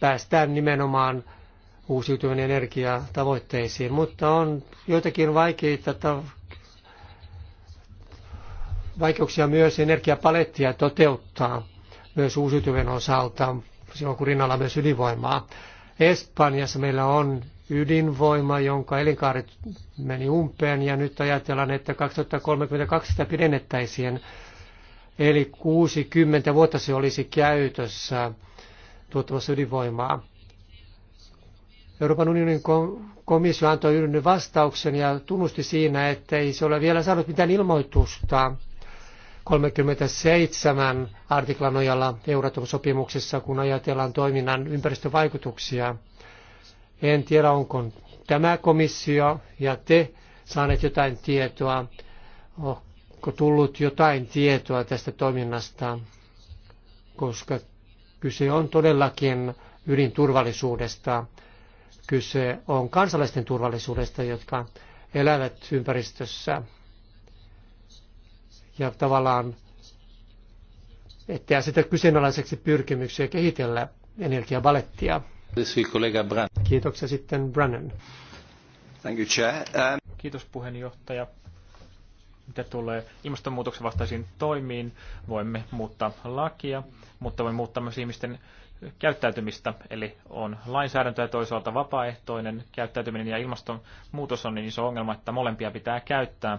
päästään nimenomaan uusiutuvan energiatavoitteisiin, mutta on joitakin vaikeita vaikeuksia myös energiapalettia toteuttaa myös uusiutuvien osalta, silloin kun rinnalla myös ydinvoimaa. Espanjassa meillä on ydinvoima, jonka elinkaari meni umpeen ja nyt ajatellaan, että 2032 sitä pidennettäisiin. Eli 60 vuotta se olisi käytössä tuottamassa ydinvoimaa. Euroopan unionin komissio antoi yhden vastauksen ja tunnusti siinä, että ei se ole vielä saanut mitään ilmoitusta 37 artiklan nojalla Euratom-sopimuksessa, kun ajatellaan toiminnan ympäristövaikutuksia. En tiedä, onko tämä komissio ja te saaneet jotain tietoa, onko tullut jotain tietoa tästä toiminnasta, koska kyse on todellakin ydinturvallisuudesta. Kyse on kansalaisten turvallisuudesta, jotka elävät ympäristössä ja tavallaan ettei sitä kyseenalaiseksi pyrkimyksiä kehitellä energiabalettia. Kiitoksia sitten Brannan. Thank you, chair. Um... Kiitos puheenjohtaja. Mitä tulee ilmastonmuutoksen vastaisiin toimiin, voimme muuttaa lakia, mutta voimme muuttaa myös ihmisten käyttäytymistä, eli on lainsäädäntö ja toisaalta vapaaehtoinen käyttäytyminen ja ilmastonmuutos on niin iso ongelma, että molempia pitää käyttää.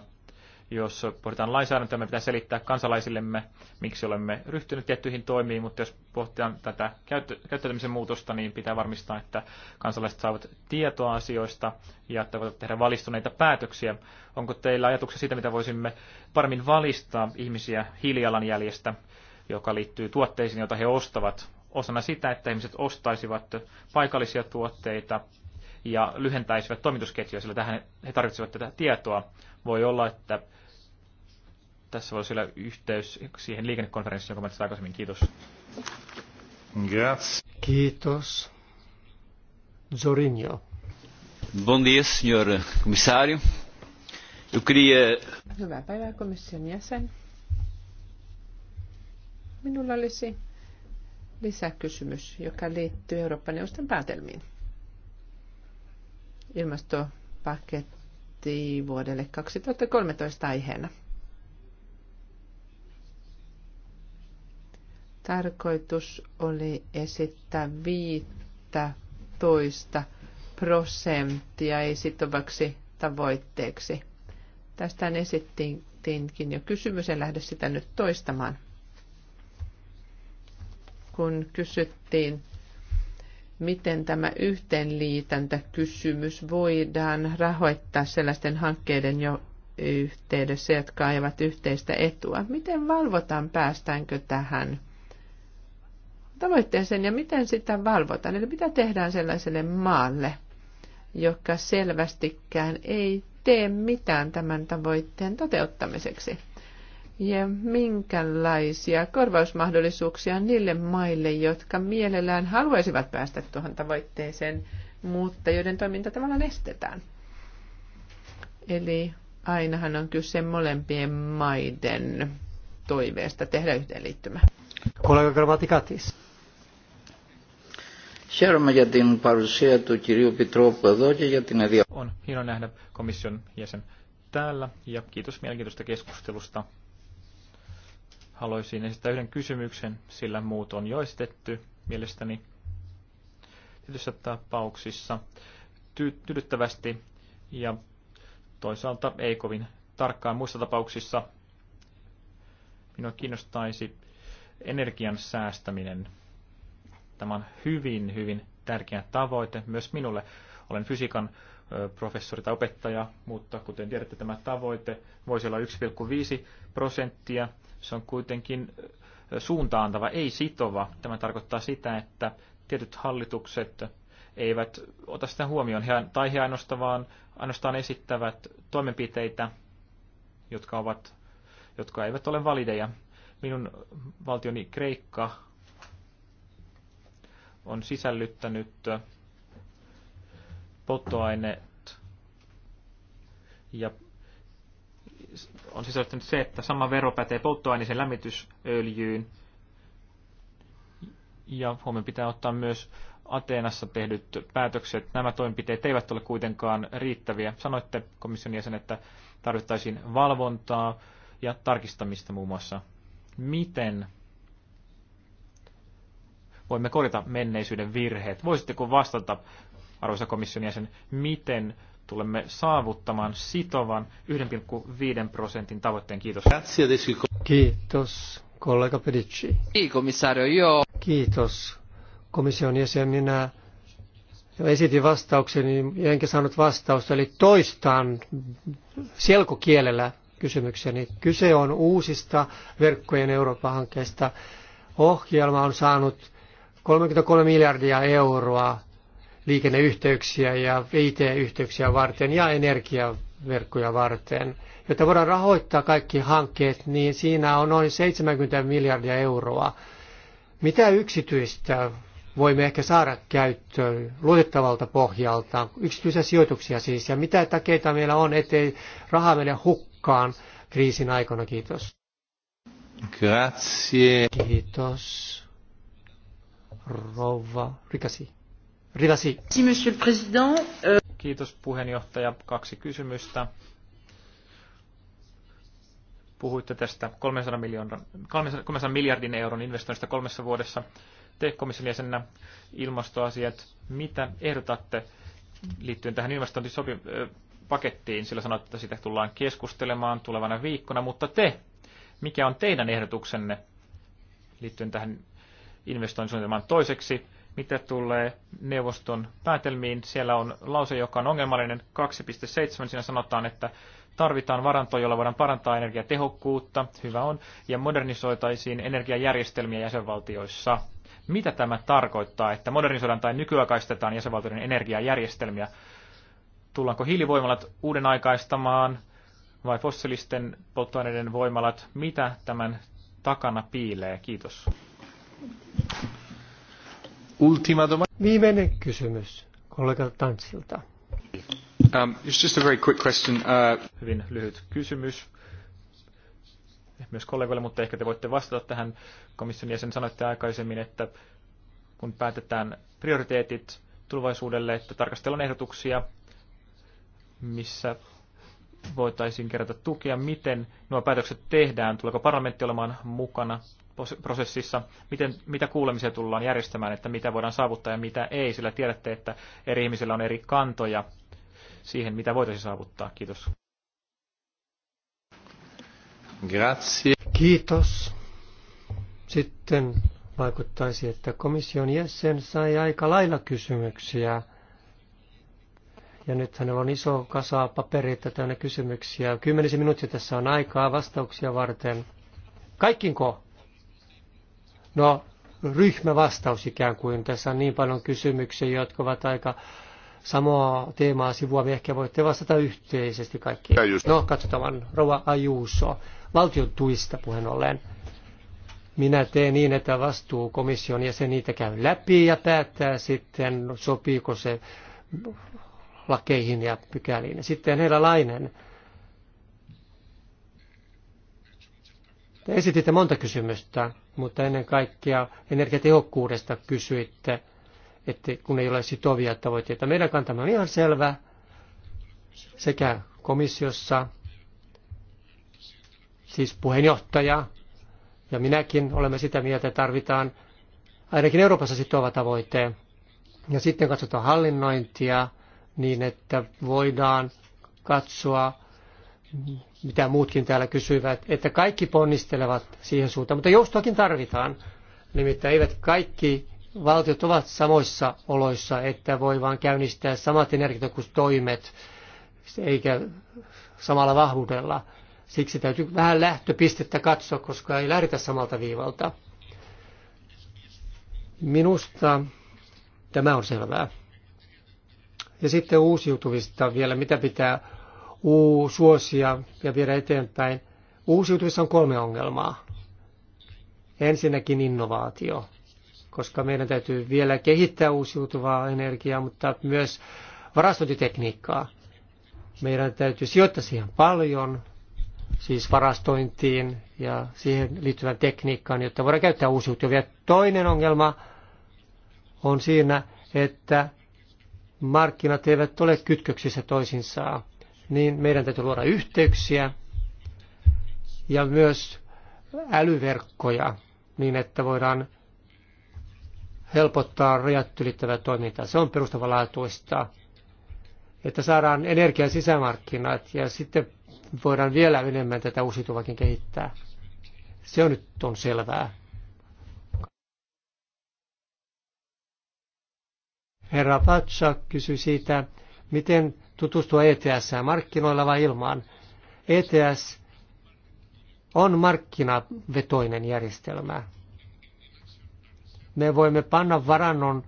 Jos pohditaan lainsäädäntöä, me pitää selittää kansalaisillemme, miksi olemme ryhtyneet tiettyihin toimiin, mutta jos pohditaan tätä käyttäytymisen muutosta, niin pitää varmistaa, että kansalaiset saavat tietoa asioista ja että voivat tehdä valistuneita päätöksiä. Onko teillä ajatuksia siitä, mitä voisimme paremmin valistaa ihmisiä hiilijalanjäljestä, joka liittyy tuotteisiin, joita he ostavat? osana sitä, että ihmiset ostaisivat paikallisia tuotteita ja lyhentäisivät toimitusketjuja, sillä tähän he tarvitsevat tätä tietoa. Voi olla, että tässä voisi olla yhteys siihen liikennekonferenssiin, jonka mainitsin aikaisemmin. Kiitos. Grazie. Kiitos. Zorinjo. Bon dia, signor commissario. Eu queria... Hyvää päivää, komission jäsen. Minulla olisi lisäkysymys, joka liittyy Euroopan neuvoston päätelmiin. Ilmastopaketti vuodelle 2013 aiheena. Tarkoitus oli esittää 15 prosenttia ei sitovaksi tavoitteeksi. Tästä esittiinkin jo kysymys, en lähde sitä nyt toistamaan. Kun kysyttiin, miten tämä yhteenliitäntäkysymys voidaan rahoittaa sellaisten hankkeiden jo yhteydessä, jotka ajavat yhteistä etua. Miten valvotaan, päästäänkö tähän tavoitteeseen ja miten sitä valvotaan. Eli mitä tehdään sellaiselle maalle, joka selvästikään ei tee mitään tämän tavoitteen toteuttamiseksi? Ja minkälaisia korvausmahdollisuuksia niille maille, jotka mielellään haluaisivat päästä tuohon tavoitteeseen, mutta joiden toiminta tavallaan estetään? Eli ainahan on kyse molempien maiden toiveesta tehdä yhteenliittymä. Kollega Gramatikatis. Χαίρομαι για την παρουσία του κυρίου Πιτρόπου εδώ και για την ενδιαφέρουσα. On hieno nähdä komission jäsen täällä ja kiitos mielenkiintoista keskustelusta. Haluaisin esittää yhden kysymyksen, sillä muut on jo esitetty mielestäni tietyissä tapauksissa ty- tyydyttävästi ja toisaalta ei kovin tarkkaan muissa tapauksissa. Minua kiinnostaisi energian säästäminen Tämä on hyvin, hyvin tärkeä tavoite myös minulle. Olen fysiikan professori tai opettaja, mutta kuten tiedätte, tämä tavoite voisi olla 1,5 prosenttia. Se on kuitenkin suuntaantava, ei sitova. Tämä tarkoittaa sitä, että tietyt hallitukset eivät ota sitä huomioon, he, tai he ainoastaan, ainoastaan esittävät toimenpiteitä, jotka, ovat, jotka eivät ole valideja. Minun valtioni Kreikka on sisällyttänyt polttoaineet ja on sisällyttänyt se, että sama vero pätee polttoaineeseen lämmitysöljyyn. Ja huomioon pitää ottaa myös Ateenassa tehdyt päätökset. Nämä toimenpiteet eivät ole kuitenkaan riittäviä. Sanoitte komission jäsen, että tarvittaisiin valvontaa ja tarkistamista muun muassa. Miten voimme korjata menneisyyden virheet. Voisitteko vastata, arvoisa komission jäsen, miten tulemme saavuttamaan sitovan 1,5 prosentin tavoitteen? Kiitos. Kiitos, kollega Pedicci. Kiitos, komission jäsen. Minä esitin vastaukseni, enkä saanut vastausta, eli toistaan selkokielellä kysymykseni. Kyse on uusista verkkojen Eurooppa-hankkeista. Ohjelma on saanut 33 miljardia euroa liikenneyhteyksiä ja IT-yhteyksiä varten ja energiaverkkoja varten. Jotta voidaan rahoittaa kaikki hankkeet, niin siinä on noin 70 miljardia euroa. Mitä yksityistä voimme ehkä saada käyttöön luotettavalta pohjalta, yksityisiä sijoituksia siis, ja mitä takeita meillä on, ettei raha mene hukkaan kriisin aikana. Kiitos. Grazie. Kiitos rouva Rikasi. Rivasi. Euh, Kiitos puheenjohtaja. Kaksi kysymystä. Puhuitte tästä 300, miljoonan, 300 miljardin euron investoinnista kolmessa vuodessa. Te komission jäsenenä ilmastoasiat, mitä ehdotatte liittyen tähän investointipakettiin? Sillä sanoitte, että sitä tullaan keskustelemaan tulevana viikkona, mutta te, mikä on teidän ehdotuksenne liittyen tähän investointisuunnitelman toiseksi. Mitä tulee neuvoston päätelmiin, siellä on lause, joka on ongelmallinen 2.7. Siinä sanotaan, että tarvitaan varantoja, jolla voidaan parantaa energiatehokkuutta, hyvä on, ja modernisoitaisiin energiajärjestelmiä jäsenvaltioissa. Mitä tämä tarkoittaa, että modernisoidaan tai nykyaikaistetaan jäsenvaltioiden energiajärjestelmiä? Tullaanko hiilivoimalat uuden aikaistamaan vai fossiilisten polttoaineiden voimalat? Mitä tämän takana piilee? Kiitos. Ultima domanda. Viimeinen kysymys kollega Tanssilta. Um, just a very quick question. Uh... Hyvin lyhyt kysymys myös kollegoille, mutta ehkä te voitte vastata tähän. Komission jäsen sanoitte aikaisemmin, että kun päätetään prioriteetit tulevaisuudelle, että tarkastellaan ehdotuksia, missä voitaisiin kerätä tukea, miten nuo päätökset tehdään, tuleeko parlamentti olemaan mukana prosessissa, miten, mitä kuulemisia tullaan järjestämään, että mitä voidaan saavuttaa ja mitä ei, sillä tiedätte, että eri ihmisillä on eri kantoja siihen, mitä voitaisiin saavuttaa. Kiitos. Grazie. Kiitos. Sitten vaikuttaisi, että komission jäsen sai aika lailla kysymyksiä. Ja nyt hänellä on iso kasa papereita täynnä kysymyksiä. Kymmenisen minuuttia tässä on aikaa vastauksia varten. Kaikkinko? No, ryhmävastaus ikään kuin. Tässä on niin paljon kysymyksiä, jotka ovat aika samaa teemaa sivua. Me ehkä voitte vastata yhteisesti kaikki. No, katsotaan Rova Ajuuso. Valtion tuista puheen ollen. Minä teen niin, että vastuu ja se niitä käy läpi ja päättää sitten, sopiiko se lakeihin ja pykäliin. Sitten heillä Lainen. Te esititte monta kysymystä mutta ennen kaikkea energiatehokkuudesta kysyitte, että kun ei ole sitovia tavoitteita. Meidän kantamme on ihan selvä sekä komissiossa, siis puheenjohtaja ja minäkin olemme sitä mieltä, että tarvitaan ainakin Euroopassa sitova tavoite. Ja sitten katsotaan hallinnointia niin, että voidaan katsoa mitä muutkin täällä kysyivät, että kaikki ponnistelevat siihen suuntaan, mutta joustoakin tarvitaan. Nimittäin eivät kaikki valtiot ovat samoissa oloissa, että voi vain käynnistää samat energiatekustoimet, eikä samalla vahvuudella. Siksi täytyy vähän lähtöpistettä katsoa, koska ei lähdetä samalta viivalta. Minusta tämä on selvää. Ja sitten uusiutuvista vielä, mitä pitää suosia ja viedä eteenpäin. Uusiutuvissa on kolme ongelmaa. Ensinnäkin innovaatio, koska meidän täytyy vielä kehittää uusiutuvaa energiaa, mutta myös varastointitekniikkaa. Meidän täytyy sijoittaa siihen paljon, siis varastointiin ja siihen liittyvän tekniikkaan, jotta voidaan käyttää uusiutuvia. Toinen ongelma on siinä, että markkinat eivät ole kytköksissä toisinsaan niin meidän täytyy luoda yhteyksiä ja myös älyverkkoja niin, että voidaan helpottaa rajat ylittävää toimintaa. Se on perustavanlaatuista, että saadaan energia sisämarkkinat ja sitten voidaan vielä enemmän tätä uusiutuvakin kehittää. Se on nyt on selvää. Herra Patsa kysyi siitä, miten tutustua ETS markkinoilla vai ilman. ETS on markkinavetoinen järjestelmä. Me voimme panna varannon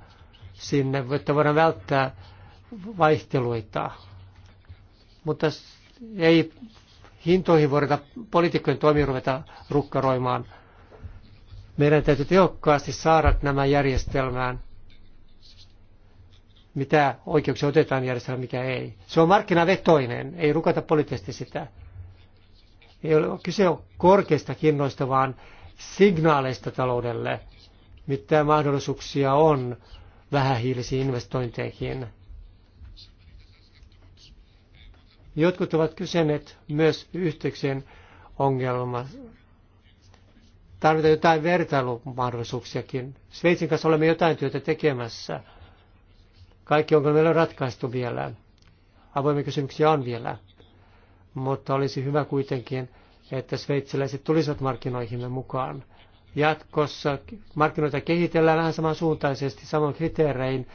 sinne, että voidaan välttää vaihteluita. Mutta ei hintoihin voida poliitikkojen toimia ruveta rukkaroimaan. Meidän täytyy tehokkaasti saada nämä järjestelmään – mitä oikeuksia otetaan järjestelmään, mikä ei. Se on markkinavetoinen, ei rukata poliittisesti sitä. Ei ole kyse on korkeista hinnoista, vaan signaaleista taloudelle, mitä mahdollisuuksia on vähähiilisiin investointeihin. Jotkut ovat kysyneet myös yhteyksien ongelma. Tarvitaan jotain vertailumahdollisuuksiakin. Sveitsin kanssa olemme jotain työtä tekemässä – kaikki onko meillä ratkaistu vielä. Avoimia kysymyksiä on vielä. Mutta olisi hyvä kuitenkin, että sveitsiläiset tulisivat markkinoihimme mukaan. Jatkossa markkinoita kehitellään vähän samansuuntaisesti, saman kriteerein.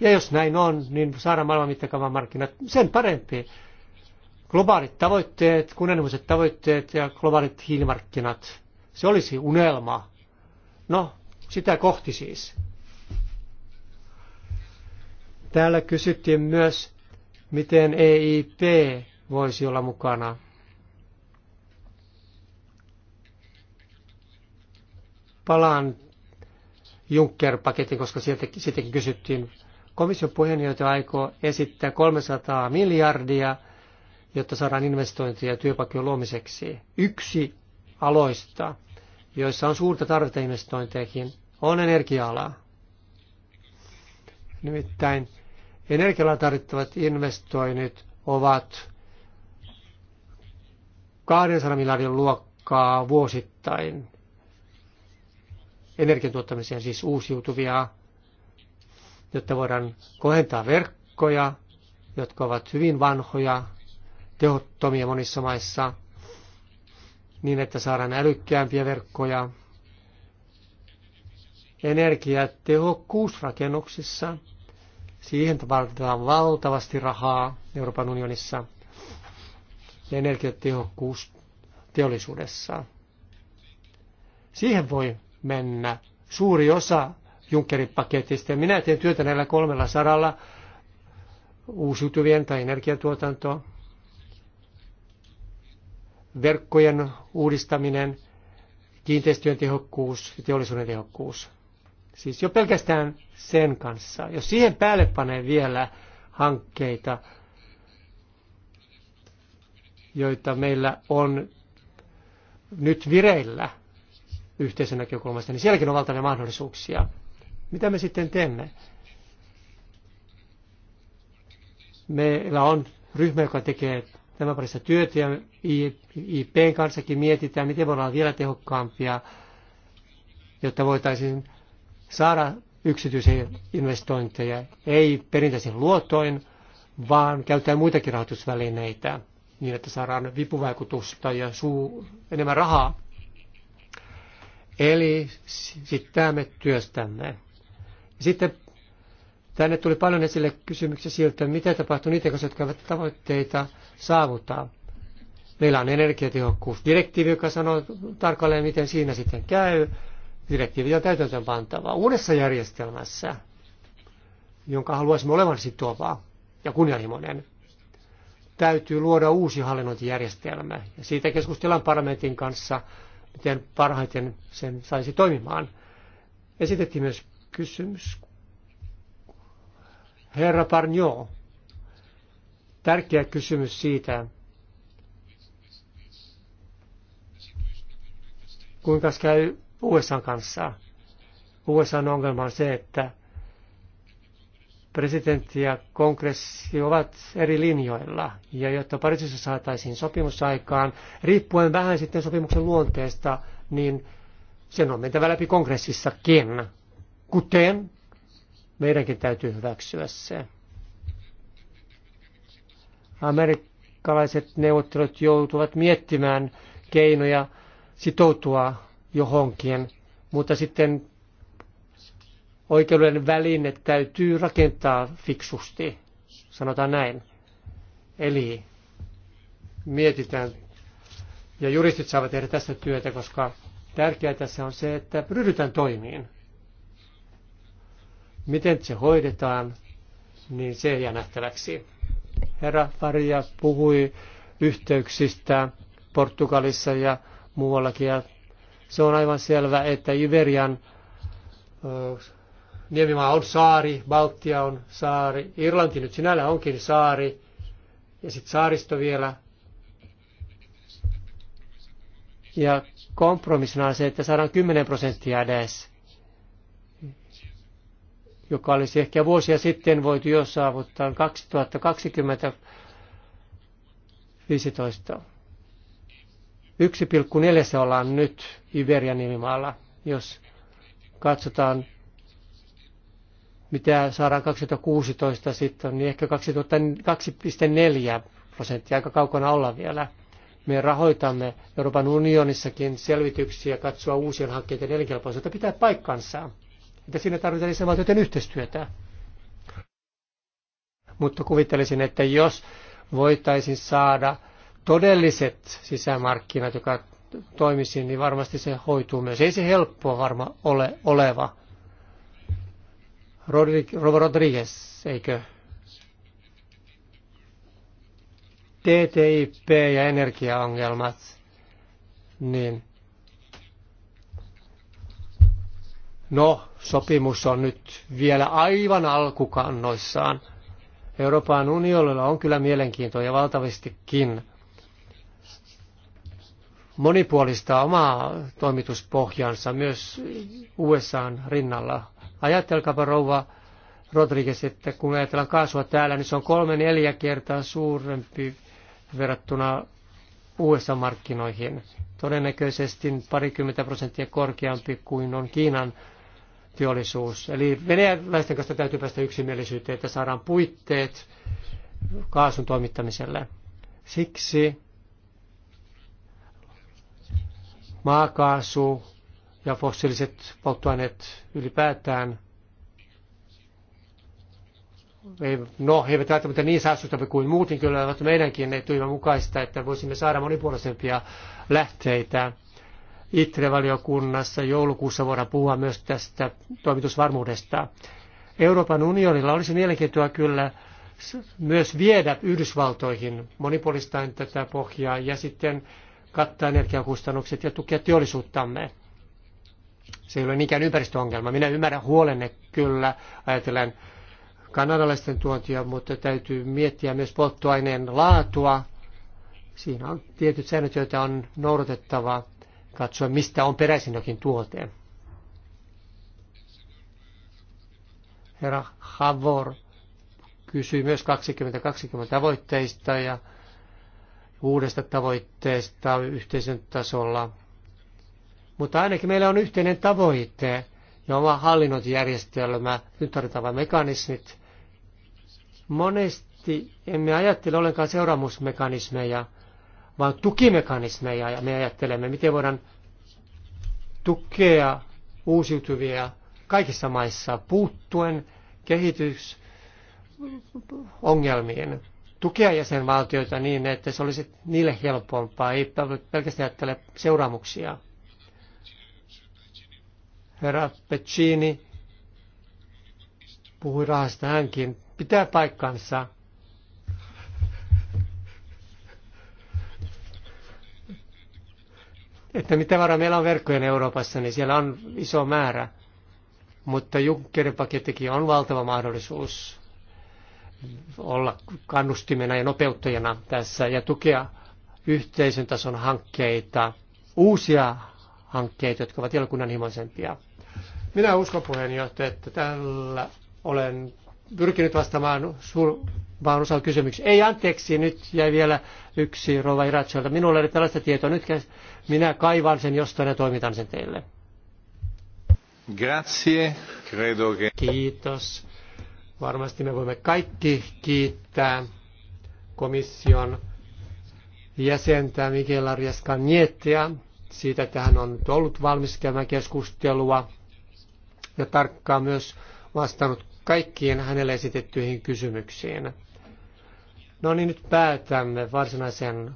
Ja jos näin on, niin saadaan maailman mittakaavan markkinat sen parempi. Globaalit tavoitteet, kunnianhimoiset tavoitteet ja globaalit hiilimarkkinat. Se olisi unelma. No, sitä kohti siis. Täällä kysyttiin myös, miten EIP voisi olla mukana. Palaan Juncker-paketin, koska sieltäkin siitäkin kysyttiin. Komission puheenjohtaja aikoo esittää 300 miljardia, jotta saadaan investointeja työpaikkojen luomiseksi. Yksi aloista, joissa on suurta tarvetta investointeihin, on energia -alaa. Nimittäin energialla tarvittavat investoinnit ovat 200 miljardin luokkaa vuosittain energiantuottamiseen, siis uusiutuvia, jotta voidaan kohentaa verkkoja, jotka ovat hyvin vanhoja, tehottomia monissa maissa, niin että saadaan älykkäämpiä verkkoja, energiatehokkuusrakennuksissa. Siihen tarvitaan valtavasti rahaa Euroopan unionissa ja energiatehokkuus teollisuudessa. Siihen voi mennä suuri osa Junckerin paketista. minä teen työtä näillä kolmella saralla uusiutuvien tai energiatuotanto, verkkojen uudistaminen, kiinteistöjen tehokkuus ja teollisuuden tehokkuus. Siis jo pelkästään sen kanssa. Jos siihen päälle panee vielä hankkeita, joita meillä on nyt vireillä yhteisön näkökulmasta, niin sielläkin on valtavia mahdollisuuksia. Mitä me sitten teemme? Meillä on ryhmä, joka tekee tämän parissa työtä ja IPn kanssakin mietitään, miten voidaan vielä tehokkaampia, jotta voitaisiin saada yksityisiä investointeja, ei perinteisin luotoin, vaan käyttää muitakin rahoitusvälineitä niin, että saadaan vipuvaikutusta ja suu, enemmän rahaa. Eli sitten me työstämme. Sitten tänne tuli paljon esille kysymyksiä siltä, mitä tapahtuu niiden kanssa, jotka eivät tavoitteita saavuttaa. Meillä on energiatehokkuusdirektiivi, joka sanoo tarkalleen, miten siinä sitten käy direktiiviä täytäntöön pantavaa uudessa järjestelmässä, jonka haluaisimme olevan sitovaa ja kunnianhimoinen, täytyy luoda uusi hallinnointijärjestelmä. Ja siitä keskustellaan parlamentin kanssa, miten parhaiten sen saisi toimimaan. Esitettiin myös kysymys. Herra Parnio, tärkeä kysymys siitä, kuinka käy USA kanssa. USA on ongelma on se, että presidentti ja kongressi ovat eri linjoilla. Ja jotta Pariisissa saataisiin sopimus aikaan, riippuen vähän sitten sopimuksen luonteesta, niin sen on mentävä läpi kongressissakin, kuten meidänkin täytyy hyväksyä se. Amerikkalaiset neuvottelut joutuvat miettimään keinoja sitoutua johonkin, mutta sitten oikeuden väline täytyy rakentaa fiksusti, sanotaan näin. Eli mietitään, ja juristit saavat tehdä tästä työtä, koska tärkeää tässä on se, että ryhdytään toimiin. Miten se hoidetaan, niin se jää nähtäväksi. Herra Faria puhui yhteyksistä Portugalissa ja muuallakin, ja se on aivan selvä, että Iberian Niemimaa on saari, Baltia on saari, Irlanti nyt sinällä onkin saari, ja sitten saaristo vielä. Ja kompromissina on se, että saadaan 10 prosenttia edes, joka olisi ehkä vuosia sitten voitu jo saavuttaa 2020 15. 1,4 ollaan nyt Iberian nimimaalla. Jos katsotaan, mitä saadaan 2016 sitten, niin ehkä 2,4 prosenttia, aika kaukana olla vielä. Me rahoitamme Euroopan unionissakin selvityksiä katsoa uusien hankkeiden elinkelpoisuutta pitää paikkansa. Että siinä tarvitaan lisävaltioiden yhteistyötä. Mutta kuvittelisin, että jos voitaisiin saada todelliset sisämarkkinat, joka toimisi, niin varmasti se hoituu myös. Ei se helppoa varma ole oleva. Rodri, Rodriguez, eikö? TTIP ja energiaongelmat, niin no, sopimus on nyt vielä aivan alkukannoissaan. Euroopan unionilla on kyllä mielenkiintoja valtavastikin monipuolistaa omaa toimituspohjansa myös USAn rinnalla. Ajatelkaapa rouva Rodriguez, että kun ajatellaan kaasua täällä, niin se on kolme neljä kertaa suurempi verrattuna USA-markkinoihin. Todennäköisesti parikymmentä prosenttia korkeampi kuin on Kiinan teollisuus. Eli venäläisten kanssa täytyy päästä yksimielisyyteen, että saadaan puitteet kaasun toimittamiselle. Siksi maakaasu ja fossiiliset polttoaineet ylipäätään. Ei, no, he eivät välttämättä niin saastuttavia kuin muutin, kyllä ovat meidänkin etujemme mukaista, että voisimme saada monipuolisempia lähteitä. ITRE-valiokunnassa joulukuussa voidaan puhua myös tästä toimitusvarmuudesta. Euroopan unionilla olisi mielenkiintoa kyllä myös viedä Yhdysvaltoihin monipuolistain tätä pohjaa ja sitten kattaa energiakustannukset ja tukea teollisuuttamme. Se ei ole niinkään ympäristöongelma. Minä ymmärrän huolenne kyllä, ajatellen kanadalaisten tuontia, mutta täytyy miettiä myös polttoaineen laatua. Siinä on tietyt säännöt, joita on noudatettava katsoa, mistä on peräisin jokin tuote. Herra Havor kysyi myös 2020 tavoitteista ja uudesta tavoitteesta yhteisön tasolla. Mutta ainakin meillä on yhteinen tavoite ja oma hallinnointijärjestelmä, nyt tarvitaan mekanismit. Monesti emme ajattele ollenkaan seuraamusmekanismeja, vaan tukimekanismeja, ja me ajattelemme, miten voidaan tukea uusiutuvia kaikissa maissa puuttuen kehitysongelmiin tukea jäsenvaltioita niin, että se olisi niille helpompaa, ei pelkästään ajattele seuraamuksia. Herra Pecini puhui rahasta hänkin. Pitää paikkansa. Että mitä varaa meillä on verkkojen Euroopassa, niin siellä on iso määrä. Mutta Junckerin pakettikin on valtava mahdollisuus olla kannustimena ja nopeuttajana tässä ja tukea yhteisön tason hankkeita, uusia hankkeita, jotka ovat vielä kunnianhimoisempia. Minä uskon puheenjohtaja, että tällä olen pyrkinyt vastaamaan suur, vaan osa kysymyksiä. Ei anteeksi, nyt jäi vielä yksi Rova Iratsolta. Minulla ei tällaista tietoa. Nyt minä kaivan sen jostain ja toimitan sen teille. Grazie. Credo che... Kiitos. Varmasti me voimme kaikki kiittää komission jäsentä Mikela Rieskanietia siitä, että hän on nyt ollut valmis käymään keskustelua ja tarkkaan myös vastannut kaikkiin hänelle esitettyihin kysymyksiin. No niin, nyt päätämme varsinaisen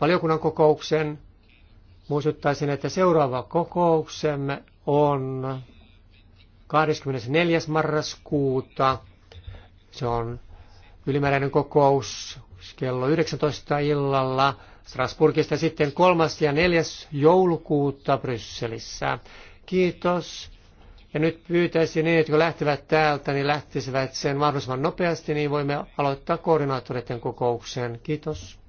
valiokunnan kokouksen. Muistuttaisin, että seuraava kokouksemme on 24. marraskuuta se on ylimääräinen kokous kello 19 illalla Strasburgista sitten 3. ja 4. joulukuuta Brysselissä. Kiitos. Ja nyt pyytäisin niin, että kun lähtevät täältä, niin lähtisivät sen mahdollisimman nopeasti, niin voimme aloittaa koordinaattoreiden kokouksen. Kiitos.